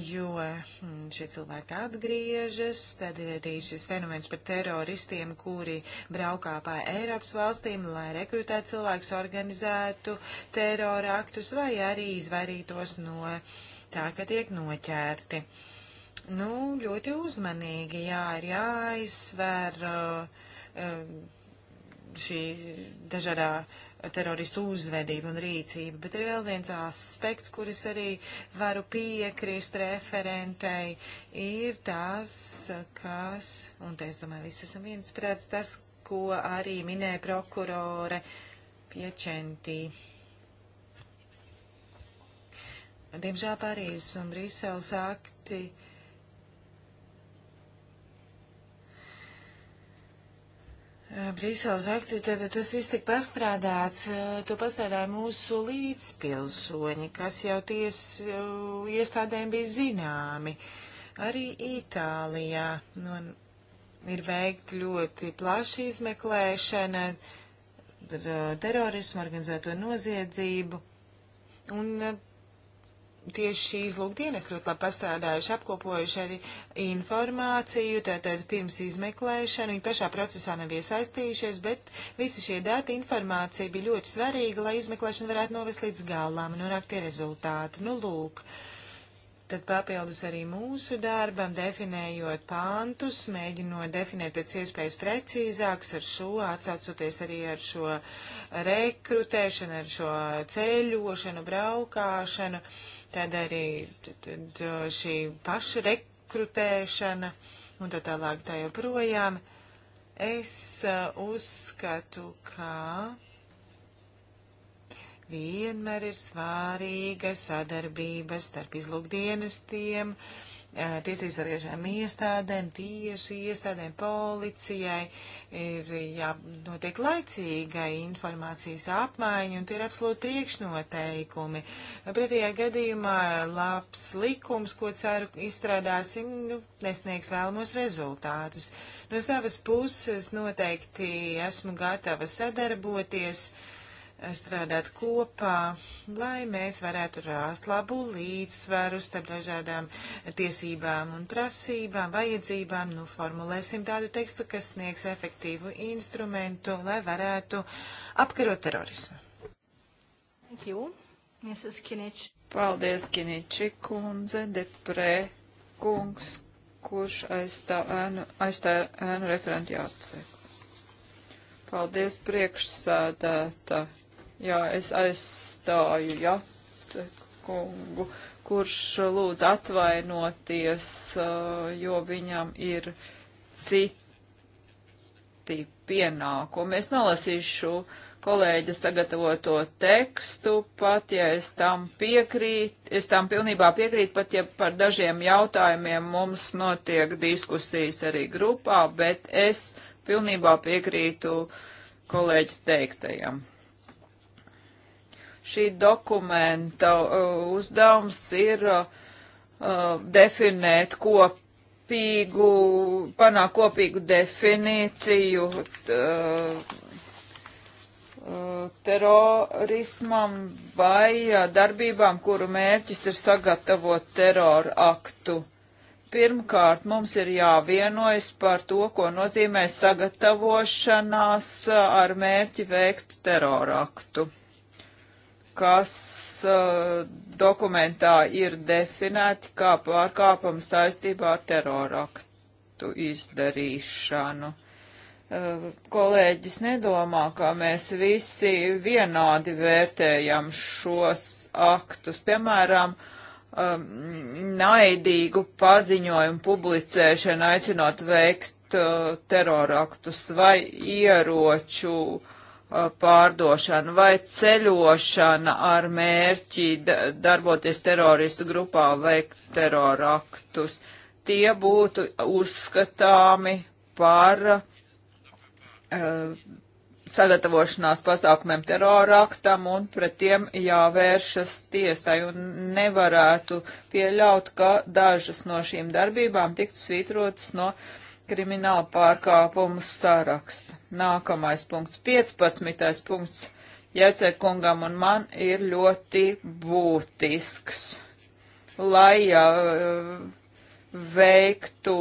jo hm, šie cilvēki atgriežas, tad ir arī šis fenomens par teroristiem, kuri braukā pa Eiropas valstīm, lai rekrutētu cilvēkus, organizētu terora aktus vai arī izvairītos no uh, tagad tiek noķerti. Nu, ļoti uzmanīgi, jā, ir jāizsver uh, uh, šī dažādā teroristu uzvedība un rīcība, bet ir vēl viens aspekts, kuris arī varu piekrist referentei, ir tas, kas, un te es domāju, visi esam viensprāts, tas, ko arī minēja prokurore Piečentī Diemžēl Parīzes un Brīseles akti eh, Brīseles akti, tad tas viss tik pastrādāts, eh, to pastrādāja mūsu līdzpilsoņi, kas jau ties eh, iestādēm bija zināmi. Arī Itālijā nu, ir veikta ļoti plaša izmeklēšana ar terorismu, organizēto noziedzību. Un tieši izlūkdienas ļoti labi pastrādājuši, apkopojuši arī informāciju, tātad pirms izmeklēšanu, viņi pašā procesā nav iesaistījušies, bet visi šie dati informācija bija ļoti svarīga, lai izmeklēšana varētu novest līdz galām, nonākt pie rezultāta. Nu, lūk. Uh, Tad papildus arī mūsu darbam, definējot pāntus, mēģinot definēt pēc iespējas precīzāks ar šo, atsaucoties arī ar šo rekrutēšanu, ar šo ceļošanu, braukāšanu, tad arī tad, tad, šī paša rekrutēšana un tā tālāk tā joprojām. Es uh, uzskatu, ka. Kā vienmēr ir svārīga sadarbība starp izlūkdienestiem, tiesības sargājušām iestādēm, tieši iestādēm, policijai. Ir jānotiek laicīga informācijas apmaiņa, un tie ir absolūti priekšnoteikumi. Pretējā gadījumā labs likums, ko ceru izstrādāsim, nu, nesniegs vēlamos rezultātus. No savas puses noteikti esmu gatava sadarboties strādāt kopā, lai mēs varētu rāst labu līdzsvaru starp dažādām tiesībām un prasībām, vajadzībām. Nu, formulēsim tādu tekstu, kas sniegs efektīvu instrumentu, lai varētu apkarot terorismu. Thank you. Mrs. Kiniči. Paldies, Kiniči kundze, deprē kungs, kurš aizstāv ēnu, aizstāv ēnu referentu jāatsek. Paldies, priekšsādātāji Jā, es aizstāju Jate kungu, kurš lūdz atvainoties, jo viņam ir citi pienākumi. Es nolasīšu kolēģi sagatavoto tekstu, pat ja es tam piekrītu, es tam pilnībā piekrītu, pat ja par dažiem jautājumiem mums notiek diskusijas arī grupā, bet es pilnībā piekrītu kolēģi teiktajam. Šī dokumenta uh, uzdevums ir uh, uh, definēt kopīgu, panākt kopīgu definīciju terorismam vai darbībām, kuru mērķis ir sagatavot teroru aktu. Pirmkārt, mums ir jāvienojas par to, ko nozīmē sagatavošanās ar mērķi veikt teroraktu kas uh, dokumentā ir definēti kā pārkāpums saistībā ar teroraktu izdarīšanu. Uh, kolēģis nedomā, ka mēs visi vienādi vērtējam šos aktus. Piemēram, um, naidīgu paziņojumu publicēšanu aicinot veikt uh, teroraktus vai ieroču uh, Uh, pārdošana vai ceļošana ar mērķi darboties teroristu grupā veikt teroraktus. Tie būtu uzskatāmi par uh, sagatavošanās pasākumiem teroraktam un pret tiem jāvēršas tiesai un nevarētu pieļaut, ka dažas no šīm darbībām tiktu svītrotas no uh, krimināla pārkāpumu saraksta. Nākamais punkts, 15. punkts Jēcekungam un man ir ļoti būtisks, lai uh, veiktu,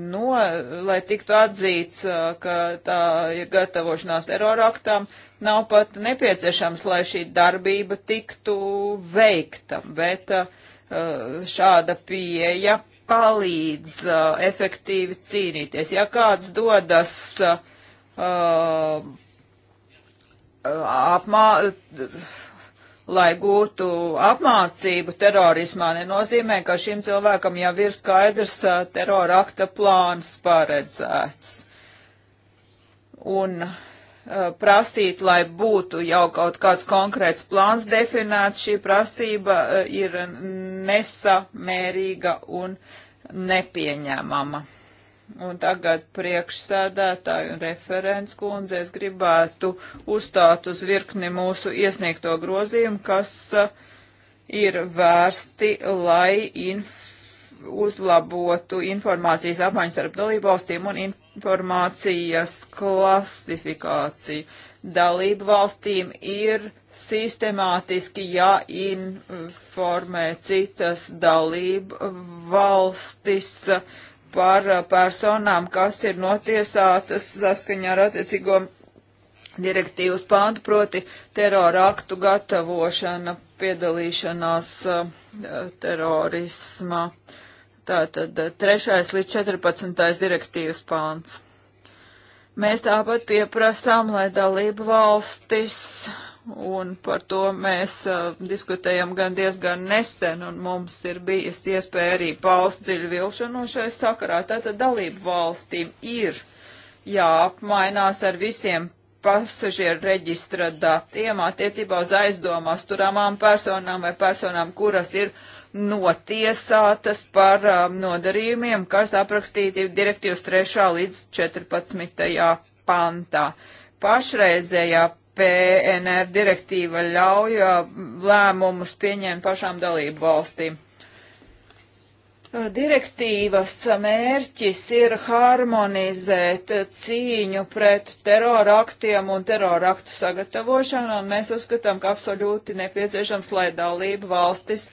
no, lai tiktu atzīts, ka tā ir gatavošanās teroraktām, nav pat nepieciešams, lai šī darbība tiktu veikta, bet uh, šāda pieeja uh, palīdz uh, efektīvi cīnīties. Ja kāds dodas uh, uh, apmā, lai gūtu apmācību terorismā, nenozīmē, ka šim cilvēkam jau ir skaidrs uh, terora akta plāns paredzēts. Un uh, Uh, prasīt, lai būtu jau kaut kāds konkrēts plāns definēts, šī prasība uh, ir nesamērīga un nepieņēmama. Un tagad priekšsēdētāju un referents kundze es gribētu uzstāt uz virkni mūsu iesniegto grozījumu, kas uh, ir vērsti, lai inf uzlabotu informācijas apmaiņas starp dalībvalstīm un informāciju informācijas klasifikāciju. Dalību valstīm ir sistemātiski jāinformē citas dalību valstis par personām, kas ir notiesātas saskaņā ar attiecīgo direktīvas pāntu, proti terora aktu gatavošana, piedalīšanās eh, terorisma uh, Tātad 3. Eh, līdz 14. direktīvas pāns. Mēs tāpat pieprasām, lai dalība valstis, un par to mēs uh, diskutējam gan diezgan nesen, un mums ir bijis iespēja arī paust dziļu vilšanu šai sakarā. Tātad dalību valstīm ir jāapmainās ar visiem pasažieru reģistra datiem attiecībā uz aizdomās turāmām personām vai personām, kuras ir uh, notiesātas par um, nodarījumiem, kas aprakstīti direktīvas 3. līdz 14. pantā. Pašreizējā PNR direktīva ļauj um, lēmumus pieņemt pašām dalību valstīm. Uh, direktīvas mērķis ir harmonizēt cīņu pret teroraktiem un teroraktu sagatavošanu, un mēs uzskatām, ka absolūti nepieciešams, lai dalību valstis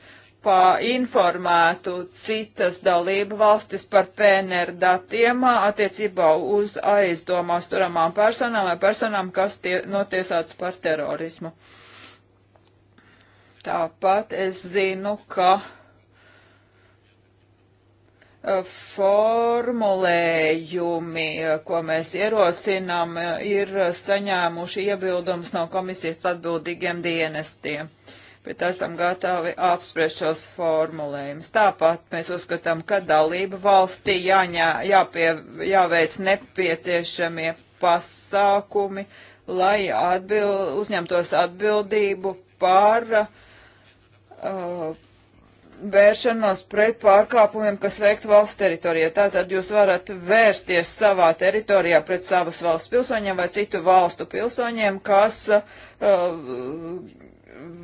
Eiropā informētu citas dalību valstis par PNR datiem attiecībā uz aizdomās turamām personām vai personām, kas tie, notiesāts par terorismu. Tāpat es zinu, ka e, formulējumi, e, ko mēs ierosinām, e, ir saņēmuši iebildums no komisijas atbildīgiem dienestiem. Uh, bet esam gatavi apspriest šos formulējumus. Tāpat mēs uzskatām, ka dalība valstī jāņā, jāpie, jāveic nepieciešamie pasākumi, lai atbil, uzņemtos atbildību par uh, vēršanos pret pārkāpumiem, kas veikt valsts teritorijā. Tātad jūs varat vērsties savā teritorijā pret savas valsts pilsoņiem vai citu valstu pilsoņiem, kas uh,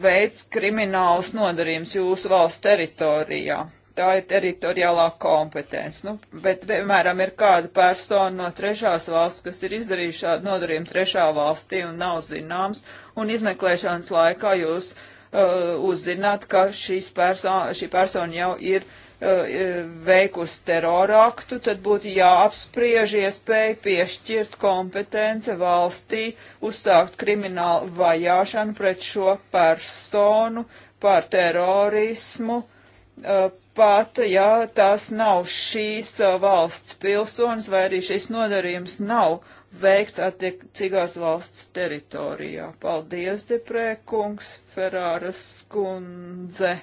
veids kriminālus nodarījums jūsu valsts teritorijā. Tā ir teritoriālā kompetence. Nu, bet, piemēram, ir kāda persona no trešās valsts, kas ir izdarījuši šādu nodarījumu trešā valstī un nav zināms, un izmeklēšanas laikā jūs uh, uzzināt, ka perso šī persona jau ir uh, Eh, veikus teroraktu, tad būtu jāapspriež iespēja piešķirt kompetence valstī, uzstākt kriminālu vajāšanu pret šo personu par terorismu, eh, pat ja tas nav šīs eh, valsts pilsonis vai arī šis nodarījums nav veikts attiecīgās valsts teritorijā. Paldies, Deprē kungs, Ferāras kundze.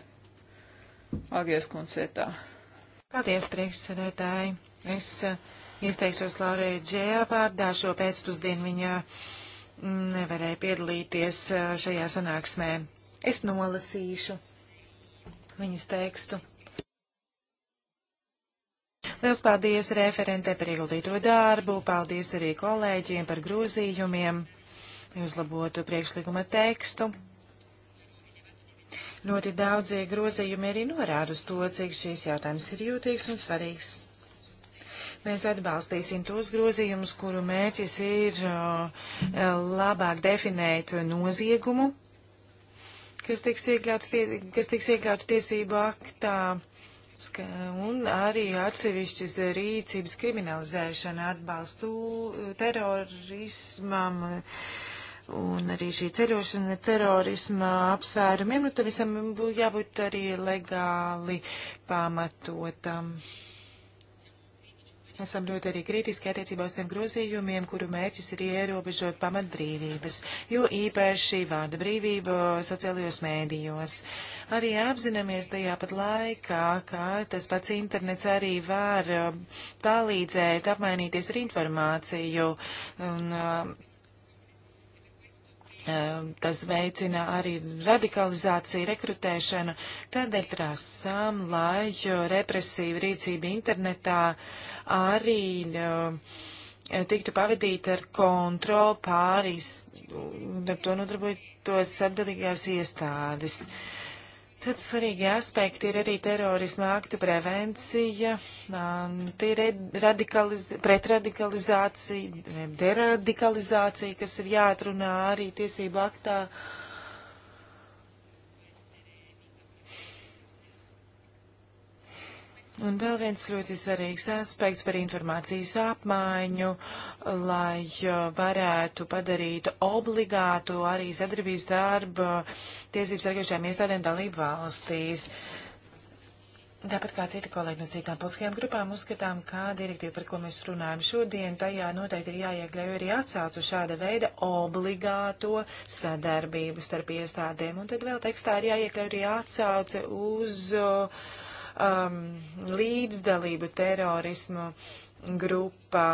Agies kundsvietā. Paldies, priekšsēdētāji. Es eh, izteikšos Laurija Džējā vārdā šo pēcpusdienu viņa mm, nevarēja piedalīties eh, šajā sanāksmē. Es nolasīšu viņas tekstu. Liels paldies referentē par ieguldīto darbu, paldies arī kolēģiem par grozījumiem, uzlabotu priekšlikuma tekstu. Ļoti daudzie grozījumi arī norāda uz to, cik šīs jautājums ir jūtīgs un svarīgs. Mēs atbalstīsim tos grozījumus, kuru mērķis ir uh, labāk definēt noziegumu, kas tiks iekļauts, tie, kas tiks iekļauts tiesību aktā un arī atsevišķas rīcības kriminalizēšana atbalstu uh, terorismam, Un arī šī ceļošana terorisma apsvērumiem, nu, tam visam būtu jābūt arī legāli pamatotam. Esam ļoti arī kritiski attiecībā uz tiem grozījumiem, kuru mērķis ir ierobežot pamatbrīvības, jo īpaši vārda brīvība sociālajos mēdījos. Arī apzināmies tajā pat laikā, ka tas pats internets arī var palīdzēt apmainīties ar informāciju. Un, uh, Tas veicina arī radikalizāciju, rekrutēšanu. Tādēļ prasām, lai represīva rīcība internetā arī tiktu pavadīta ar kontroli pāris, ar to nodarbotos atbildīgās iestādes. Uh, Tad svarīgi aspekti ir arī terorisma aktu prevencija, pretradikalizācija, deradikalizācija, kas ir jāatrunā arī tiesību aktā. Uh, Un vēl viens ļoti svarīgs aspekts par informācijas apmaiņu, lai uh, varētu padarīt obligātu arī sadarbības darbu tiesības sargājušajām iestādēm dalību valstīs. Tāpat kā citi kolēģi no citām politiskajām grupām uzskatām, kā direktīva, par ko mēs runājam šodien, tajā noteikti ir jāiekļauj arī atsaucu šāda veida obligāto sadarbību starp iestādēm. Un tad vēl tekstā ir jāiekļauj arī atsauce uz uh, um, līdzdalību terorismu grupā.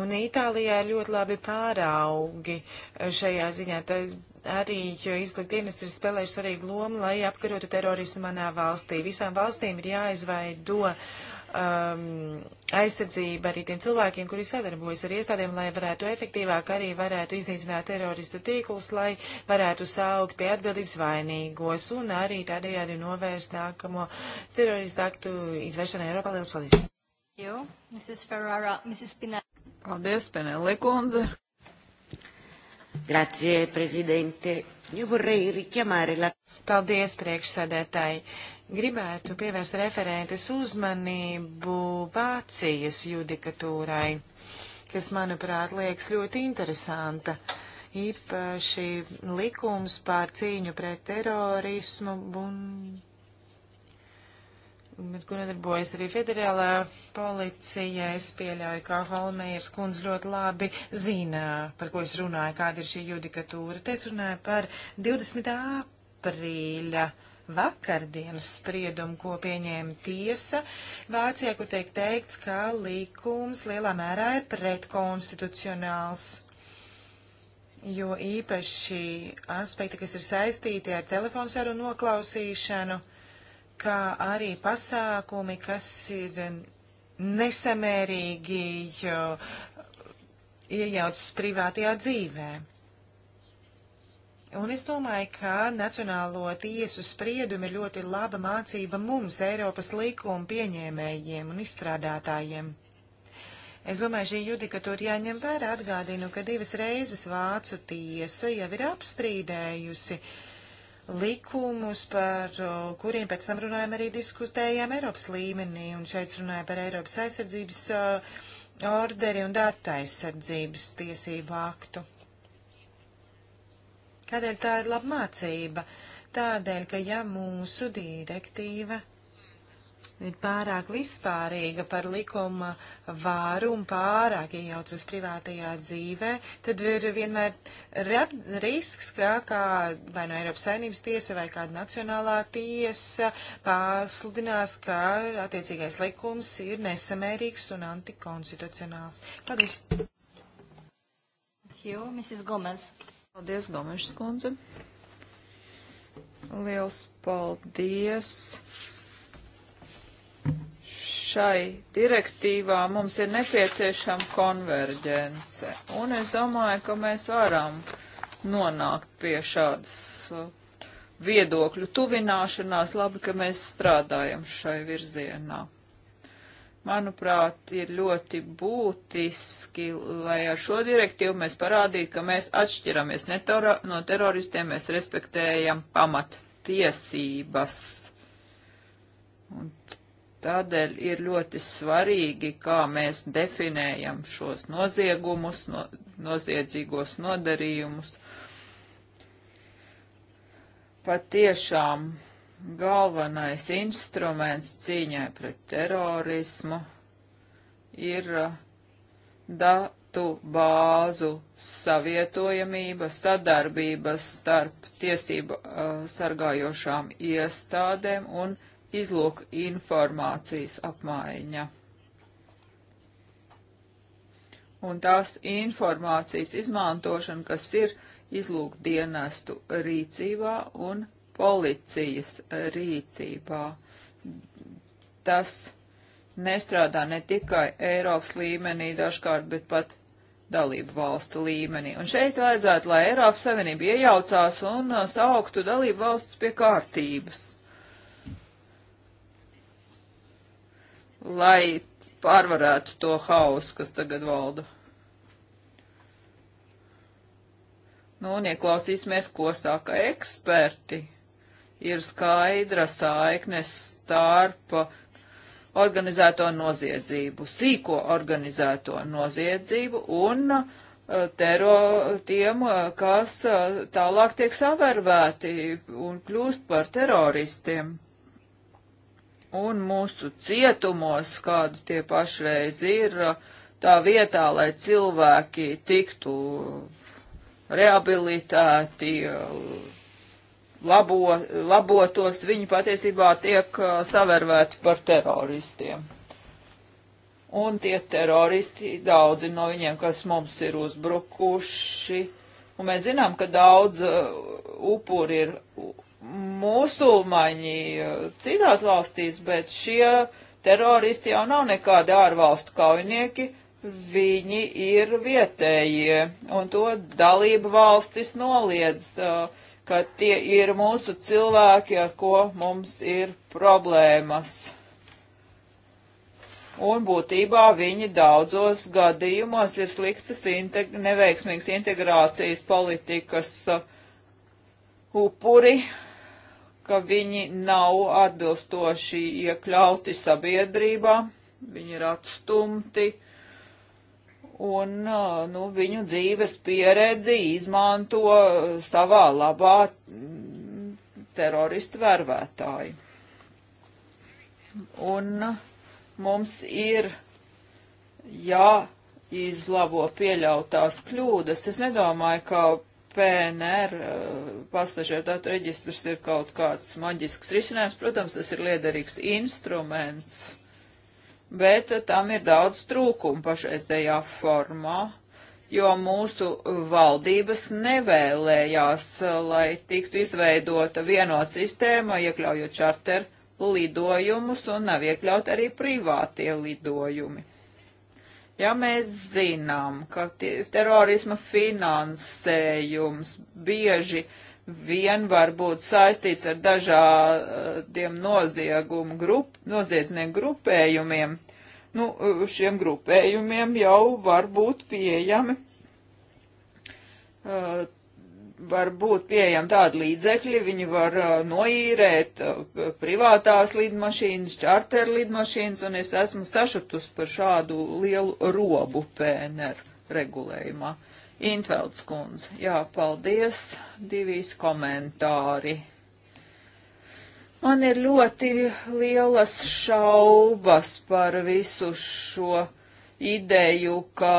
Un Itālijā ir ļoti labi pāraugi šajā ziņā. Tad arī izlikt dienesti ir spēlējuši svarīgu lomu, lai apkarotu terorismu manā valstī. Visām valstīm ir jāizveido uh, um, aizsardzība arī tiem cilvēkiem, kuri sadarbojas ar iestādēm, lai varētu efektīvāk arī varētu iznīcināt teroristu tīklus, lai varētu saukt pie atbildības vainīgos un arī tādējādi novērst nākamo teroristu aktu izvēršanu Eiropā. Lielas paldies! Jo, Mrs. Ferrara, Mrs. Pinelli. Paldies, Pinelli kundze. Grazie, prezidente. Io vorrei richiamare la... Paldies, priekšsēdētāji. Gribētu pievērst referentes uzmanību Vācijas judikatūrai, kas, manuprāt, liekas ļoti interesanta. Īpaši likums pār cīņu pret terorismu un bet kur nedarbojas arī federālā policija. Es pieļauju, ka Holmeiers kundz ļoti labi zina, par ko es runāju, kāda ir šī judikatūra. Te es runāju par 20. aprīļa uh, vakardienas spriedumu, ko pieņēma tiesa Vācijā, kur tiek teikts, ka likums lielā mērā ir pretkonstitucionāls. Jo īpaši aspekti, kas ir saistīti ar telefonu sarunu noklausīšanu, kā arī pasākumi, kas ir nesamērīgi iejaucas privātajā dzīvēm. Un es domāju, ka Nacionālo tiesu spriedumi ir ļoti laba mācība mums, Eiropas likuma pieņēmējiem un izstrādātājiem. Es domāju, šī judikatūra jāņem vērā atgādinu, ka divas reizes Vācu tiesa jau ir apstrīdējusi likumus, par kuriem pēc tam runājam arī diskutējām Eiropas līmenī, un šeit runāja par Eiropas aizsardzības orderi un datu aizsardzības tiesību aktu. Kādēļ tā ir laba mācība? Tādēļ, ka ja mūsu direktīva ir pārāk vispārīga par likuma vāru un pārāk iejaucas privātajā dzīvē, tad ir vienmēr risks, ka kā vai no Eiropas saimnības tiesa vai kāda nacionālā tiesa pārsludinās, ka attiecīgais likums ir nesamērīgs un antikonstitucionāls. Paldies! Thank you, Mrs. Gomez. Paldies, Gomešs kundze. Liels paldies. Šai direktīvā mums ir nepieciešama konverģence, un es domāju, ka mēs varam nonākt pie šādas uh, viedokļu tuvināšanās. Labi, ka mēs strādājam šai virzienā manuprāt, ir ļoti būtiski, lai ar šo direktīvu mēs parādītu, ka mēs atšķiramies tero, no teroristiem, mēs respektējam pamattiesības. Un tādēļ ir ļoti svarīgi, kā mēs definējam šos noziegumus, no, noziedzīgos nodarījumus. Pat tiešām galvenais instruments cīņai pret terorismu ir uh, datu bāzu savietojamība, sadarbība starp tiesību uh, sargājošām iestādēm un izlūk informācijas apmaiņa. Un tās informācijas izmantošana, kas ir izlūk dienestu rīcībā un policijas rīcībā. Tas nestrādā ne tikai Eiropas līmenī dažkārt, bet pat dalību valstu līmenī. Un šeit vajadzētu, lai Eiropas Savienība iejaucās un uh, sauktu dalību valsts pie kārtības. Lai pārvarētu to hausu, kas tagad valda. Nu, un ieklausīsimies, ko saka eksperti ir skaidra saikne starp organizēto noziedzību, sīko organizēto noziedzību un eh, tero tiem, kas eh, tālāk tiek savervēti un kļūst par teroristiem. Un mūsu cietumos, kādi tie pašreiz ir, tā vietā, lai cilvēki tiktu rehabilitēti, labo, labotos, viņi patiesībā tiek uh, savervēti par teroristiem. Un tie teroristi, daudzi no viņiem, kas mums ir uzbrukuši, un mēs zinām, ka daudz uh, upuri ir musulmaņi uh, citās valstīs, bet šie teroristi jau nav nekādi ārvalstu kaujinieki, viņi ir vietējie, un to dalība valstis noliedz. Uh, ka tie ir mūsu cilvēki, ar ko mums ir problēmas. Un būtībā viņi daudzos gadījumos ir sliktas, integ neveiksmīgas integrācijas politikas uh, upuri, ka viņi nav atbilstoši iekļauti sabiedrībā, viņi ir atstumti, uh, un nu, viņu dzīves pieredzi izmanto savā labā mm, teroristu vērvētāji. Un mums ir jāizlabo pieļautās kļūdas. Es nedomāju, ka PNR pasažieru datu reģistrs ir kaut kāds maģisks risinājums. Protams, tas ir liederīgs instruments bet tam ir daudz trūkumu pašreizējā formā, jo mūsu valdības nevēlējās, lai tiktu izveidota vienota sistēma, iekļaujot čarter lidojumus un nav iekļaut arī privātie lidojumi. Ja mēs zinām, ka terorisma finansējums bieži uh, vien var būt saistīts ar dažādiem noziegumu grup, noziedznieku grupējumiem. Nu, šiem grupējumiem jau var būt pieejami, uh, var būt pieejami tādi līdzekļi, viņi var uh, noīrēt uh, privātās lidmašīnas, čarter lidmašīnas, un es esmu sašutus par šādu lielu robu PNR regulējumā. Uh, Intvelds kundze, jā, paldies, divīs komentāri. Man ir ļoti lielas šaubas par visu šo ideju, ka,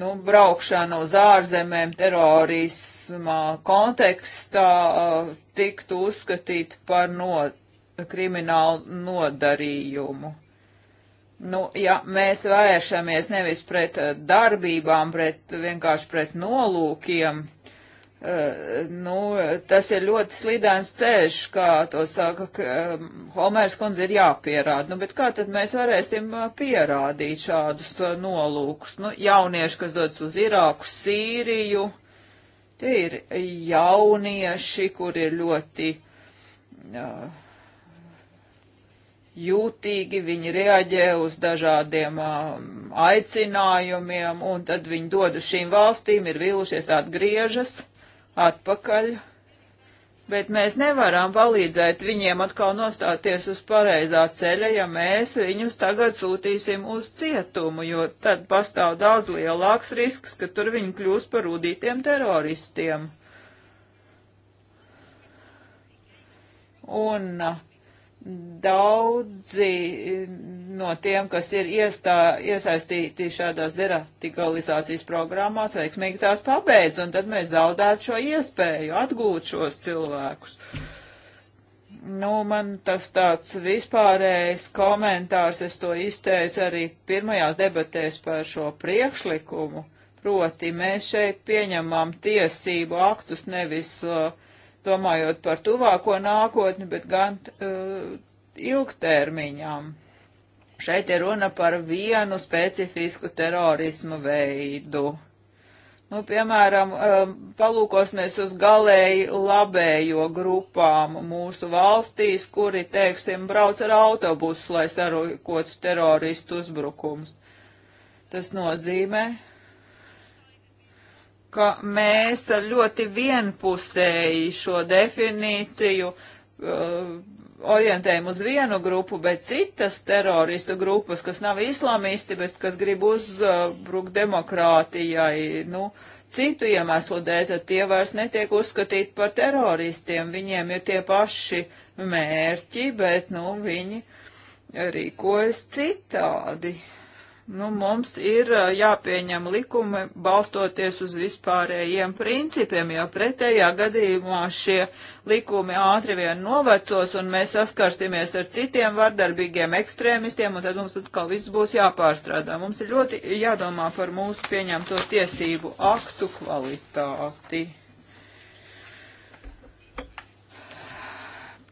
nu, braukšana uz ārzemēm terorismā kontekstā uh, tiktu uzskatīt par no, kriminālu nodarījumu. Nu, ja mēs vēršamies nevis pret eh, darbībām, pret vienkārši pret nolūkiem, Uh, nu, tas ir ļoti slidens ceļš, kā to saka, ka uh, eh, Homērs kundze ir jāpierāda. Nu, bet kā tad mēs varēsim uh, pierādīt šādus nolūkus? Nu, jaunieši, kas dodas uz Irāku, Sīriju, tie ir jaunieši, kur ir ļoti. Uh, jūtīgi, viņi reaģē uz dažādiem um, aicinājumiem, un tad viņi dod uz šīm valstīm, ir vīlušies, atgriežas atpakaļ. Bet mēs nevaram palīdzēt viņiem atkal nostāties uz pareizā ceļa, ja mēs viņus tagad sūtīsim uz cietumu, jo tad pastāv daudz lielāks risks, ka tur viņi kļūs par rudītiem teroristiem. Un uh, Daudzi mm, no tiem, kas ir iestā, iesaistīti šādās deratigalizācijas programmās, veiksmīgi tās pabeidz, un tad mēs zaudētu šo iespēju atgūt šos cilvēkus. Nu, man tas tāds vispārējais komentārs, es to izteicu arī pirmajās debatēs par šo priekšlikumu, proti mēs šeit pieņemam tiesību aktus nevis uh, domājot par tuvāko nākotni, bet gan uh, ilgtermiņām. Šeit ir runa par vienu specifisku terorismu veidu. Nu, piemēram, eh, palūkosimies uz galēji labējo grupām mūsu valstīs, kuri, teiksim, brauc ar autobusu, lai sarūkotu teroristu uzbrukums. Tas nozīmē, ka mēs ļoti vienpusēji šo definīciju uh, orientējam uz vienu grupu, bet citas teroristu grupas, kas nav islamisti, bet kas grib uzbrukt uh, demokrātijai, nu, citu iemeslu dēļ, tad tie vairs netiek uzskatīti par teroristiem. Viņiem ir tie paši mērķi, bet, nu, viņi rīkojas citādi. Uh, Nu, mums ir jāpieņem likumi balstoties uz vispārējiem principiem, jo pretējā gadījumā šie likumi ātri vien novecos un mēs saskarsimies ar citiem vardarbīgiem ekstrēmistiem un tad mums atkal viss būs jāpārstrādā. Mums ir ļoti jādomā par mūsu pieņemto tiesību aktu kvalitāti.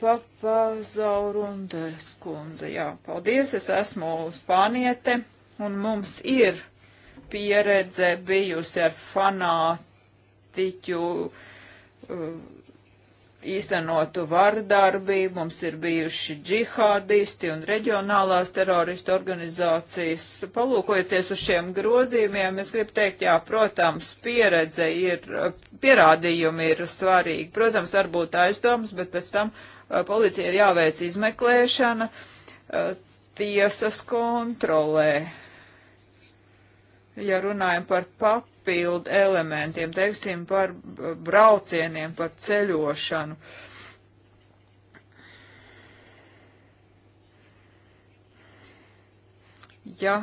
Papazaurundeskundze, jā, paldies, es esmu Spāniete Un mums ir pieredze bijusi ar fanātiķu uh, īstenotu vardarbību, mums ir bijuši džihādisti un reģionālās teroristu organizācijas. Palūkojoties uz šiem grozījumiem, es gribu teikt, jā, protams, pieredze ir, uh, pierādījumi ir svarīgi. Protams, varbūt aizdomas, bet pēc tam uh, policija ir jāveic izmeklēšana tiesas kontrolē. Ja runājam par papildu elementiem, teiksim par braucieniem, par ceļošanu. Ja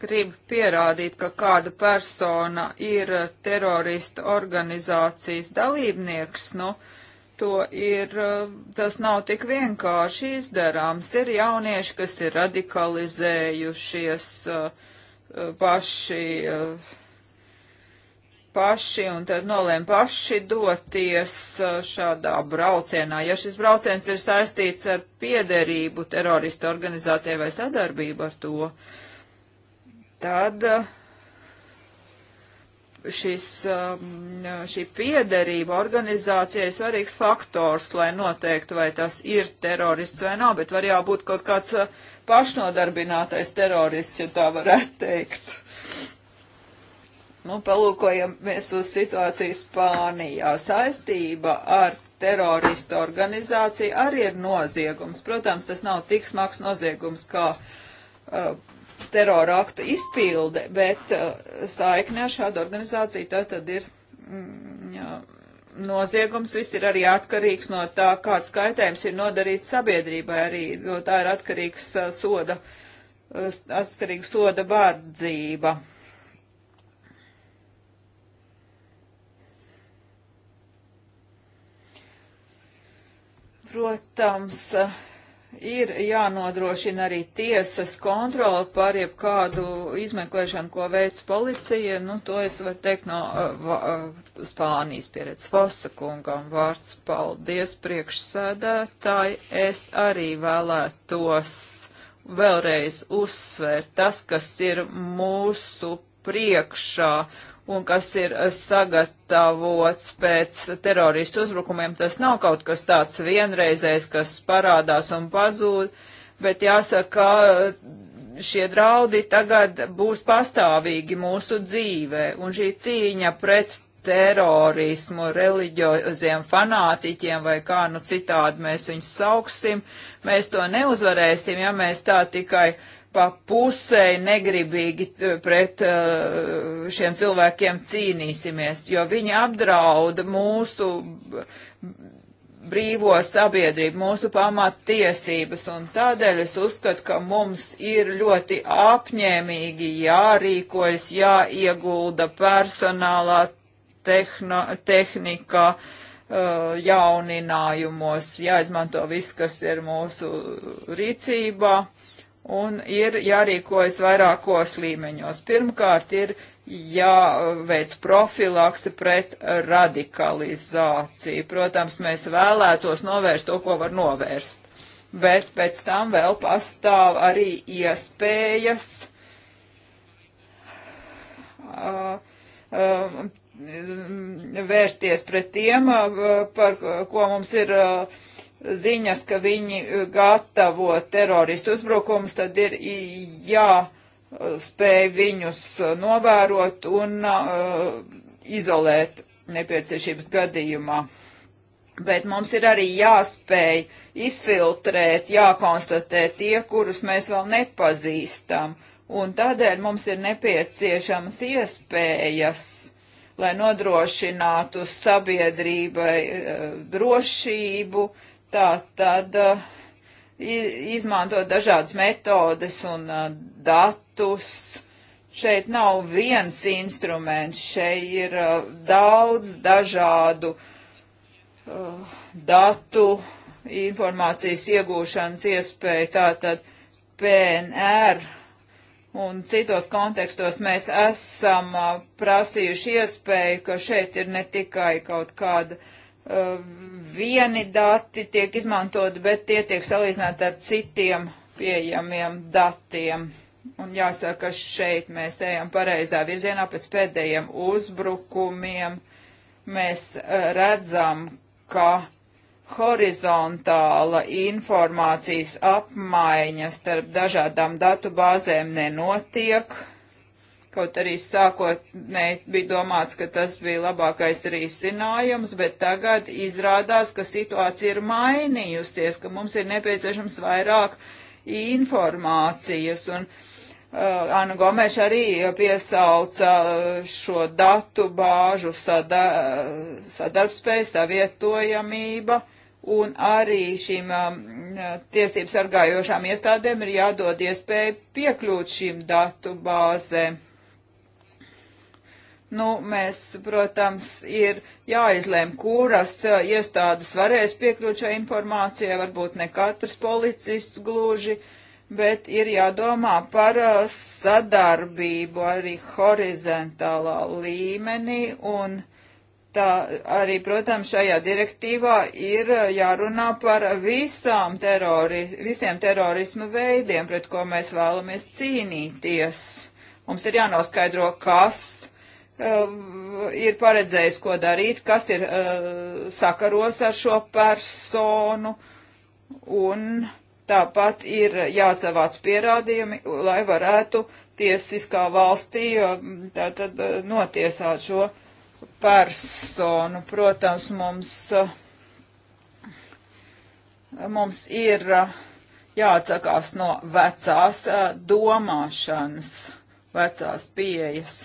grib pierādīt, ka kāda persona ir terorista organizācijas dalībnieks, nu, no, to ir, eh, tas nav tik vienkārši izdarāms. Ir jaunieši, kas ir radikalizējušies eh, paši, eh, paši un tad nolēm paši doties šādā braucienā. Ja šis brauciens ir saistīts ar piederību teroristu organizācijai vai sadarbību ar to, tad uh, šis, um, šī piederība organizācijai svarīgs faktors, lai noteiktu, vai tas ir terorists vai nav, bet var jābūt kaut kāds uh, pašnodarbinātais terorists, ja tā varētu teikt. Nu, palūkojamies uz situāciju Spānijā. Saistība ar teroristu organizāciju arī ir noziegums. Protams, tas nav tik smags noziegums kā uh, terora aktu izpilde, bet uh, saikne ar šādu organizāciju tā tad ir mm, jā, noziegums. Viss ir arī atkarīgs no tā, kāds skaitējums ir nodarīts sabiedrībai, arī no tā ir atkarīgs uh, soda, uh, atkarīgs soda vārdzība. Protams, uh, ir jānodrošina arī tiesas kontrola par jebkādu izmeklēšanu, ko veic policija. Nu, to es varu teikt no uh, uh Spānijas pieredzes. Fosa kungam vārds paldies priekšsēdētāji. Es arī vēlētos vēlreiz uzsvērt tas, kas ir mūsu priekšā un kas ir eh, sagatavots pēc teroristu uzbrukumiem, tas nav kaut kas tāds vienreizējs, kas parādās un pazūd, bet jāsaka, ka eh, šie draudi tagad būs pastāvīgi mūsu dzīvē, un šī cīņa pret terorismu, reliģioziem fanātiķiem vai kā nu citādi mēs viņus sauksim, mēs to neuzvarēsim, ja mēs tā tikai uh, pa pusei negribīgi eh, pret eh, šiem cilvēkiem cīnīsimies, jo viņi apdrauda mūsu brīvo sabiedrību, mūsu pamattiesības, un tādēļ es uzskatu, ka mums ir ļoti apņēmīgi jārīkojas, jāiegulda personālā tehno, tehnikā, eh, jauninājumos, jāizmanto viss, kas ir mūsu rīcībā un ir jārīkojas vairākos līmeņos. Pirmkārt, ir jāveic profilakse pret radikalizāciju. Protams, mēs vēlētos novērst to, ko var novērst. Bet pēc tam vēl pastāv arī iespējas uh, uh, vērsties pret tiem, uh, par ko mums ir uh, ziņas, ka viņi e, gatavo teroristu uzbrukumus, tad ir jāspēj e, viņus e, novērot un uh, izolēt nepieciešības gadījumā. Bet mums ir arī jāspēj izfiltrēt, jākonstatē tie, kurus mēs vēl nepazīstam. Un tādēļ mums ir nepieciešamas iespējas lai nodrošinātu sabiedrībai drošību, Tā tad uh, izmantot dažādas metodes un uh, datus. Šeit nav viens instruments, šeit ir uh, daudz dažādu uh, datu informācijas iegūšanas iespēju. Tātad PNR un citos kontekstos mēs esam prasījuši iespēju, ka šeit ir ne tikai kaut kāda uh, vieni dati tiek izmantoti, bet tie tiek salīdzināti ar citiem pieejamiem datiem. Un jāsaka, šeit mēs ejam pareizā virzienā pēc pēdējiem uzbrukumiem. Mēs eh, redzam, ka horizontāla informācijas apmaiņa starp dažādām datu bāzēm nenotiek, Kaut arī sākotnēji bija domāts, ka tas bija labākais risinājums, bet tagad izrādās, ka situācija ir mainījusies, ka mums ir nepieciešams vairāk informācijas. Un, uh, Anna Gomeša arī piesauca uh, šo datu bāžu sada, uh, sadarbspēju savietojamība. Un arī šīm um, tiesību sargājošām iestādēm ir jādod iespēja piekļūt šīm datu bāzēm. Nu, mēs, protams, ir jāizlēm, kuras eh, iestādes varēs piekļūt šai informācijai, varbūt ne katrs policists gluži, bet ir jādomā par eh, sadarbību arī horizontālā līmenī un tā arī, protams, šajā direktīvā ir eh, jārunā par visām terori, visiem terorisma veidiem, pret ko mēs vēlamies cīnīties. Mums ir jānoskaidro, kas Um, ir paredzējis, ko darīt, kas ir uh, sakaros ar šo personu, un tāpat ir jāsavāc pierādījumi, lai varētu tiesiskā valstī um, tātad uh, notiesāt šo personu. Protams, mums, uh, mums ir jāatsakās no vecās domāšanas, vecās pieejas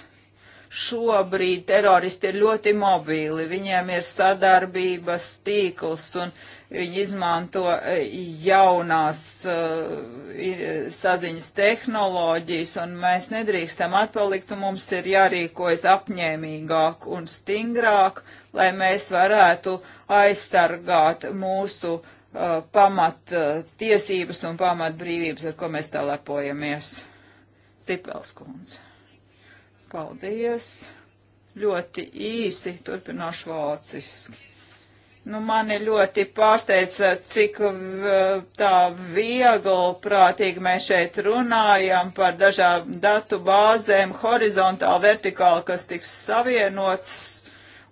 šobrīd teroristi ir ļoti mobīli, viņiem ir sadarbības tīkls un viņi izmanto eh, jaunās uh, saziņas tehnoloģijas un mēs nedrīkstam atpalikt un mums ir jārīkojas apņēmīgāk un stingrāk, lai mēs varētu aizsargāt mūsu uh, pamat uh, tiesības un pamat brīvības, ar ko mēs tā lepojamies. Stipelskundze. Paldies. Ļoti īsi turpināšu vāciski. Nu, mani ļoti pārsteidz, cik tā viegli prātīgi mēs šeit runājam par dažām datu bāzēm, horizontāli, vertikāli, kas tiks savienots,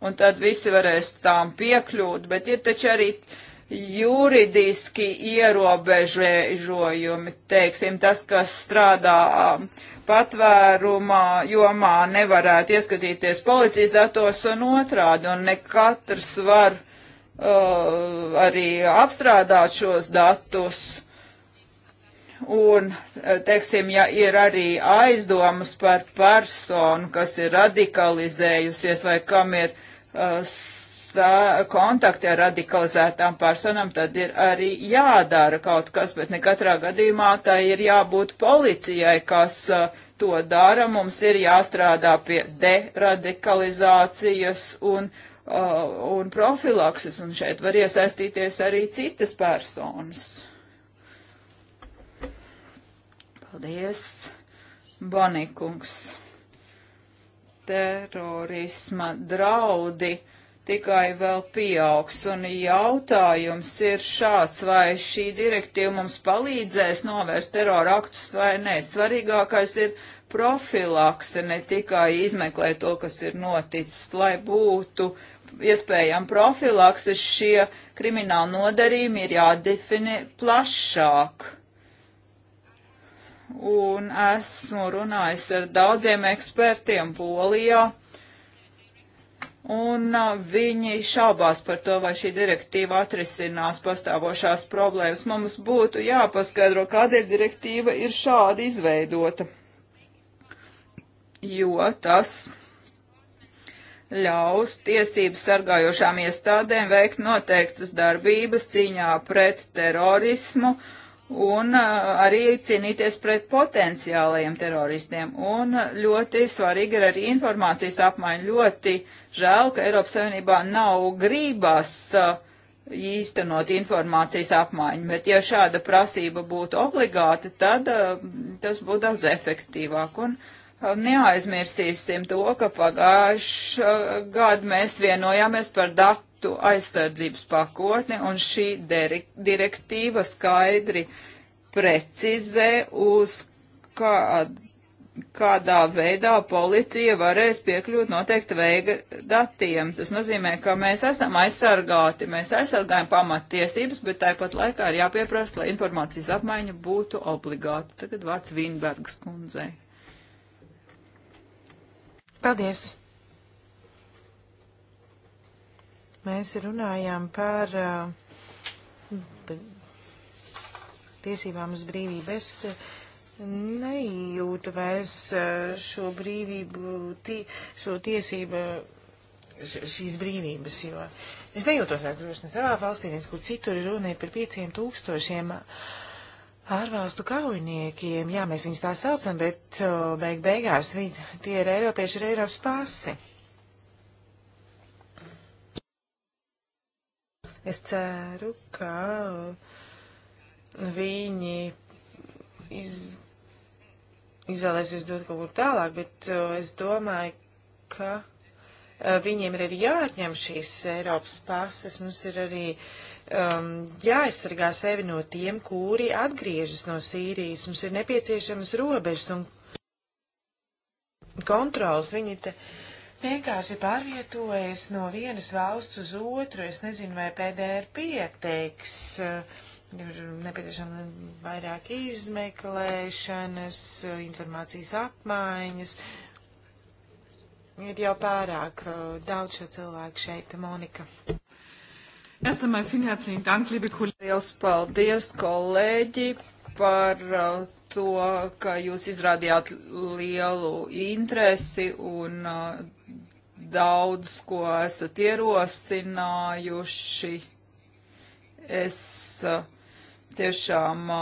un tad visi varēs tām piekļūt, bet ir taču arī uh, juridiski ierobežojumi, teiksim, tas, kas strādā um, patvērumā jomā, nevarētu ieskatīties policijas datos un otrādi, un ne katrs var uh, arī apstrādāt šos datus. Un, uh, teiksim, ja ir arī aizdomas par personu, kas ir radikalizējusies vai kam ir uh, tā kontakti ar radikalizētām personām, tad ir arī jādara kaut kas, bet ne katrā gadījumā tā ir jābūt policijai, kas uh, to dara. Mums ir jāstrādā pie deradikalizācijas un, uh, un profilakses, un šeit var iesaistīties arī citas personas. Paldies, Bonikungs terorisma draudi tikai vēl pieaugs. Un jautājums ir šāds, vai šī direktīva mums palīdzēs novērst terora aktus vai nē. Svarīgākais ir profilakse, ne tikai izmeklēt to, kas ir noticis, lai būtu iespējama profilakse, šie krimināli nodarījumi ir jādefinē plašāk un esmu runājis ar daudziem ekspertiem Polijā, un viņi šaubās par to, vai šī direktīva atrisinās pastāvošās problēmas. Mums būtu jāpaskaidro, kādēļ direktīva ir šādi izveidota, jo tas ļaus tiesības sargājošām iestādēm veikt noteiktas darbības cīņā pret terorismu, uh, un uh, arī cīnīties pret potenciālajiem teroristiem. Un uh, ļoti svarīga ir arī informācijas apmaiņa. Ļoti žēl, ka Eiropas Savienībā nav grības uh, īstenot informācijas apmaiņu, bet ja šāda prasība būtu obligāta, tad tas būtu daudz efektīvāk. Un neaizmirsīsim to, ka pagājušā gada mēs vienojāmies par DAC datu aizsardzības pakotni, un šī direktīva skaidri precizē, uz kā, kādā veidā policija varēs piekļūt noteikta veida datiem. Tas nozīmē, ka mēs esam aizsargāti, mēs aizsargājam pamattiesības, bet tāpat laikā ir jāpieprasa, lai informācijas apmaiņa būtu obligāta. Tagad vārds Vīnbergas kundzei. Paldies! Mēs runājām par uh, tiesībām uz brīvību. Es uh, nejūtu vairs uh, šo brīvību, tī, šo tiesību, š, šīs brīvības, jo es nejūtos vairs droši ne savā valstī, nes kur citur ir runa par pieciem tūkstošiem ārvalstu kaujiniekiem. Jā, mēs viņus tā saucam, bet uh, beig beigās viņi, tie ir Eiropieši ar Eiropas pasi. Es ceru, ka viņi iz, izvēlēsies dot kaut kur tālāk, bet uh, es domāju, ka uh, viņiem ir arī jāatņem šīs Eiropas pasas. Mums ir arī um, jāaizsargā sevi no tiem, kuri atgriežas no Sīrijas. Mums ir nepieciešamas robežas un kontrols. Viņi te vienkārši pārvietojas no vienas valsts uz otru. Es nezinu, vai PDR pieteiks. Eh, ir nepieciešama vairāk izmeklēšanas, eh, informācijas apmaiņas. Ir jau pārāk eh, daudz šo cilvēku šeit, Monika. Es tam aizfinācīju, Dank, liebe kolēģi. Liels paldies, kolēģi, par uh, to, ka jūs izrādījāt lielu interesi un uh, daudz ko esat ierosinājuši. Es uh, tiešām uh,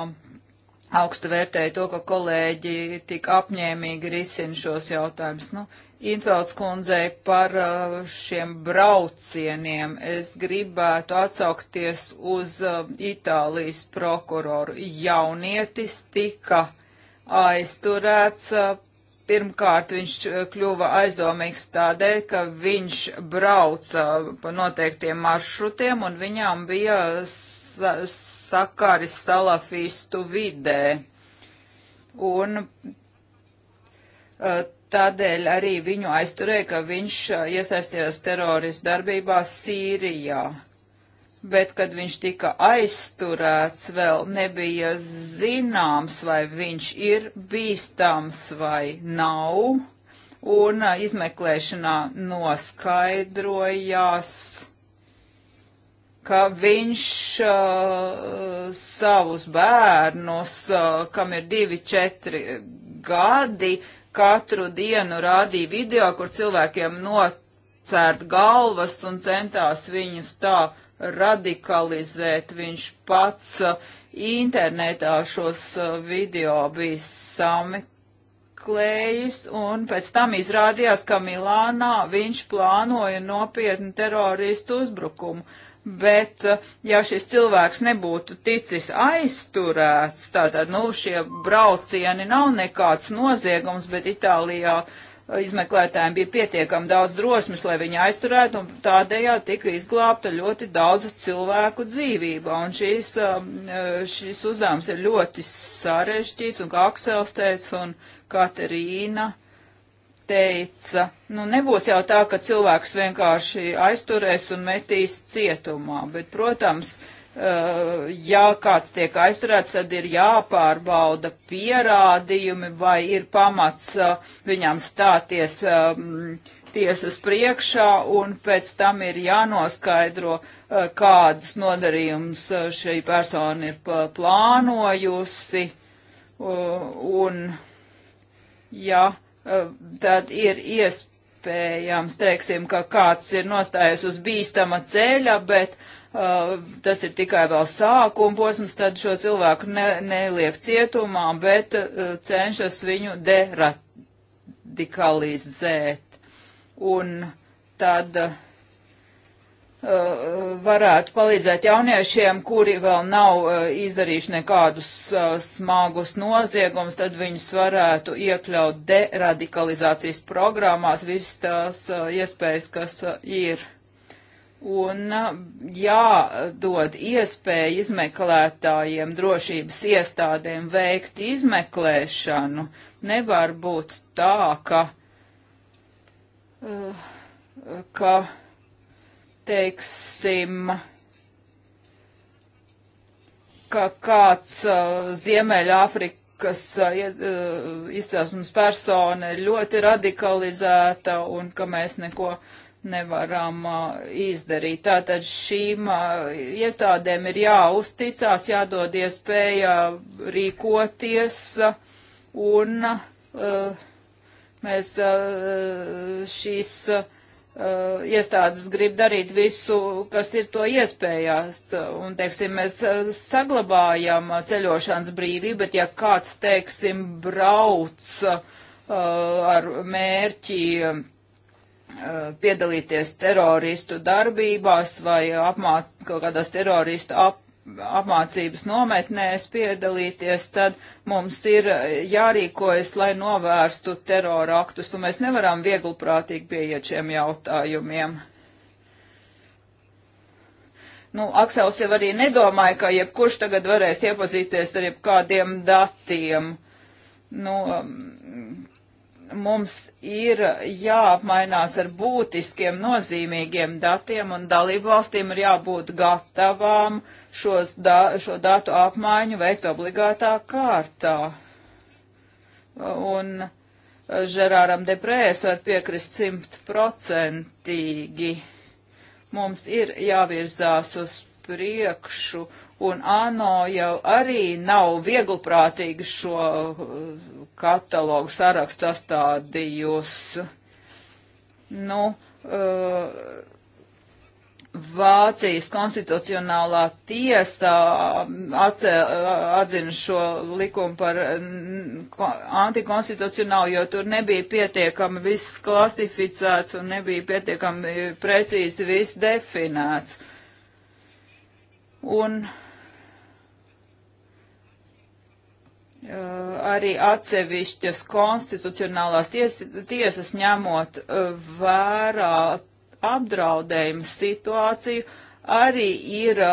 augstu vērtēju to, ka kolēģi tik apņēmīgi risina šos jautājumus. Nu, Infelds kundzei par uh, šiem braucieniem. Es gribētu atsaukties uz uh, Itālijas prokuroru. Jaunietis tika aizturēts. Uh, pirmkārt, viņš kļuva aizdomīgs tādēļ, ka viņš brauca pa noteiktiem maršrutiem un viņām bija sa sakaris salafistu vidē. Un Tādēļ arī viņu aizturēja, ka viņš uh, iesaistījās teroristu darbībā Sīrijā. Bet, kad viņš tika aizturēts, vēl nebija zināms, vai viņš ir bīstams vai nav. Un uh, izmeklēšanā noskaidrojās, ka viņš uh, savus bērnus, uh, kam ir divi, četri gadi, uh, katru dienu rādīja video, kur cilvēkiem nocērt galvas un centās viņus tā radikalizēt. Viņš pats uh, internetā šos uh, video bija sameklējis, un pēc tam izrādījās, ka Milānā viņš plānoja nopietnu teroristu uzbrukumu. Bet, eh, ja šis cilvēks nebūtu ticis aizturēts, tātad, nu, šie braucieni nav nekāds noziegums, bet Itālijā eh, izmeklētājiem bija pietiekami daudz drosmes, lai viņu aizturētu, un tādējādi tika izglābta ļoti daudzu cilvēku dzīvība. Un šīs, um, eh, šis uzdevums ir ļoti sarežģīts, un kā Aksels teica, un Katerīna teica, nu nebūs jau tā, ka cilvēks vienkārši aizturēs un metīs cietumā, bet, protams, eh, ja kāds tiek aizturēts, tad ir jāpārbauda pierādījumi vai ir pamats eh, viņam stāties eh, tiesas priekšā un pēc tam ir jānoskaidro, kādus nodarījumus šī persona ir plānojusi un, ja Eh, tad ir iespējams, teiksim, ka kāds ir nostājies uz bīstama ceļa, bet uh, tas ir tikai vēl sākuma posms, tad šo cilvēku ne, neliek cietumā, bet uh, cenšas viņu deradikalizēt. Un tad uh, Uh, varētu palīdzēt jauniešiem, kuri vēl nav uh, izdarījuši nekādus uh, smagus noziegumus, tad viņus varētu iekļaut deradikalizācijas programmās, visas tās iespējas, kas ir. Un jādod iespēju izmeklētājiem, drošības iestādēm veikt izmeklēšanu. Nevar būt tā, ka, ka teiksim, ka kāds uh, Ziemeļāfrikas uh, uh, izcelsmes persona ir ļoti radikalizēta un ka mēs neko nevaram uh, izdarīt. Tātad šīm uh, iestādēm ir jāuzticās, jādod iespēja rīkoties un uh, mēs šīs Uh, iestādes grib darīt visu, kas ir to iespējās. Un, teiksim, mēs eh, saglabājam eh, ceļošanas brīvību, bet ja kāds, teiksim, brauc uh, ar mērķi uh, piedalīties teroristu darbībās vai apmāc kaut kādās teroristu ap apmācības nometnēs piedalīties, tad mums ir eh, jārīkojas, lai novērstu terora aktus, un mēs nevaram vieglprātīgi pieiet šiem jautājumiem. Nu, Aksels jau arī nedomāja, ka jebkurš tagad varēs iepazīties ar jebkādiem datiem. Nu, um, mums ir jāapmainās ar būtiskiem, nozīmīgiem datiem, un dalību valstīm ir jābūt gatavām šos, da, šo datu apmaiņu veikt obligātā kārtā. Un eh, Žerāram Deprēs var piekrist simtprocentīgi. Mums ir jāvirzās uz priekšu, un ANO jau arī nav vieglprātīgi šo uh, katalogu sarakstu sastādījusi. Nu, uh, Vācijas konstitucionālā tiesa um, atce, uh, atzina šo likumu par mm, antikonstitucionālu, jo tur nebija pietiekami viss klasificēts un nebija pietiekami precīzi viss definēts. Uh, un arī atsevišķas konstitucionālās tiesas, tiesas ņemot vērā apdraudējumu situāciju, arī ir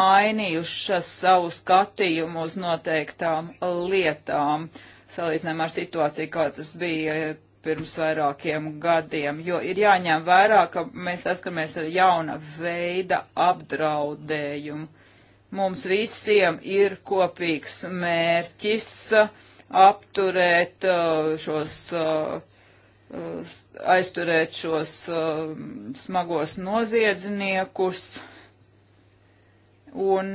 mainījušas savu skatījumu uz noteiktām lietām, salīdzinājumā ar situāciju, kā tas bija pirms vairākiem gadiem, jo ir jāņem vērā, ka mēs saskaramies ar jauna veida apdraudējumu. Mums visiem ir kopīgs mērķis apturēt uh, šos, uh, aizturēt šos uh, smagos noziedzniekus un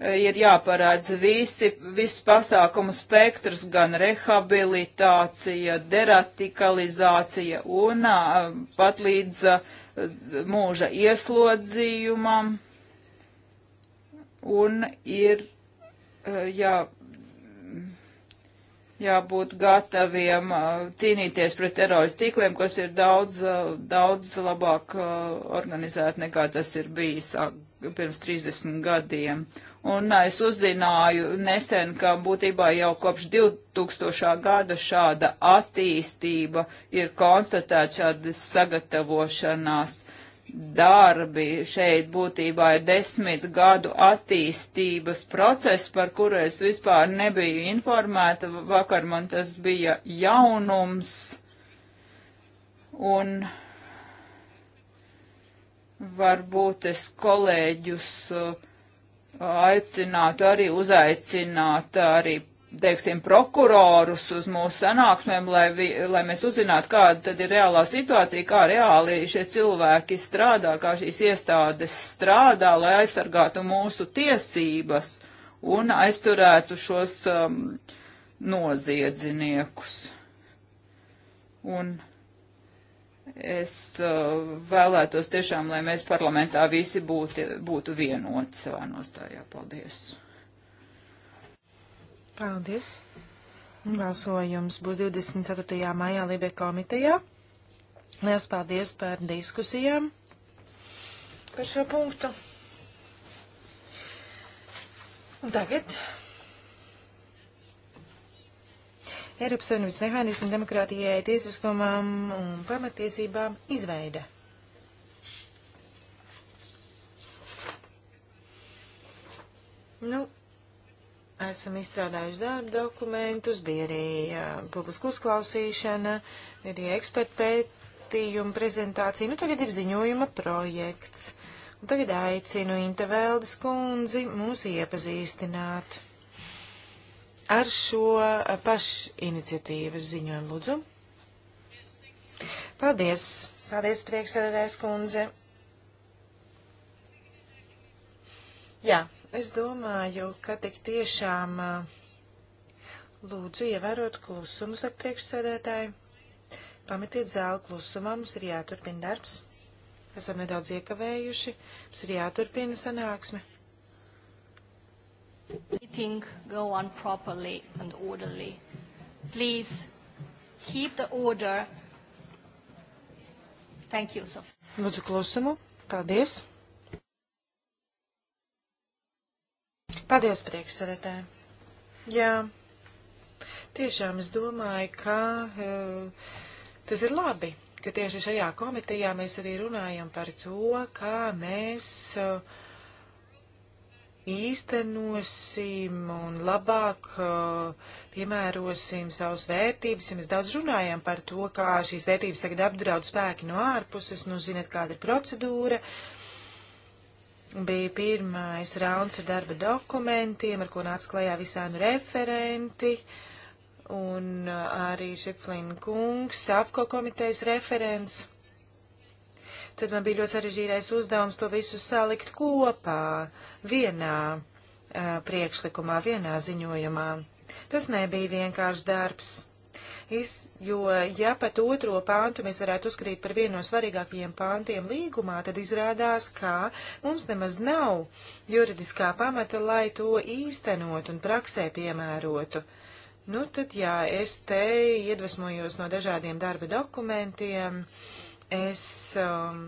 Eh, ir jāparādz visi, viss pasākumu spektrs, gan rehabilitācija, deratikalizācija un eh, pat līdz eh, mūža ieslodzījumam. Un ir jā, jābūt gataviem cīnīties pret teroristu tīkliem, kas ir daudz, daudz labāk organizēti nekā tas ir bijis ah, pirms 30 gadiem. Uh, Un es uzzināju nesen, ka būtībā jau kopš 2000. gada šāda attīstība ir konstatēta šāda sagatavošanās darbi. Šeit būtībā ir desmit gadu attīstības process, par kuru es vispār nebiju informēta. Vakar man tas bija jaunums. Un varbūt es kolēģus uh, aicinātu arī uzaicināt arī, teiksim, prokurorus uz mūsu sanāksmēm, lai, vi, lai mēs uzzinātu, kāda tad ir reālā situācija, kā reāli šie cilvēki strādā, kā šīs iestādes strādā, lai aizsargātu mūsu tiesības un aizturētu šos um, noziedziniekus. Un Es uh, vēlētos tiešām, lai mēs parlamentā visi būti, būtu vienoti savā nostājā. Paldies! Paldies! Balsojums būs 24. maijā Libe komitejā. Lielas paldies par diskusijām par šo punktu. Un tagad Eiropas Savienības mehānismu demokrātijai, tiesiskumam un pamatiesībām izveida. Nu, esam izstrādājuši darba dokumentus, bija arī uh, publiska uzklausīšana, arī eksperta pētījuma prezentācija. Nu, tagad ir ziņojuma projekts. Un tagad aicinu Intevēldes kundzi mūs iepazīstināt ar šo eh, pašiniciatīvas ziņojumu, lūdzu. Paldies! Paldies, priekšsēdētājs kundze! Jā, es domāju, ka tik tiešām eh, lūdzu ievērot klusumu, saka priekšsēdētāji. Pametiet zāli klusumā, mums ir jāturpina darbs. Esam nedaudz iekavējuši, mums ir jāturpina sanāksme. Meeting go on properly and orderly. Please keep the order. Thank you, Sofija. Lūdzu, klusumu. Paldies. Paldies, priekšsēdētāji. Jā, tiešām es domāju, ka uh, tas ir labi, ka tieši šajā komitejā mēs arī runājam par to, kā mēs uh, īstenosim un labāk uh, piemērosim savas vērtības. Ja mēs daudz runājam par to, kā šīs vērtības tagad apdraud spēki no ārpuses, nu zinat, kāda ir procedūra. Bija pirmais rauns ar darba dokumentiem, ar ko nāca klajā visādi referenti. Un uh, arī Šiflina kungs, AFCO komitejas referents. Uh, Tad man bija ļoti sarežģītais uzdevums to visu salikt kopā, vienā uh, priekšlikumā, vienā ziņojumā. Tas nebija vienkāršs darbs. Es, jo, ja pat otro pāntu mēs varētu uzskatīt par vienu no svarīgākajiem pāntiem līgumā, tad izrādās, ka mums nemaz nav juridiskā pamata, lai to īstenot un praksē piemērotu. Nu, tad jā, es te iedvesmojos no dažādiem darba dokumentiem. Uh, Es um,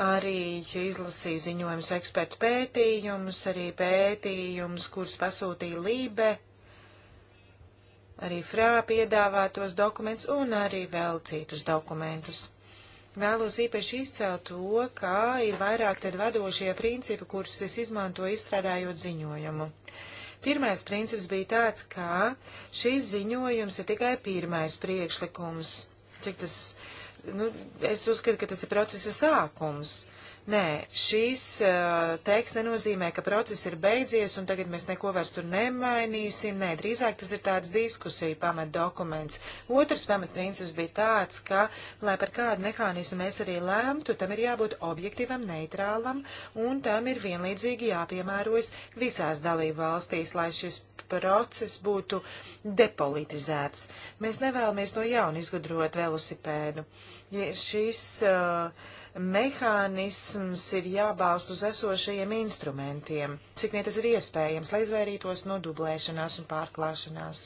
arī izlasīju ziņojumus ekspertu pētījumus, arī pētījumus, kurus pasūtīja Lībe, arī Frā piedāvātos dokumentus un arī vēl citus dokumentus. Vēlos īpaši izcelt to, ka ir vairāk tad vadošie principi, kurus es izmantoju izstrādājot ziņojumu. Pirmais princips bija tāds, ka šis ziņojums ir tikai pirmais priekšlikums, cik tas nu, es uzskatu, ka tas ir procesa sākums. Nē, šīs uh, eh, teiks nenozīmē, ka process ir beidzies un tagad mēs neko vairs tur nemainīsim. Nē, drīzāk tas ir tāds diskusija pamat dokuments. Otrs pamatprincips bija tāds, ka, lai par kādu mehānismu mēs arī lēmtu, tam ir jābūt objektīvam, neitrālam un tam ir vienlīdzīgi jāpiemērojas visās dalību valstīs, lai šis process būtu depolitizēts. Mēs nevēlamies no jauna izgudrot velosipēdu. Ja šis, uh, mehānisms ir jābalst uz esošajiem instrumentiem, cik vien tas ir iespējams, lai izvairītos no dublēšanās un pārklāšanās.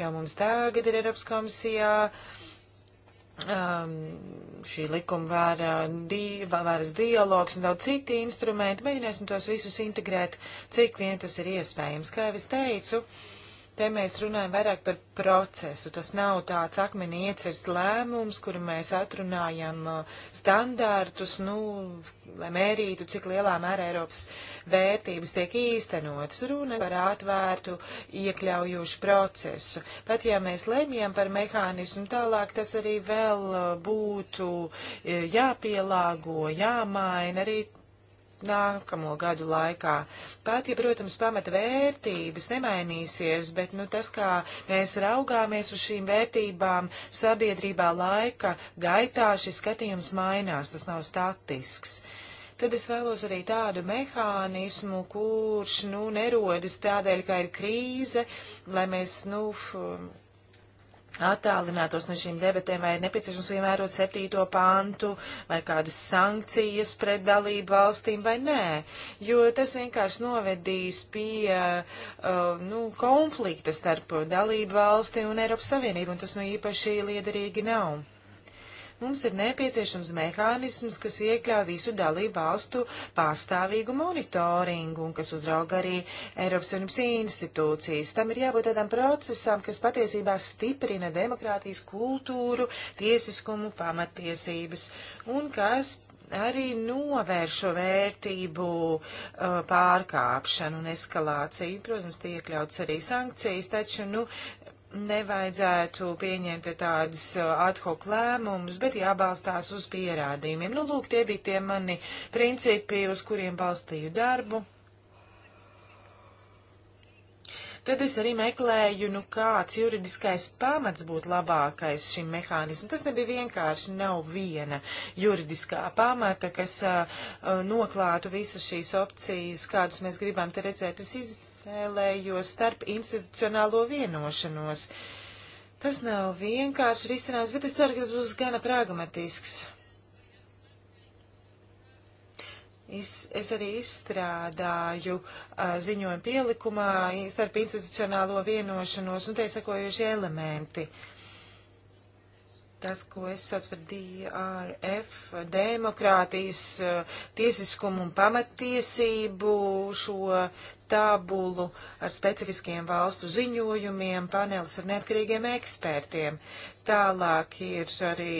Jau mums tagad ir Eiropas komisijā um, šī likuma vērā di vairs dialogs un daudz citi instrumenti. Mēģināsim tos visus integrēt, cik vien tas ir iespējams. Kā jau es teicu, uh, Te mēs runājam vairāk par procesu. Tas nav tāds akmenī iecirs lēmums, kuru mēs atrunājam uh, standārtus, nu, lai mērītu, cik lielā mērā Eiropas vērtības tiek īstenotas. Runa par atvērtu, iekļaujošu procesu. Pat ja mēs lemjam par mehānismu tālāk, tas arī vēl uh, būtu uh, jāpielāgo, jāmaina. Arī nākamo gadu laikā. Pat, ja, protams, pamata vērtības nemainīsies, bet nu, tas, kā mēs raugāmies uz šīm vērtībām sabiedrībā laika gaitā, šis skatījums mainās, tas nav statisks. Tad es vēlos arī tādu mehānismu, kurš, nu, nerodas tādēļ, ka ir krīze, lai mēs, nu, f, attālinātos no šīm debatēm, vai ir nepieciešams ievērot septīto pantu, vai kādas sankcijas pret dalību valstīm, vai nē. Jo tas vienkārši novedīs pie uh, nu, konflikta starp dalību valsti un Eiropas Savienību, un tas nu īpaši liederīgi nav mums ir nepieciešams mehānisms, kas iekļauj visu dalību valstu pārstāvīgu monitoringu un kas uzrauga arī Eiropas Savienības institūcijas. Tam ir jābūt tādām procesām, kas patiesībā stiprina demokrātijas kultūru, tiesiskumu, pamatiesības un kas arī novērš šo vērtību uh, pārkāpšanu un eskalāciju. Protams, tiek ļauts arī sankcijas, taču, nu, nevajadzētu pieņemt tādus uh, ad hoc lēmumus, bet jābalstās uz pierādījumiem. Nu, lūk, tie bija tie mani principi, uz kuriem balstīju darbu. Tad es arī meklēju, nu kāds juridiskais pamats būtu labākais šim mehānismam. Tas nebija vienkārši, nav viena juridiskā pamata, kas uh, uh noklātu visas šīs opcijas, kādus mēs gribam te redzēt. Es iz, vēlējos starp institucionālo vienošanos. Tas nav vienkārši risinājums, bet es ceru, ka tas būs gana pragmatisks. Es, es arī izstrādāju a, ziņojumu pielikumā starp institucionālo vienošanos un te sakojuši elementi. Uh, tas, ko es saucu par DRF, demokrātijas, eh, tiesiskumu un pamatiesību šo tabulu ar specifiskiem valstu ziņojumiem, panelis ar neatkarīgiem ekspertiem. Tālāk ir arī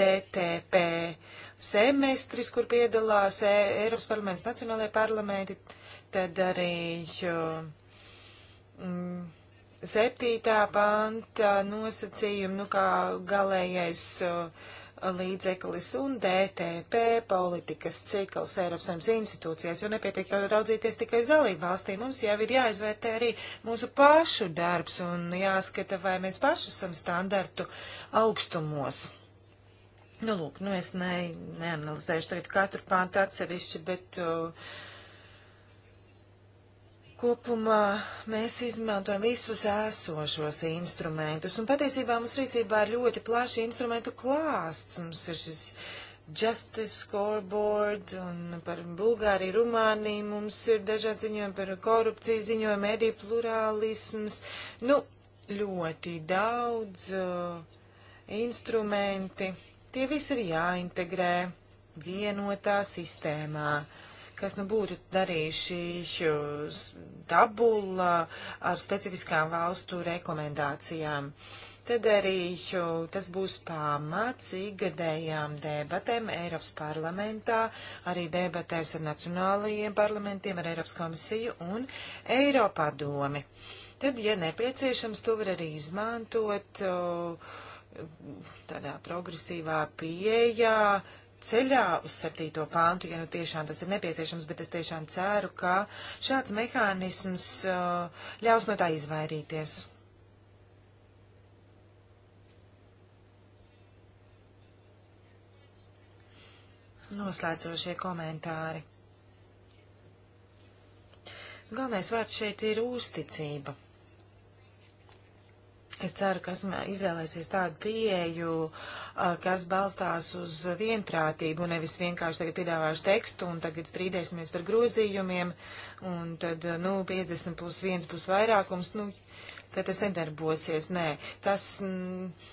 DTP semestris, kur piedalās e, Eiropas parlaments, nacionālajie parlamenti, tad arī. Jo, eh, mm, septītā panta nosacījumi, nu kā galējais uh, līdzeklis un DTP politikas cikls Eiropas Savienības institūcijās, jo nepietiek jau raudzīties tikai uz dalību valstīm. Mums jau ir jāizvērtē arī mūsu pašu darbs un jāskata, vai mēs paši esam standartu augstumos. Nu, lūk, nu es ne, neanalizēšu tagad katru pāntu atsevišķi, bet uh, Kopumā mēs izmantojam visus esošos instrumentus, un patiesībā mums rīcībā ir ļoti plaši instrumentu klāsts. Mums ir šis Justice Scoreboard, un par Bulgāriju, Rumāniju mums ir dažādi ziņojumi par korupciju, ziņojumi, mediju plurālisms. Nu, ļoti daudz uh, instrumenti. Tie visi ir jāintegrē vienotā sistēmā. Uh, kas nu būtu darījuši tabula ar specifiskām valstu rekomendācijām. Tad arī tas būs pamats ikgadējām debatēm Eiropas parlamentā, arī debatēs ar nacionālajiem parlamentiem, ar Eiropas komisiju un Eiropā domi. Tad, ja nepieciešams, to var arī izmantot tādā progresīvā pieejā, uh, ceļā uz septīto pāntu, ja nu tiešām tas ir nepieciešams, bet es tiešām ceru, ka šāds mehānisms uh, ļaus no tā izvairīties. Noslēdzošie komentāri. Galvenais vārds šeit ir uzticība. Es ceru, ka esmu izvēlēsies tādu pieeju, kas balstās uz vienprātību, nevis vienkārši tagad piedāvāšu tekstu un tagad strīdēsimies par grozījumiem, un tad, nu, 50 plus 1 plus vairākums, nu, ka tas nedarbosies. Nē, tas,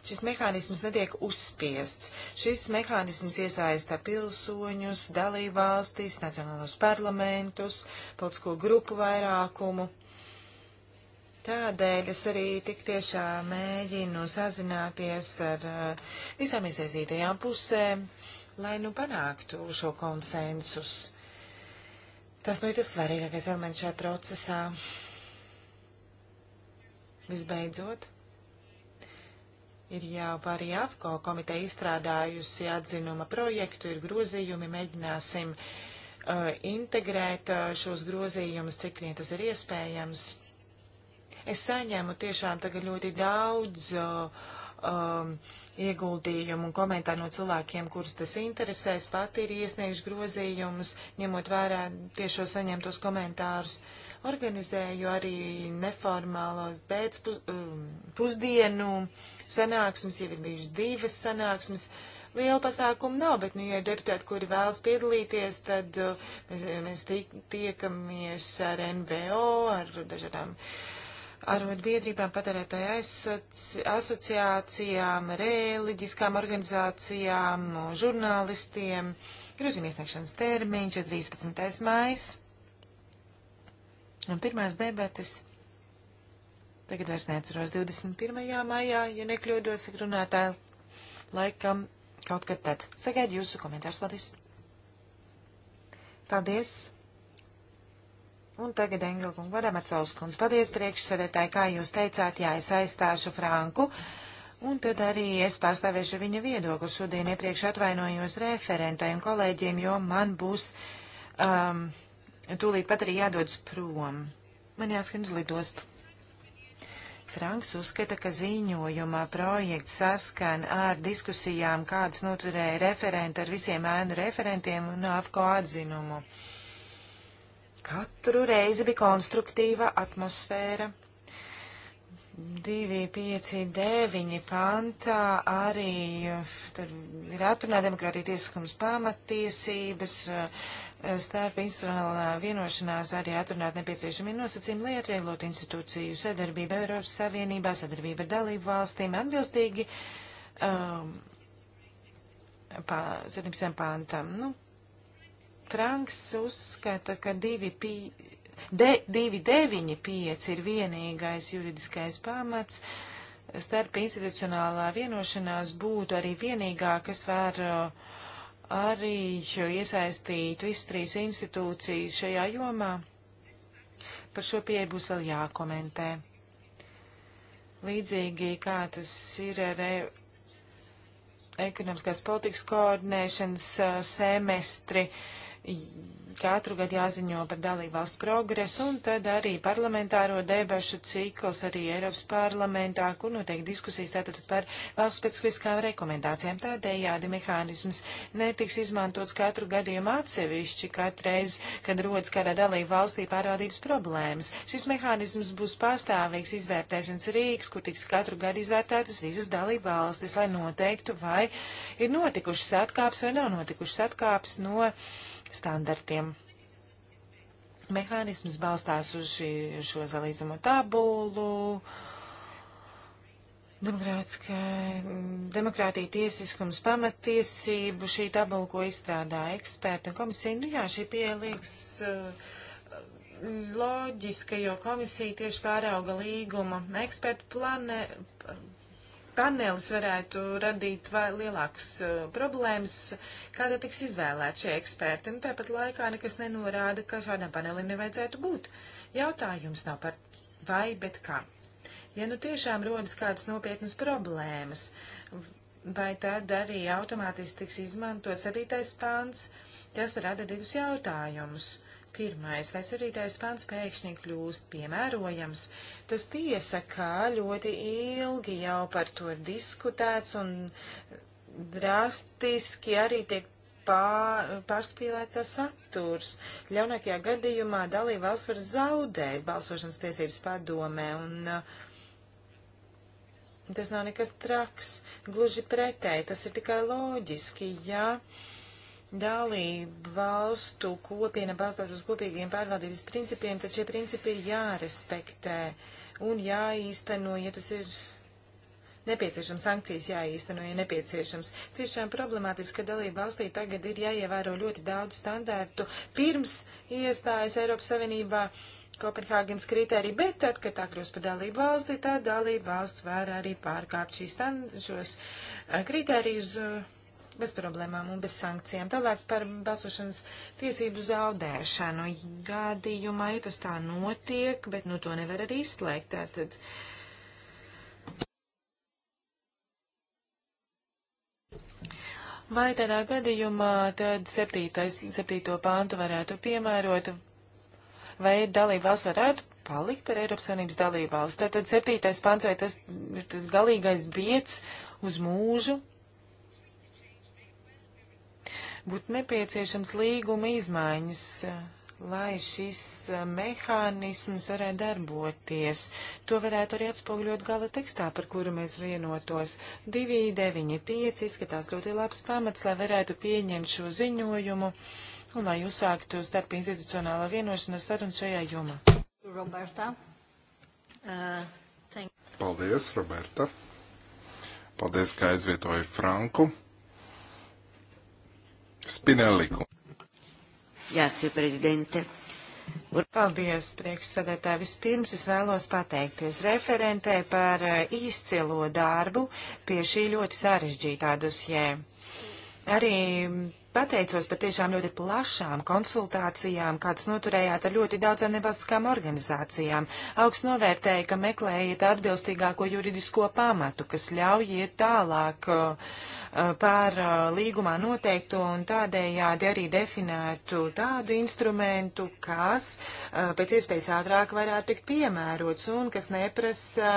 šis mehānisms netiek uzspiests. Šis mehānisms iesaista pilsoņus, dalībvalstis, nacionālos parlamentus, politisko grupu vairākumu. Tādēļ es arī tik tiešām mēģinu sazināties ar eh, visām iesaistītajām pusēm, lai nu panāktu šo konsensus. Tas nu ir tas svarīgākais elements šajā procesā. Visbeidzot ir jau arī AFCO komiteja izstrādājusi atzinuma projektu, ir grozījumi, mēģināsim uh, integrēt uh, šos grozījumus, cik vien tas ir iespējams. Es saņēmu tiešām tagad ļoti daudz um, ieguldījumu un komentāru no cilvēkiem, kurus tas interesēs. Pati ir iesniegšu grozījumus, ņemot vērā tiešo saņemtos komentārus. Organizēju arī neformālos pēcpusdienu um, sanāksmes, jau ir bijušas divas sanāksmes liela pasākuma nav, bet, nu, ja ir deputāti, kuri vēlas piedalīties, tad uh, mēs, mēs tiekamies ar NVO, ar dažādām arotbiedrībām, patērētāju asociācijām, reliģiskām organizācijām, no žurnālistiem. Grozījuma iesniegšanas termiņš ir 13. mājas. Un pirmās debates. Tagad vairs neatceros 21. maijā, ja nekļūdos, runātāji laikam kaut kad tad. Sagaidu jūsu komentārus, paldies! Paldies! Un tagad Engelkungu varam atsauskums. Paldies priekšsēdētāji, kā jūs teicāt, jā, es aizstāšu Franku. Un tad arī es pārstāvēšu viņa viedokli. Šodien iepriekš atvainojos referentai un kolēģiem, jo man būs um, tūlīt pat arī jādodas prom. Man jāskan uz lidostu. Franks uzskata, ka ziņojumā projekts saskan ar diskusijām, kādas noturēja referenti ar visiem ēnu referentiem un AFCO atzinumu. Uh, Katru reizi bija konstruktīva atmosfēra. 2, 5, 9 pantā arī eh, ir atrunā demokrātija tiesiskums pamattiesības, eh, starp institucionālā vienošanās arī atrunāt nepieciešami nosacījumi, lai atvieglotu institūciju sadarbību Eiropas Savienībā, sadarbību ar dalību valstīm atbilstīgi um, pa, 17. pantam. Nu, Franks uzskata, ka 295 ir vienīgais juridiskais pamats. Starp institucionālā vienošanās būtu arī vienīgā, kas var uh, arī iesaistītu visas trīs institūcijas šajā jomā. Par šo pieeju būs vēl jākomentē. Līdzīgi kā tas ir ar e, ekonomiskās politikas koordinēšanas uh, semestri. Uh, katru gadu jāziņo par dalību valstu progresu, un tad arī parlamentāro debašu cikls arī Eiropas parlamentā, kur notiek diskusijas tātad par valsts specifiskām rekomendācijām. Tādējādi mehānisms netiks izmantots katru gadījumu atsevišķi, katreiz, kad rodas kādā dalību valstī pārvaldības problēmas. Šis mehānisms būs pastāvīgs izvērtēšanas rīks, kur tiks katru gadu izvērtētas visas dalību valstis, lai noteiktu, vai ir notikušas atkāpes vai nav notikušas atkāpes no. Uh, standartiem. Mehānisms balstās uz šī, šo zalīdzamo tabulu, demokrātija tiesiskums pamatiesību, šī tabula, ko izstrādā eksperta komisija. Nu jā, šī pieliegs uh, loģiska, jo komisija tieši pārauga līguma ekspertu plane, panelis varētu radīt lielākas uh, problēmas, kāda tiks izvēlēta šie eksperti. Nu, tāpat laikā nekas nenorāda, ka šādam panelim nevajadzētu būt. Jautājums nav par vai, bet kā. Ja nu tiešām rodas kādas nopietnas problēmas, vai tad arī automātiski tiks izmantot 7. pāns, tas rada divus jautājumus Pirmais aizsargītais pants pēkšņi kļūst piemērojams. Tas tiesa, kā ļoti ilgi jau par to ir diskutēts un drastiski arī tiek pār, pārspīlētā saturs. Ļaunākajā gadījumā dalībvalsts var zaudēt balsošanas tiesības padomē un uh, Tas nav nekas traks, gluži pretēji, tas ir tikai loģiski, ja dalību valstu kopiena balstās uz kopīgiem pārvaldības principiem, tad šie principi ir jārespektē un jāīsteno, ja tas ir nepieciešams, sankcijas jāīsteno, ja nepieciešams. Tiešām problemātiski, ka dalība valstī tagad ir jāievēro ļoti daudz standārtu pirms iestājas Eiropas Savienībā. Kopenhāgenes kriteriji, bet tad, kad tā kļūst par dalību valsti, tad dalība valsts var arī pārkāpt šīs stand, šos eh, kriterijus. Uh, eh, bez problēmām un bez sankcijām. Tālāk par balsošanas tiesību zaudēšanu. Gadījumā, ja tas tā notiek, bet nu to nevar arī izslēgt, tātad. Vai tādā gadījumā tad septītais, septīto pāntu varētu piemērot, vai dalībvalsts varētu palikt par Eiropas Savienības dalībvalsts? Tātad septītais pāns, vai tas ir tas galīgais biets uz mūžu, būtu nepieciešams līguma izmaiņas, lai šis eh, mehānisms varētu darboties. To varētu arī atspoguļot gala tekstā, par kuru mēs vienotos. 295 izskatās ļoti labs pamats, lai varētu pieņemt šo ziņojumu un lai uzsāktu starp institucionālo vienošanos sarunu šajā jomā. Roberta. Uh, Paldies, Roberta. Paldies, ka aizvietoji Franku. Spinelli. Jācija prezidente. Paldies, priekšsēdētāji. Vispirms es vēlos pateikties referentē par eh, izcilo darbu pie šī ļoti sarežģītā dosjē. Arī pateicos par tiešām ļoti plašām konsultācijām, kādas noturējāt ar ļoti daudzām nevalstiskām organizācijām. Augsts novērtēja, ka meklējiet atbilstīgāko juridisko pamatu, kas ļauj iet tālāk uh, uh, pār uh, līgumā noteikto un tādējādi arī definētu tādu instrumentu, kas pēc iespējas ātrāk varētu tikt piemērots un kas neprasa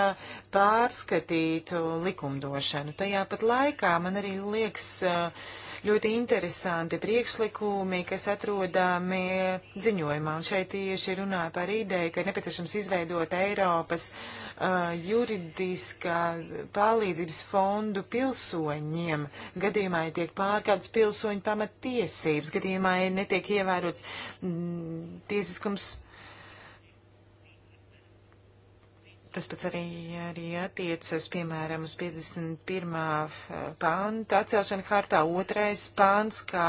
pārskatīt likumdošanu. Tajā pat laikā man arī liekas, uh, ļoti interesanti priekšlikumi, kas atrodami ziņojumā. Un šeit tieši runāja par ideju, ka ir nepieciešams izveidot Eiropas uh, juridiskā palīdzības fondu pilsoņiem. Gadījumā ja tiek pārkāptas pilsoņu pamatiesības, gadījumā ja netiek ievērots mm, tiesiskums Tas pats arī, arī attiecas, piemēram, uz 51. pānta eh, atcelšanu hartā, otrais pāns, kā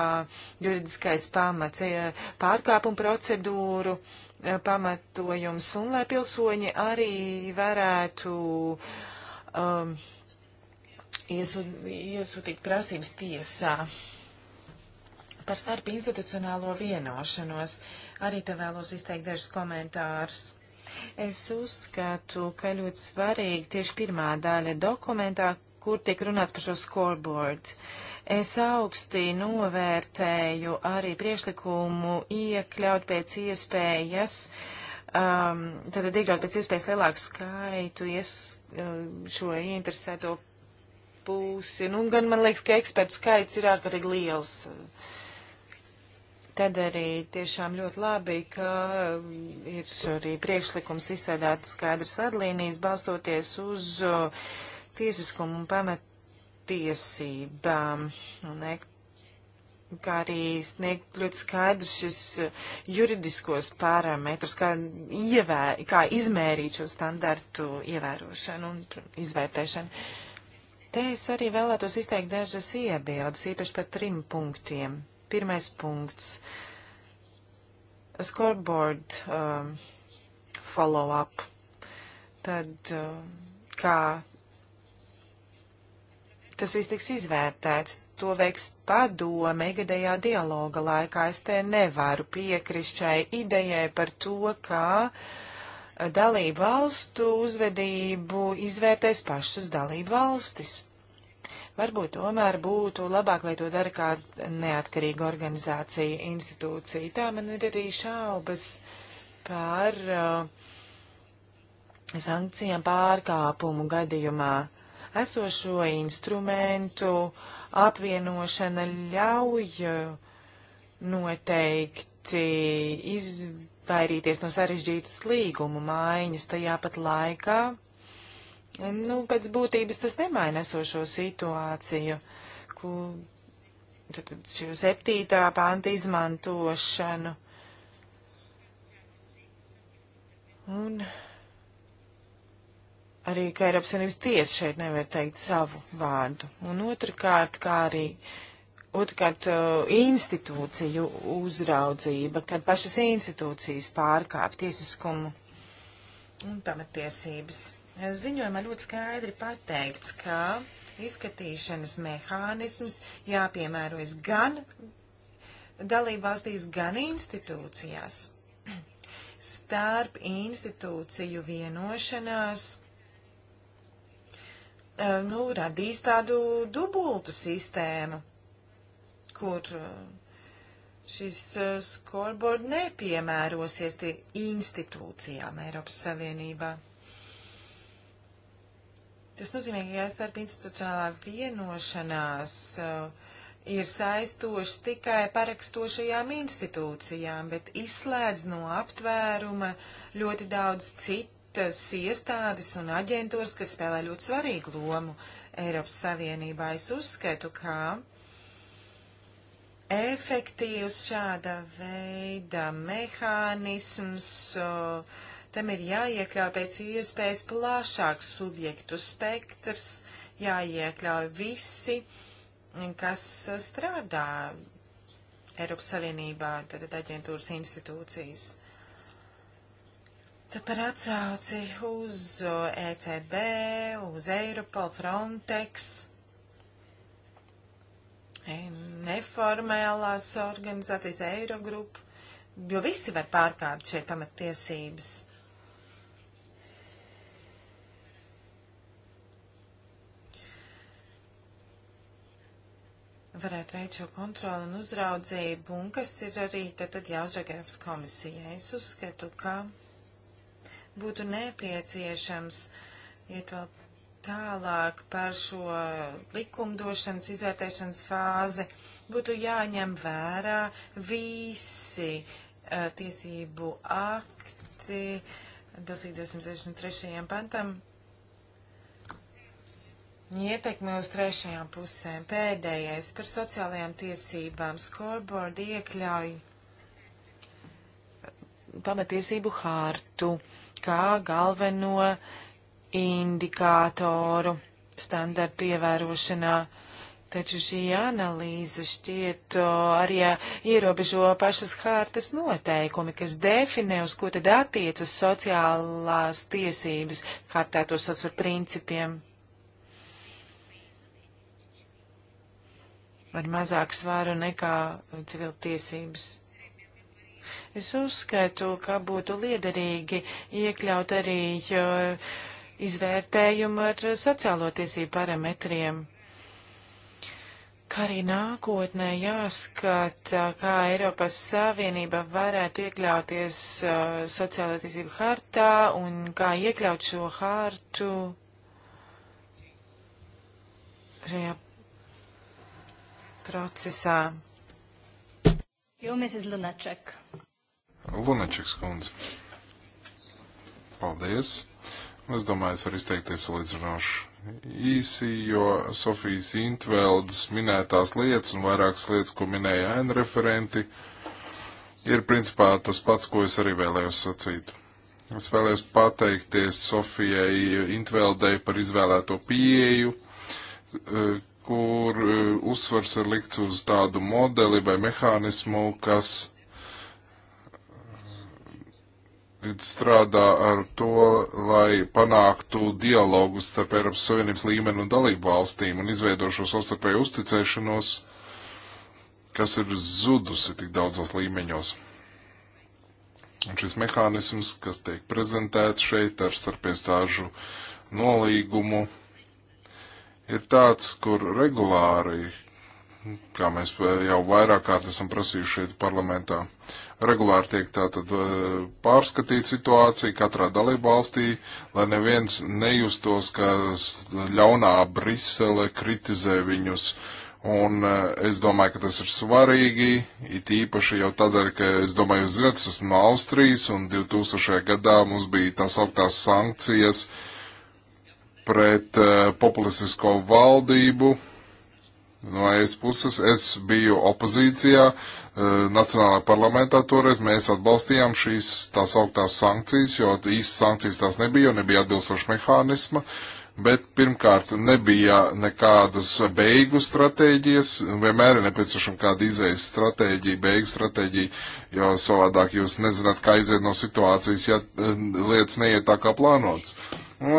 juridiskais pamats eh, pārkāpumu procedūru eh, pamatojums, un lai pilsoņi arī varētu um, iesūtīt prasības tiesā par starp institucionālo vienošanos. Arī te vēlos izteikt dažus komentārus Es uzskatu, ka ļoti svarīgi tieši pirmā daļa dokumentā, kur tiek runāts par šo scoreboard. Es augstī novērtēju arī priešlikumu iekļaut pēc iespējas uh, um, tātad iekļaut pēc iespējas lielāku skaitu ies, um, šo interesēto pusi. Nu, gan man liekas, ka ekspertu skaits ir ārkārtīgi liels. Uh, Tad arī tiešām ļoti labi, ka um, ir arī priekšlikums izstrādāt skaidrs vadlīnijas, balstoties uz uh, tiesiskumu un pamatiesībām. Un e, kā arī sniegt ļoti skaidrs šis uh, juridiskos parametrus, kā, ievē, kā izmērīt šo standartu ievērošanu un izvērtēšanu. Te es arī vēlētos izteikt dažas iebildes, īpaši par trim punktiem. Pirmais punkts. Scoreboard um, follow-up. Tad um, kā tas viss tiks izvērtēts, to veiks padome gadējā dialoga laikā. Es te nevaru piekrist šai idejai par to, kā dalību valstu uzvedību izvērtēs pašas dalību valstis. Varbūt tomēr būtu labāk, lai to dara kāda neatkarīga organizācija, institūcija. Tā man ir arī šaubas par uh, sankcijām pārkāpumu gadījumā. Esošo instrumentu apvienošana ļauj uh, noteikti izvairīties no sarežģītas līgumu maiņas tajā pat laikā Nu, pēc būtības tas nemaina esošo situāciju. Ku, tad šo septītā panta izmantošanu. Un arī, ka Eiropas Savienības tiesa šeit nevar teikt savu vārdu. Un otrkārt, kā arī otrkārt institūciju uzraudzība, kad pašas institūcijas pārkāp tiesiskumu un pamatiesības ziņojumā ļoti skaidri pateikts, ka izskatīšanas mehānisms jāpiemērojas gan dalībvalstīs, gan institūcijās. Starp institūciju vienošanās eh, nu, radīs tādu dubultu sistēmu, kur eh, šis eh, scoreboard nepiemērosies tie institūcijām Eiropas Savienībā. Tas nozīmē, ka ja starp institucionālā vienošanās uh, ir saistošs tikai parakstošajām institūcijām, bet izslēdz no aptvēruma ļoti daudz citas iestādes un aģentūras, kas spēlē ļoti svarīgu lomu Eiropas Savienībā. Es uzskatu, ka efektīvs šāda veida mehānisms uh, Tam ir jāiekļauj pēc iespējas plašāks subjektu spektrs, jāiekļauj visi, kas strādā Eiropas Savienībā, tātad aģentūras institūcijas. Tad par atsauci uz ECB, uz Eiropal, Frontex neformālās organizācijas Eirogrupu, jo visi var pārkāpt šeit pamatiesības. varētu veikt šo kontroli un uzraudzību, un kas ir arī tad, tad jāuzraga Eiropas komisijai. Es uzskatu, ka būtu nepieciešams iet vēl tālāk par šo likumdošanas izvērtēšanas fāzi. Būtu jāņem vērā visi uh, tiesību akti, atbilstīgi 263. pantam, Ietekme uz trešajām pusēm. Pēdējais par sociālajām tiesībām. Scoreboard iekļauj pamatiesību hārtu kā galveno indikātoru standartu ievērošanā. Taču šī analīze šķiet arī ierobežo pašas hārtas noteikumi, kas definē, uz ko tad attiecas sociālās tiesības, hārtā to sauc par principiem. ar mazāku svāru nekā civiltiesības. Es uzskatu, ka būtu liederīgi iekļaut arī izvērtējumu ar sociālo tiesību parametriem kā arī nākotnē jāskata, kā Eiropas Savienība varētu iekļauties uh, sociālā tiesību hartā un kā iekļaut šo hartu šajā procesā. Jo mēs esam Lunaček. Lunačeks kundze. Paldies. Es domāju, es varu izteikties salīdzinoši īsi, jo Sofijas Intveldes minētās lietas un vairākas lietas, ko minēja ēna referenti, ir principā tas pats, ko es arī vēlējos sacīt. Es vēlējos pateikties Sofijai Intveldei par izvēlēto pieeju, eh, kur e, uzsvars ir likts uz tādu modeli vai mehānismu, kas e, strādā ar to, lai panāktu dialogu starp Eiropas Savienības līmeni un dalību valstīm un izveido šo savstarpēju uzticēšanos, kas ir zudusi tik daudzos līmeņos. Un šis mehānisms, kas tiek prezentēts šeit ar starpiestāžu nolīgumu, ir tāds, kur regulāri, kā mēs jau vairāk kārt esam prasījuši šeit parlamentā, regulāri tiek tātad eh, pārskatīt situāciju katrā dalību valstī, lai neviens nejustos, ka ļaunā Brisele kritizē viņus. Un eh, es domāju, ka tas ir svarīgi, it īpaši jau tādēļ, ka es domāju, jūs zināt, es esmu no Austrijas, un 2000. gadā mums bija tās augtās sankcijas, uh, pret uh, populistisko valdību. No es puses es biju opozīcijā, uh, Nacionālajā parlamentā toreiz mēs atbalstījām šīs tās augtās sankcijas, jo īsti sankcijas tās nebija, jo nebija atbilstoša mehānisma, bet pirmkārt nebija nekādas beigu stratēģijas, vienmēr ir nepieciešama kāda izējas stratēģija, beigu stratēģija, jo savādāk jūs nezināt, kā iziet no situācijas, ja eh, lietas neiet tā kā plānots.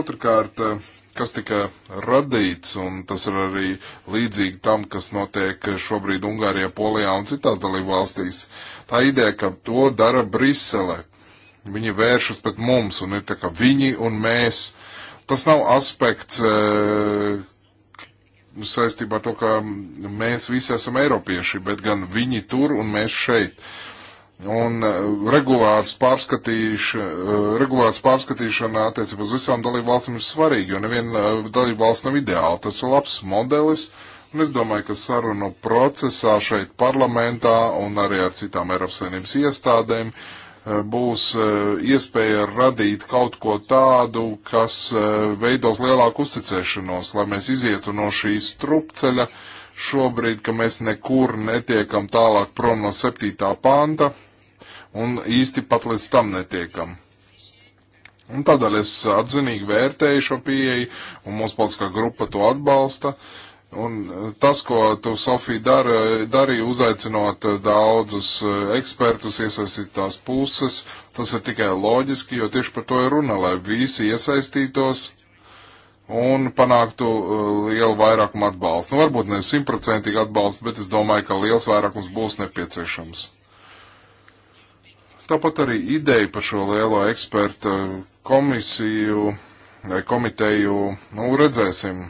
Otrakārt, uh, kas tika radīts, un tas ir arī līdzīgi tam, kas notiek šobrīd Ungārijā, Polijā un citās dalību valstīs. Tā ideja, ka to dara Brisele, viņi vēršas pret mums, un ir tā kā viņi un mēs. Tas nav aspekts eh, saistībā ar to, ka mēs visi esam eiropieši, bet gan viņi tur un mēs šeit. Uh, Un eh, regulārs, pārskatīš, eh, regulārs pārskatīšana attiecībā uz visām dalību valstīm ir svarīga, jo neviena eh, dalību valsts nav ideāla. Tas ir labs modelis, un es domāju, ka sarunu procesā šeit parlamentā un arī ar citām Eiropas Savienības iestādēm būs iespēja radīt kaut ko tādu, kas veidos lielāku uzticēšanos, lai mēs izietu no šīs trupceļa šobrīd, ka mēs nekur netiekam tālāk prom no septītā panta un īsti pat līdz tam netiekam. Un tādēļ es atzinīgi vērtēju šo pieeju, un mūsu politiskā grupa to atbalsta. Un eh, tas, ko tu, Sofija, dar, darīji, uzaicinot eh, daudzus eh, ekspertus, iesaistīt tās puses, tas ir tikai loģiski, jo tieši par to ir runa, lai visi iesaistītos un panāktu lielu vairākumu atbalstu. Nu, varbūt ne simtprocentīgi atbalstu, bet es domāju, ka liels vairākums būs nepieciešams. Tāpat arī ideja par šo lielo ekspertu komisiju vai komiteju, nu, redzēsim,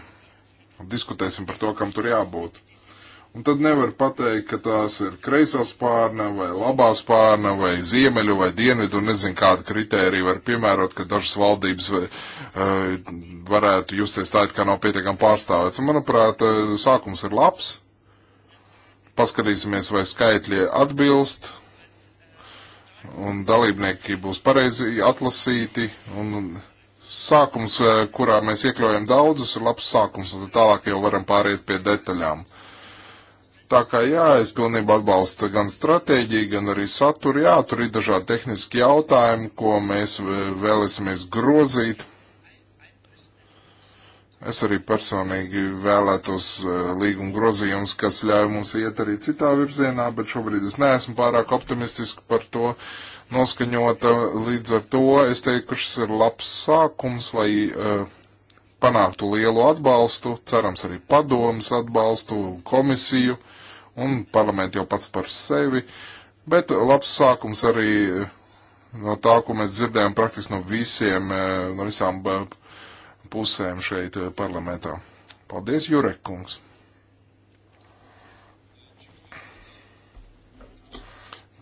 diskutēsim par to, kam tur jābūt. Un tad nevar pateikt, ka tās ir kreisā spārna vai labā spārna vai ziemeļu vai dienvidu un nezinu kādu kritēriju var piemērot, ka dažas valdības vai, uh, eh, varētu justies tā, ka nav pietiekami pārstāvēts. Un, manuprāt, eh, sākums ir labs. Paskatīsimies, vai skaitļi atbilst un dalībnieki būs pareizi atlasīti, un sākums, eh, kurā mēs iekļaujam daudzus, ir labs sākums, un tālāk jau varam pāriet pie detaļām. Tā kā jā, es pilnībā atbalstu gan stratēģiju, gan arī saturu. Jā, tur ir dažādi tehniski jautājumi, ko mēs eh, vēlēsimies grozīt. Es arī personīgi vēlētos eh, līguma grozījums, kas ļauj mums iet arī citā virzienā, bet šobrīd es neesmu pārāk optimistiski par to noskaņota. Līdz ar to es teiktu, ka šis ir labs sākums, lai uh, panāktu lielu atbalstu, cerams arī padomas atbalstu, komisiju un parlamentu jau pats par sevi. Bet labs sākums arī eh, no tā, ko mēs dzirdējām praktiski no visiem, no visām pusēm šeit eh, parlamentā. Paldies, Jurek kungs!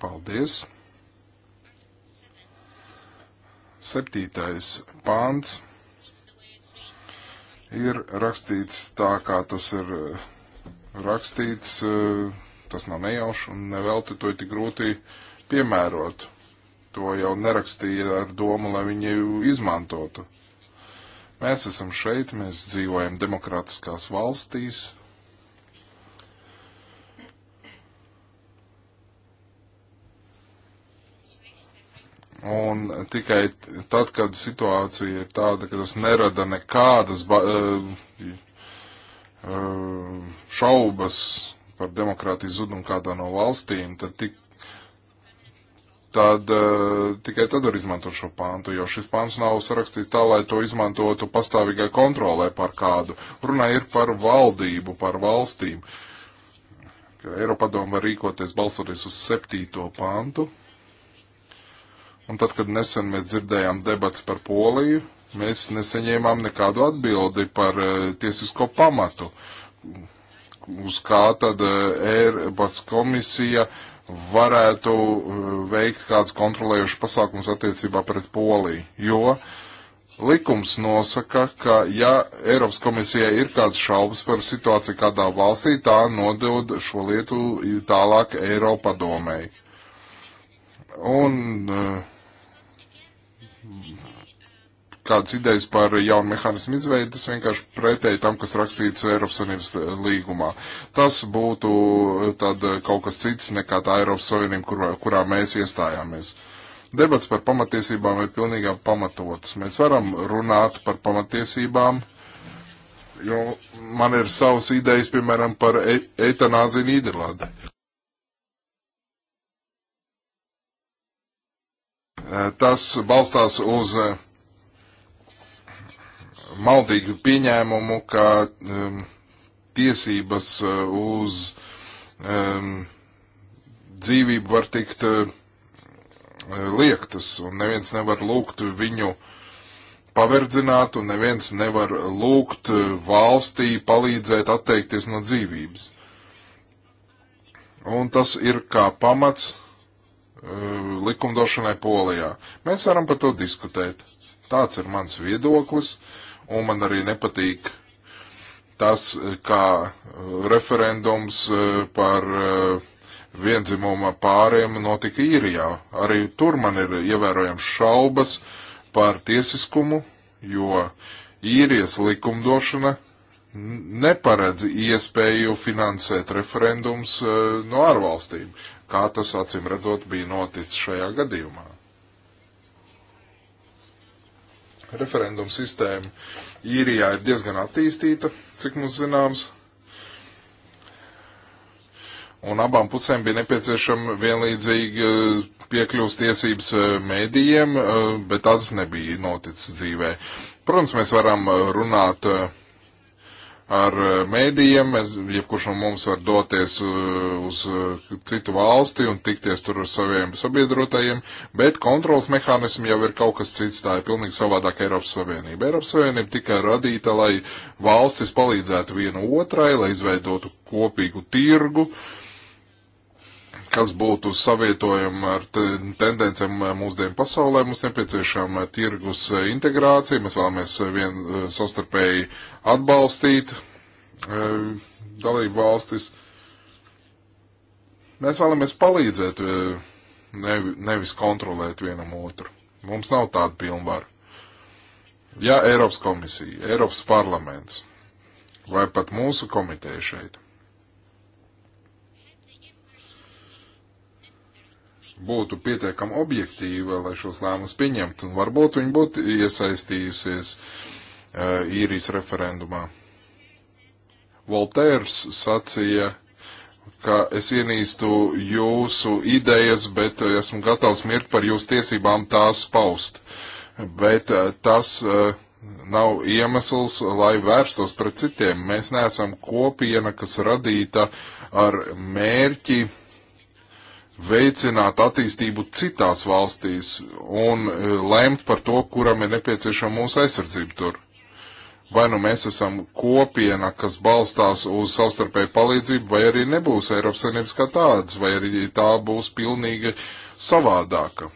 Paldies! Septītais pāns ir rakstīts tā, kā tas ir eh, rakstīts. Eh, tas nav nejauši un nevelti to ir tik grūti piemērot. To jau nerakstīja ar domu, lai viņi izmantotu. Mēs esam šeit, mēs dzīvojam demokrātiskās valstīs. Un tikai tad, kad situācija ir tāda, ka tas nerada nekādas eh, eh, šaubas par demokrātiju zudumu kādā no valstīm, tad tik tad uh, tikai tad var izmantot šo pantu, jo šis pants nav sarakstīts tā, lai to izmantotu pastāvīgai kontrolē par kādu. Runā ir par valdību, par valstīm. Eiropadoma var rīkoties balsoties uz septīto pantu. Un tad, kad nesen mēs dzirdējām debats par Poliju, mēs nesaņēmām nekādu atbildi par uh, tiesisko pamatu, uz kā tad eh, Eiropas komisija uh, varētu uh, veikt kāds kontrolējušs pasākums attiecībā pret Poliju, jo likums nosaka, ka ja Eiropas komisijai ir kāds šaubas par situāciju kādā valstī, tā nodod šo lietu tālāk Eiropa domēji. Un uh, kādas idejas par jaunu mehānismu izveidu, tas vienkārši pretēji tam, kas rakstīts Eiropas Savienības eh, līgumā. Tas būtu eh, tad eh, kaut kas cits nekā tā Eiropas Savienība, kurā, kurā mēs iestājāmies. Debats par pamatiesībām ir pilnīgā pamatots. Mēs varam runāt par pamatiesībām, jo man ir savas idejas, piemēram, par e eitanāziju Nīderlandi. Tas balstās uz uh, maldīgu pieņēmumu, ka um, tiesības uh, uz um, dzīvību var tikt uh, liektas, un neviens nevar lūgt viņu paverdzināt, un neviens nevar lūgt uh, valstī palīdzēt atteikties no dzīvības. Un tas ir kā pamats uh, likumdošanai Polijā. Mēs varam par to diskutēt. Tāds ir mans viedoklis. Uh, un man arī nepatīk tas, kā uh, referendums uh, par uh, vienzimuma pāriem notika īrijā. Arī tur man ir ievērojams šaubas par tiesiskumu, jo īrijas likumdošana neparedz iespēju finansēt referendums no ārvalstīm, kā tas acīm redzot bija noticis šajā gadījumā. referendumu sistēma īrijā ir diezgan attīstīta, cik mums zināms. Un abām pusēm bija nepieciešama vienlīdzīga eh, piekļuvs tiesības eh, mēdījiem, eh, bet tāds nebija noticis dzīvē. Protams, mēs varam runāt uh, ar eh, mēdījiem. Es, jebkurš no mums var doties eh, uz eh, citu valsti un tikties tur ar saviem sabiedrotajiem, bet kontrols mehānismi jau ir kaut kas cits. Tā ir pilnīgi savādāk Eiropas Savienība. Eiropas Savienība tikai radīta, lai valstis palīdzētu viena otrai, lai izveidotu kopīgu tirgu. Uh, kas būtu savietojama ar tendencēm eh, mūsdienu pasaulē. Mums nepieciešama tirgus eh, integrācija, mēs vēlamies eh, vien sastarpēji atbalstīt dalību valstis. Mēs vēlamies palīdzēt, nevis kontrolēt vienam otru. Mums nav tāda pilnvaru. Ja Eiropas komisija, Eiropas parlaments vai pat mūsu komiteja šeit būtu pietiekami objektīva, lai šos lēmumus pieņemtu, un varbūt viņi būtu iesaistījusies uh, īrijas referendumā. Voltērs sacīja, ka es ienīstu jūsu idejas, bet eh, esmu gatavs mirt par jūsu tiesībām tās paust. Bet uh, tas uh, nav iemesls, lai vērstos pret citiem. Mēs neesam kopiena, kas radīta ar mērķi uh, veicināt attīstību citās valstīs un e, lemt par to, kuram ir nepieciešama mūsu aizsardzība tur. Vai nu mēs esam kopiena, kas balstās uz savstarpēju palīdzību, vai arī nebūs Eiropas Savienības kā tāds, vai arī tā būs pilnīgi savādāka.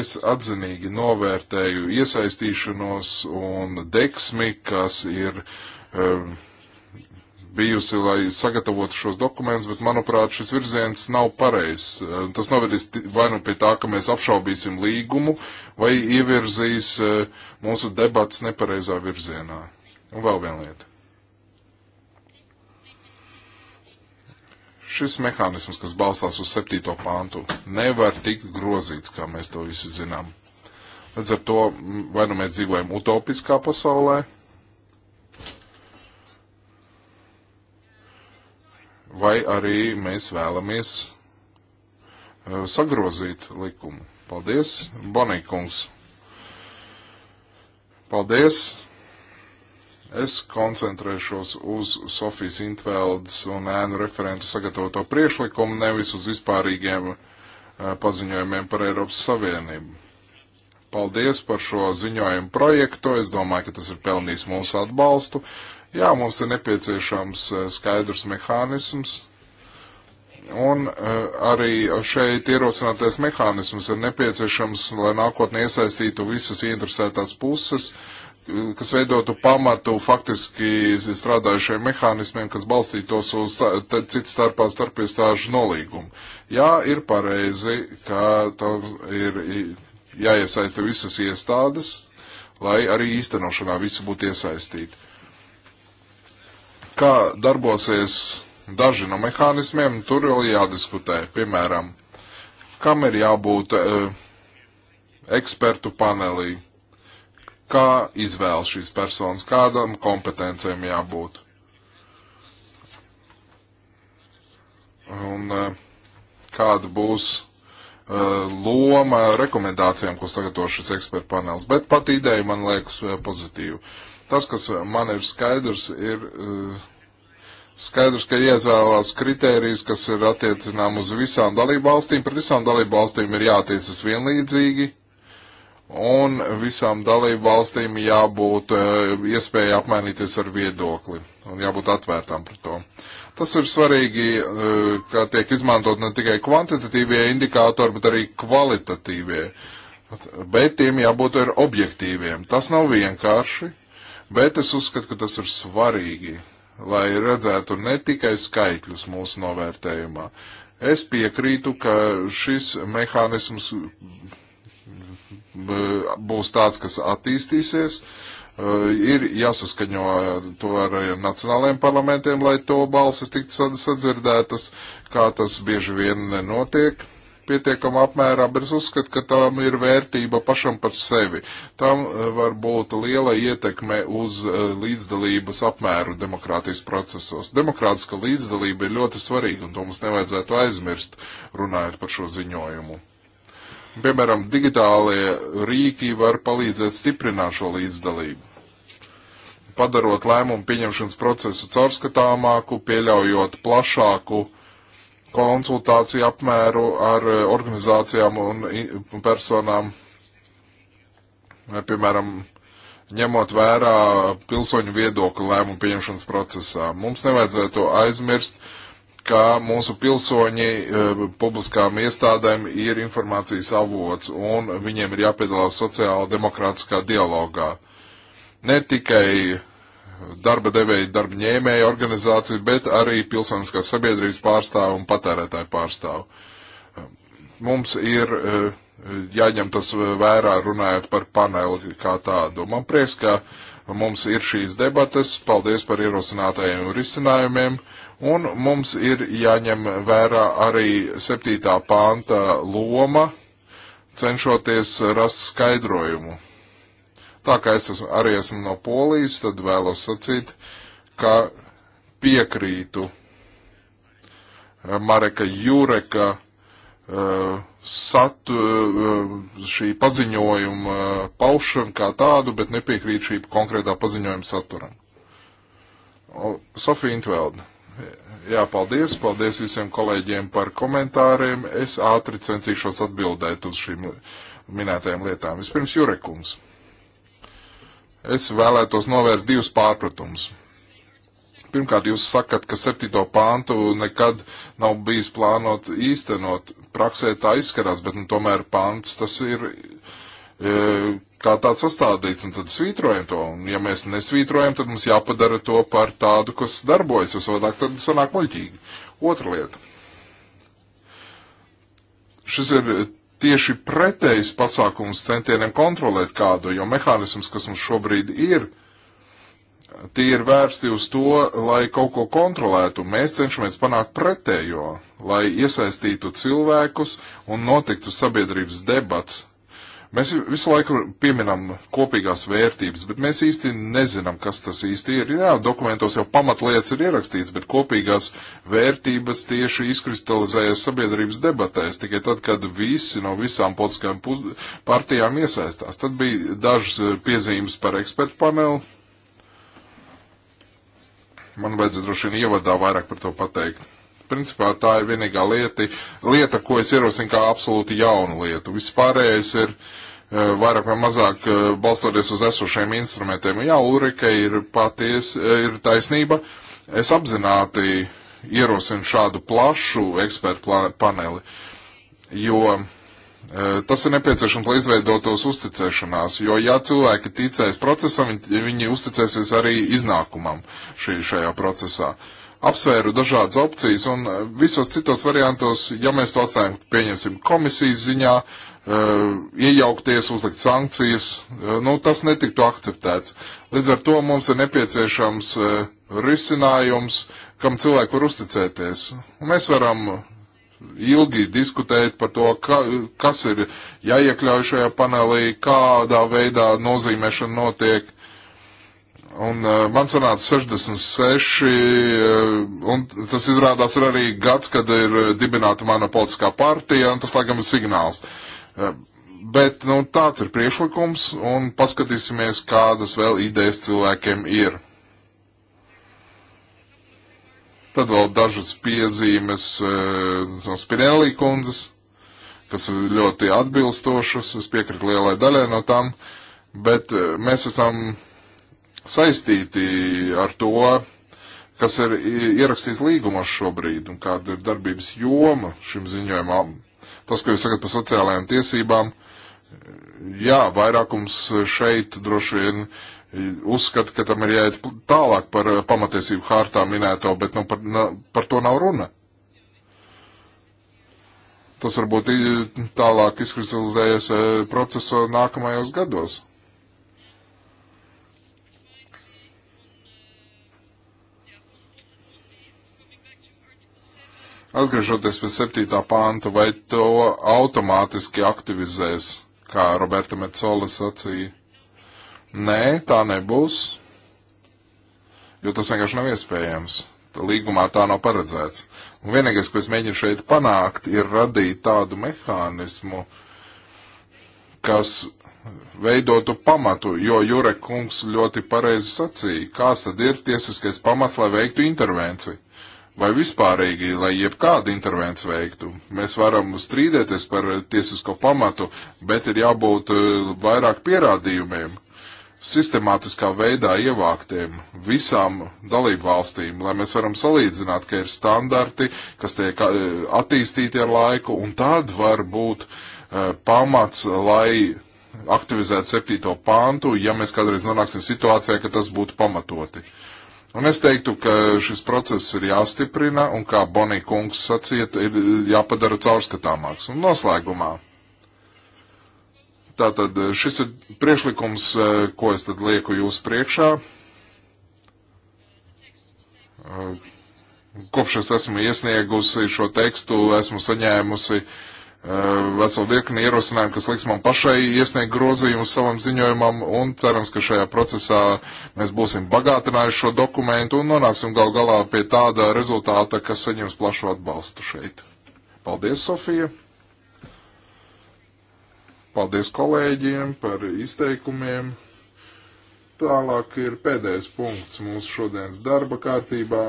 Es atzinīgi novērtēju iesaistīšanos un deksmi, kas ir um, e, bijusi, lai sagatavotu šos dokumentus, bet, manuprāt, šis virziens nav pareizs. Eh, tas novedīs vai nu pie tā, ka mēs apšaubīsim līgumu, vai ievirzīs eh, mūsu debats nepareizā virzienā. Un vēl viena lieta. Šis mehānisms, kas balstās uz septīto pāntu, nevar tikt grozīts, kā mēs to visi zinām. Līdz ar to vai nu mēs dzīvojam utopiskā pasaulē, vai arī mēs vēlamies uh, sagrozīt likumu. Paldies, Bonīkungs! Paldies! Es koncentrēšos uz Sofijas Intveldes un ēnu referentu sagatavoto priešlikumu, nevis uz vispārīgiem uh, paziņojumiem par Eiropas Savienību. Paldies par šo ziņojumu projektu. Es domāju, ka tas ir pelnījis mūsu atbalstu. Uh, Jā, mums ir nepieciešams eh, skaidrs mehānisms. Un eh, arī šeit ierosinātais mehānisms ir nepieciešams, lai nākotnē iesaistītu visas interesētās puses, eh, kas veidotu pamatu faktiski strādājušiem mehānismiem, kas balstītos uz citu starpā starpiestāžu nolīgumu. Jā, ir pareizi, ka tam ir jāiesaista visas iestādes, lai arī īstenošanā visi būtu iesaistīti kā darbosies daži no mehānismiem, tur vēl jādiskutē. Piemēram, kam ir jābūt uh, ekspertu panelī, kā izvēl šīs personas, kādam kompetencijam jābūt. Un uh, kāda būs uh, loma rekomendācijām, ko sagatavo šis ekspertu panels. Bet pat ideja man liekas pozitīva. Uh, Tas, kas man ir skaidrs, ir eh, skaidrs, ka ievēlās kritērijas, kas ir attiecinām uz visām dalību valstīm. Pret visām dalību valstīm ir jātiecas vienlīdzīgi, un visām dalību valstīm jābūt eh, iespēja apmainīties ar viedokli un jābūt atvērtām par to. Tas ir svarīgi, eh, ka tiek izmantot ne tikai kvantitatīvie indikātori, bet arī kvalitatīvie, bet tiem jābūt ir objektīviem. Tas nav vienkārši, Bet es uzskatu, ka tas ir svarīgi, lai redzētu ne tikai skaitļus mūsu novērtējumā. Es piekrītu, ka šis mehānisms eh, būs tāds, kas attīstīsies. Eh, ir jāsaskaņo to ar eh, nacionālajiem parlamentiem, lai to balsis tiktu sadzirdētas, kā tas bieži vien nenotiek pietiekamā apmērā, bet es uzskatu, ka tam ir vērtība pašam par sevi. Tam eh, var būt liela ietekme uz eh, līdzdalības apmēru demokrātijas procesos. Demokrātiska līdzdalība ir ļoti svarīga, un to mums nevajadzētu aizmirst, runājot par šo ziņojumu. Piemēram, digitālie rīki var palīdzēt stiprināt šo līdzdalību padarot lēmumu pieņemšanas procesu caurskatāmāku, pieļaujot plašāku uh, konsultāciju apmēru ar eh, organizācijām un personām, piemēram, ņemot vērā pilsoņu viedokli lēmumu pieņemšanas procesā. Mums nevajadzētu aizmirst, ka mūsu pilsoņi eh, publiskām iestādēm ir informācijas avots un viņiem ir jāpiedalās sociāla demokrātiskā dialogā. Ne tikai uh, darba devēja, darba ņēmēja organizācija, bet arī pilsoniskās sabiedrības pārstāvu un patērētāju pārstāvu. Mums ir eh, jāņem tas vērā runājot par paneli kā tādu. Man prieks, ka mums ir šīs debates, paldies par ierosinātajiem risinājumiem, un mums ir jāņem vērā arī septītā pānta loma, cenšoties rast skaidrojumu Tā kā es arī esmu no Polijas, tad vēlos sacīt, ka piekrītu eh, Mareka Jureka eh, satu eh, šī paziņojuma paušanu kā tādu, bet nepiekrīt šī konkrētā paziņojuma saturam. Sofija Intvelda. Jā, paldies. Paldies visiem kolēģiem par komentāriem. Es ātri centīšos atbildēt uz šīm minētajām lietām. Vispirms Jurekums. Es vēlētos novērst divus pārpratumus. Pirmkārt, jūs sakat, ka septīto pāntu nekad nav bijis plānot īstenot. Praksē tā izskatās, bet nu, tomēr pāns tas ir e, kā tāds sastādīts, un tad svītrojam to. Un, ja mēs nesvītrojam, tad mums jāpadara to par tādu, kas darbojas, jo savādāk tad sanāk muļķīgi. Otra lieta. Šis ir tieši pretējs pasākums centieniem kontrolēt kādu, jo mehānisms, kas mums šobrīd ir, tie ir vērsti uz to, lai kaut ko kontrolētu. Mēs cenšamies panākt pretējo, lai iesaistītu cilvēkus un notiktu sabiedrības debats Mēs visu laiku pieminam kopīgās vērtības, bet mēs īsti nezinām, kas tas īsti ir. Jā, dokumentos jau pamatlietas ir ierakstīts, bet kopīgās vērtības tieši izkristalizējas sabiedrības debatēs. Tikai tad, kad visi no visām politiskajām partijām iesaistās, tad bija dažas eh, piezīmes par ekspertu paneli. Man vajadzētu droši vien ievadā vairāk par to pateikt principā tā ir vienīgā lieta, lieta ko es ierosinu kā absolūti jaunu lietu. Vispārējais ir eh, vairāk vai mazāk eh, balstoties uz esošiem instrumentiem. Jā, Ulrika ir paties, eh, ir taisnība. Es apzināti ierosinu šādu plašu ekspertu paneli, jo tas ir nepieciešams, lai izveidotos uzticēšanās, jo ja cilvēki ticēs procesam, viņi, viņi uzticēsies arī iznākumam šī, šajā procesā. Uh, apsvēru dažādas opcijas, un eh, visos citos variantos, ja mēs to atstājam, pieņemsim, komisijas ziņā, eh, iejaukties, uzlikt sankcijas, eh, nu, tas netiktu akceptēts. Līdz ar to mums ir nepieciešams risinājums, kam cilvēku var uzticēties. Un mēs varam ilgi diskutēt par to, ka, kas ir jāiekļauj šajā panelī, kādā veidā nozīmēšana notiek, Un uh, man sanāca 66, uh, eh, un tas izrādās ir arī gads, kad ir eh, dibināta mana politiskā partija, un tas, laikam, ir signāls. Uh, bet, nu, tāds ir priešlikums, un paskatīsimies, kādas vēl idejas cilvēkiem ir. Tad vēl dažas piezīmes uh, no Spinelli kundzes, kas ir ļoti atbilstošas, es piekrītu lielai daļai no tām, bet uh, mēs esam. Uh, saistīti ar to, kas ir ierakstīts līgumos šobrīd un kāda ir darbības joma šim ziņojumam. Tas, ko jūs sakat par sociālajām tiesībām, jā, vairākums šeit droši vien uzskata, ka tam ir jāiet tālāk par eh, pamatiesību hārtā minēto, bet nu, par, na, par to nav runa. Tas varbūt tālāk izkristalizējies eh, procesā nākamajos gados. Atgriežoties pie 7. pānta, vai to automātiski aktivizēs, kā Roberta Metzola sacīja? Nē, tā nebūs, jo tas vienkārši nav iespējams. Tā līgumā tā nav paredzēts. Un vienīgais, ko es mēģinu šeit panākt, ir radīt tādu mehānismu, kas veidotu pamatu, jo Jurek kungs ļoti pareizi sacīja, kāds tad ir tiesiskais pamats, lai veiktu intervenciju vai vispārīgi, lai jebkādu intervenciju veiktu. Mēs varam strīdēties par tiesisko pamatu, bet ir jābūt eh, vairāk pierādījumiem, sistemātiskā veidā ievāktiem visām dalību valstīm, lai mēs varam salīdzināt, ka ir standarti, kas tiek eh, attīstīti ar laiku, un tad var būt uh, pamats, lai aktivizētu septīto pāntu, ja mēs kādreiz nonāksim situācijā, ka tas būtu pamatoti. Uh, Un es teiktu, ka šis process ir jāstiprina un, kā Bonija kungs sacīja, ir jāpadara caurskatāmāks. Un noslēgumā. Tātad eh, šis ir priekšlikums, eh, ko es tad lieku jūs priekšā. Eh, kopš es esmu iesniegusi šo tekstu, esmu saņēmusi uh, Ehm, veselu virkni ierosinājumu, kas liks man pašai iesniegt grozījumus savam ziņojumam, un cerams, ka šajā procesā mēs būsim bagātinājuši šo dokumentu un nonāksim gal galā pie tāda rezultāta, kas saņems plašu atbalstu šeit. Paldies, Sofija! Paldies kolēģiem par izteikumiem. Tālāk ir pēdējais punkts mūsu šodienas darba kārtībā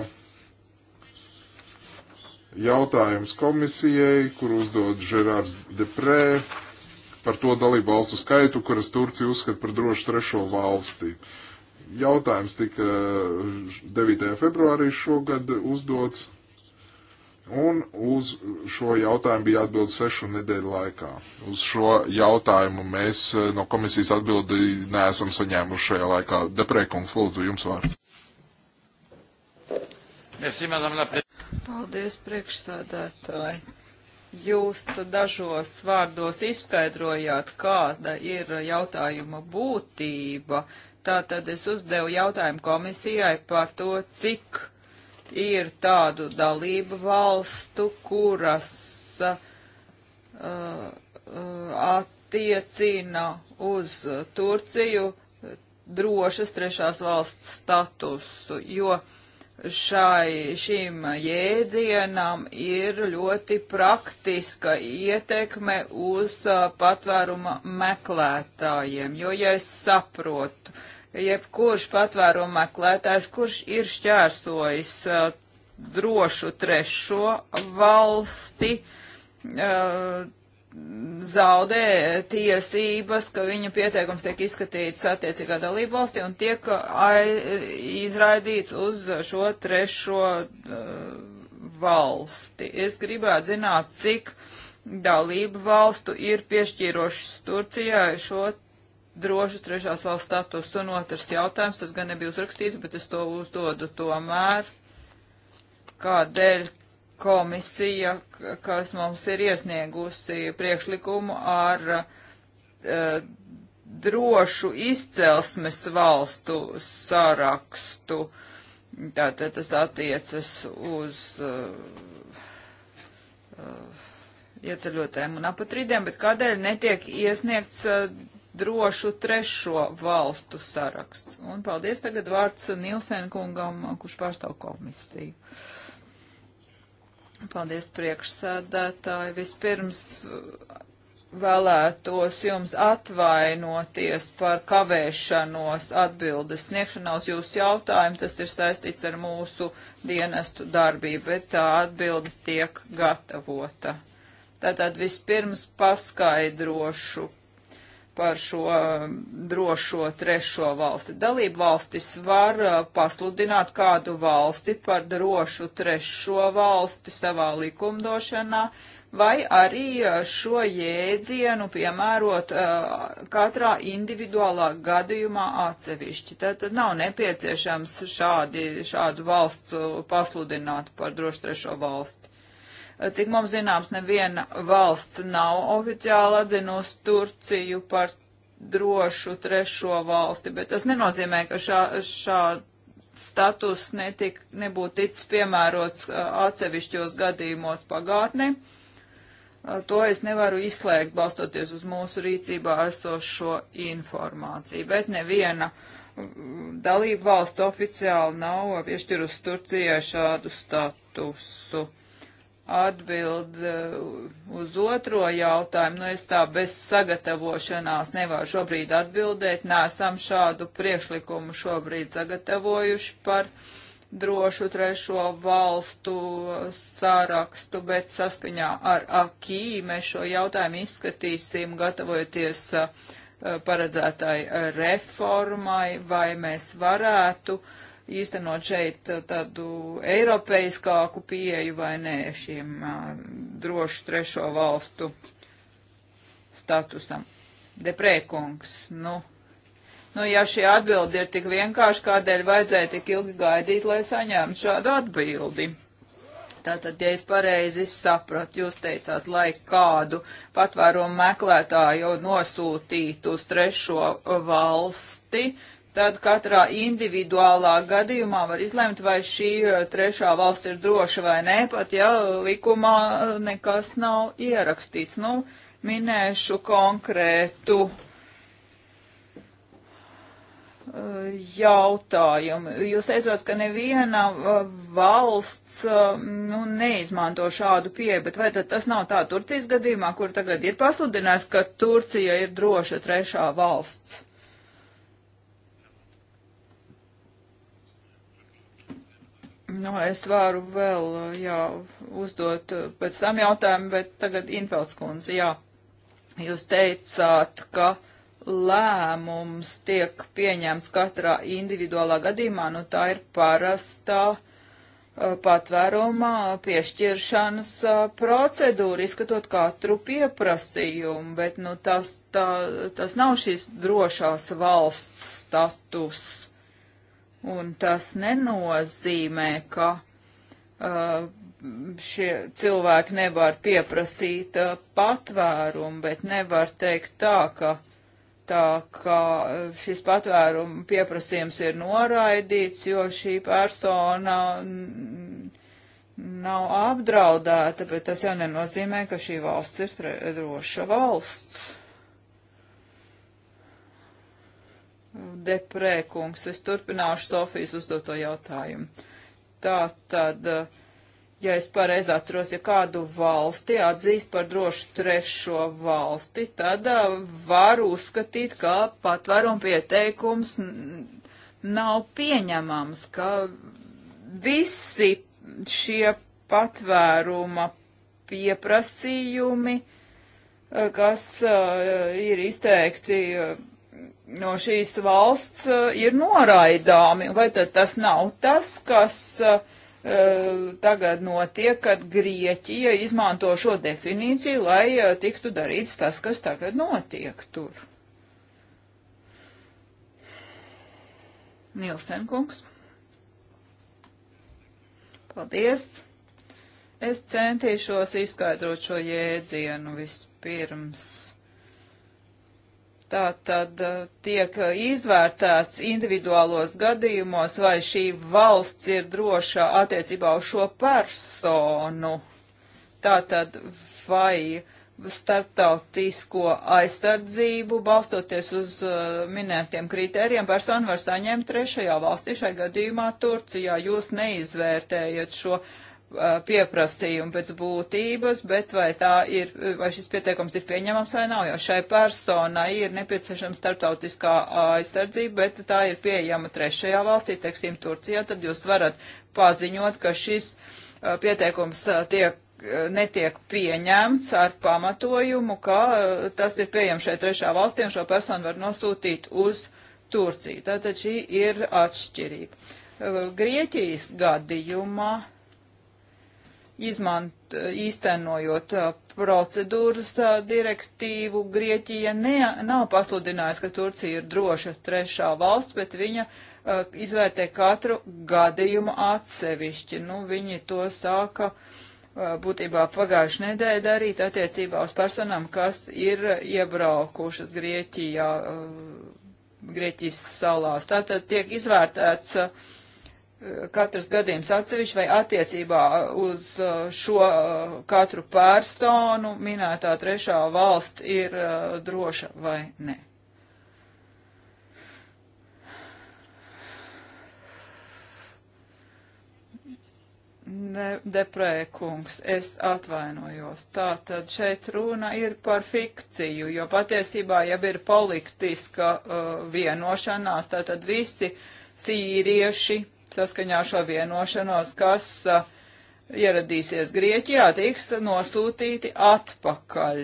jautājums komisijai, kur uzdod Žerārs Deprē par to dalību valstu skaitu, kuras Turcija uzskata par drošu trešo valsti. Jautājums tika 9. Eh, februārī šogad uzdots, un uz šo jautājumu bija atbild sešu nedēļu laikā. Uz šo jautājumu mēs eh, no komisijas atbildi neesam saņēmuši šajā laikā. Deprēkungs, lūdzu, jums vārds. Merci, madame la Paldies, priekšsādātāji. Jūs dažos vārdos izskaidrojāt, kāda ir jautājuma būtība. Tātad es uzdevu jautājumu komisijai par to, cik ir tādu dalību valstu, kuras uh, uh, attiecina uz Turciju drošas trešās valsts statusu, jo uh, šai, šim jēdzienam ir ļoti praktiska ietekme uz uh, patvēruma meklētājiem, jo, ja es saprotu, jebkurš patvēruma meklētājs, kurš ir šķērsojis uh, drošu trešo valsti, uh, zaudē tiesības, ka viņa pieteikums tiek izskatīts attiecīgā dalība valstī un tiek izraidīts uz šo trešo uh, valsti. Es gribētu zināt, cik dalību valstu ir piešķīrošas Turcijai šo drošas trešās valsts status. Un otrs jautājums, tas gan nebija uzrakstīts, bet es to uzdodu tomēr, kādēļ komisija, kas mums ir iesniegusi priekšlikumu ar uh, drošu izcelsmes valstu sarakstu. Tātad tas attiecas uz uh, uh, ieceļotēm un apatrīdiem, bet kādēļ netiek iesniegts uh, drošu trešo valstu saraksts? Un paldies tagad vārds Nilsen kungam, kurš pārstāv komisiju. Uh, Paldies, priekšsēdētāji. Vispirms uh, vēlētos jums atvainoties par kavēšanos atbildes sniegšanā uz jūsu jautājumu. Tas ir saistīts ar mūsu dienestu darbību, bet tā atbilde tiek gatavota. Tātad vispirms paskaidrošu, par šo um, drošo trešo valsti. Dalību valstis var uh, pasludināt kādu valsti par drošu trešo valsti savā likumdošanā, vai arī uh, šo jēdzienu piemērot uh, katrā individuālā gadījumā atsevišķi. Tātad nav nepieciešams šādi, šādu valstu pasludināt par drošu trešo valsti. Cik eh, mums zināms, neviena valsts nav oficiāli atzinusi Turciju par drošu trešo valsti, bet tas nenozīmē, ka šā, šā status netik, nebūtu ticis piemērots eh, atsevišķos gadījumos pagātnē. Eh, to es nevaru izslēgt, balstoties uz mūsu rīcībā esošo informāciju, bet neviena mm, dalība valsts oficiāli nav piešķirusi Turcijai šādu statusu atbild uh, uz otro jautājumu. Nu, es tā bez sagatavošanās nevaru šobrīd atbildēt. Nesam šādu priekšlikumu šobrīd sagatavojuši par drošu trešo valstu sārakstu, bet saskaņā ar AKI mēs šo jautājumu izskatīsim, gatavojoties uh, paredzētai reformai, vai mēs varētu uh, īstenot šeit uh, tādu eiropeiskāku pieeju vai nē šim uh, drošu trešo valstu statusam. Deprēkungs, nu, Nu, ja šī atbilde ir tik vienkārši, kādēļ vajadzēja tik ilgi gaidīt, lai saņemtu šādu atbildi? Tātad, ja es pareizi sapratu, jūs teicāt, lai kādu patvērumu meklētāju nosūtītu uz trešo valsti, uh, tad katrā individuālā gadījumā var izlemt, vai šī eh, trešā valsts ir droša vai nē, pat ja likumā eh, nekas nav ierakstīts. Nu, minēšu konkrētu eh, jautājumu. Jūs teicāt, ka neviena valsts nu, neizmanto šādu pieeju, bet vai tad tas nav tā Turcijas gadījumā, kur tagad ir pasludinājis, ka Turcija ir droša trešā valsts? Nu, es varu vēl, jā, uzdot pēc tam jautājumu, bet tagad Infelds kundze, jā. Jūs teicāt, ka lēmums tiek pieņemts katrā individuālā gadījumā, nu tā ir parastā uh, patvērumā piešķiršanas uh, procedūra, izskatot katru pieprasījumu, bet nu tas, tā, tas nav šīs drošās valsts status Un tas nenozīmē, ka uh, šie cilvēki nevar pieprasīt uh, patvērumu, bet nevar teikt tā, ka tā kā uh, šis patvērumu pieprasījums ir noraidīts, jo šī persona nav apdraudēta, bet tas jau nenozīmē, ka šī valsts ir droša valsts. Deprēkungs. Es turpināšu Sofijas uzdoto jautājumu. Tā tad, ja es pareizi atceros, ja kādu valsti atzīst par drošu trešo valsti, tad var uzskatīt, ka patvērumu pieteikums nav pieņemams, ka visi šie patvēruma pieprasījumi, kas uh, ir izteikti uh, no šīs valsts eh, ir noraidāmi. Vai tad tas nav tas, kas eh, tagad notiek, kad Grieķija izmanto šo definīciju, lai eh, tiktu darīts tas, kas tagad notiek tur? Nielsen kungs. Paldies! Es centīšos izskaidrot šo jēdzienu vispirms. Tā tad uh, tiek izvērtēts individuālos gadījumos, vai šī valsts ir droša attiecībā uz šo personu. Tā tad vai starptautisko aizsardzību, balstoties uz uh, minētiem kritērijiem, persona var saņemt trešajā valstī, šai gadījumā Turcijā. Jūs neizvērtējat šo uh, pieprasījumu pēc būtības, bet vai tā ir, vai šis pieteikums ir pieņemams vai nav, jo šai personai ir nepieciešama starptautiskā aizsardzība, bet tā ir pieejama trešajā valstī, teiksim, Turcijā, tad jūs varat paziņot, ka šis pieteikums tiek netiek pieņemts ar pamatojumu, ka tas ir pieejams šai trešā valstī un šo personu var nosūtīt uz Turciju. Tātad šī ir atšķirība. Grieķijas gadījumā izmant, īstenojot uh, procedūras uh, direktīvu, Grieķija ne, nav pasludinājusi, ka Turcija ir droša trešā valsts, bet viņa uh, izvērtē katru gadījumu atsevišķi. Nu, viņi to sāka uh, būtībā pagājuši nedēļa darīt attiecībā uz personām, kas ir iebraukušas Grieķijā, uh, Grieķijas salās. Tātad tiek izvērtēts uh, katrs gadījums atsevišķi vai attiecībā uz uh, šo uh, katru pārstonu minētā trešā valsts ir uh, droša vai ne. Ne, deprēkungs, es atvainojos. Tā tad šeit runa ir par fikciju, jo patiesībā jau ir politiska uh, vienošanās, tā tad visi sīrieši, saskaņā šo vienošanos, kas uh, ieradīsies Grieķijā, tiks nosūtīti atpakaļ.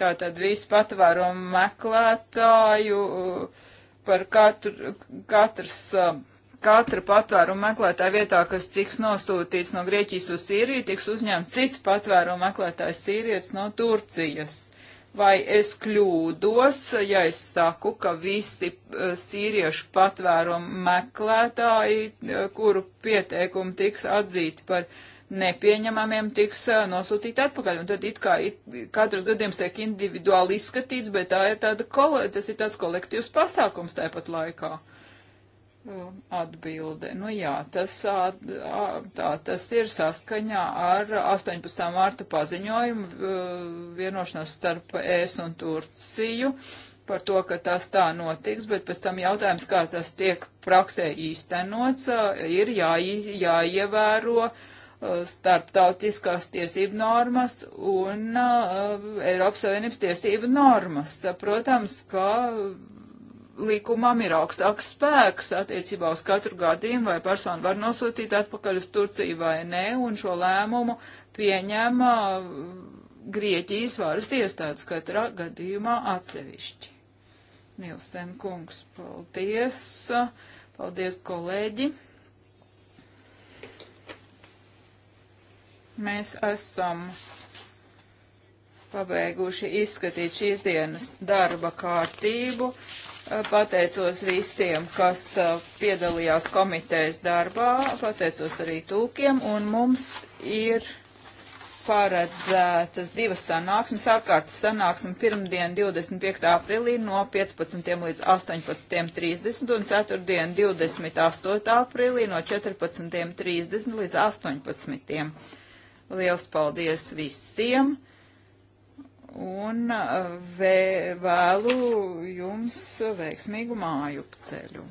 Tātad visi patvērumu meklētāju par katru, katrs, katra patvērumu meklētāja vietā, kas tiks nosūtīts no Grieķijas uz Sīriju, tiks uzņemts cits patvērumu meklētājs sīrietis no Turcijas. Vai es kļūdos, ja es saku, ka visi eh, sīriešu patvērumu meklētāji, eh, kuru pieteikumi tiks atzīti par nepieņemamiem, tiks eh, nosūtīti atpakaļ? Un tad it kā it, katrs gadījums tiek individuāli izskatīts, bet tā ir tāda, tas ir tāds kolektīvs pasākums tāpat laikā. Atbilde. Nu jā, tas, tā, tas ir saskaņā ar 18. mārta paziņojumu vienošanos starp ES un Turciju par to, ka tas tā notiks, bet pēc tam jautājums, kā tas tiek praksē īstenots, ir jā, jāievēro starptautiskās tiesību normas un uh, Eiropas Savienības tiesību normas. Protams, ka likumam ir augstāks spēks attiecībā uz katru gadījumu, vai personu var nosūtīt atpakaļ uz Turciju vai nē, un šo lēmumu pieņem uh, Grieķijas varas iestādes katrā gadījumā atsevišķi. Nilsen kungs, paldies, paldies kolēģi. Mēs esam pabeiguši izskatīt šīs dienas darba kārtību. Eh, pateicos visiem, kas eh, piedalījās komitejas darbā, pateicos arī tūkiem, un mums ir paredzētas divas sanāksmes, ārkārtas sanāksme pirmdien 25. aprīlī no 15. līdz 18.30 un ceturtdien 28. aprīlī no 14.30 līdz 18. Liels paldies visiem! un eh, vēlu jums veiksmīgu māju ceļu.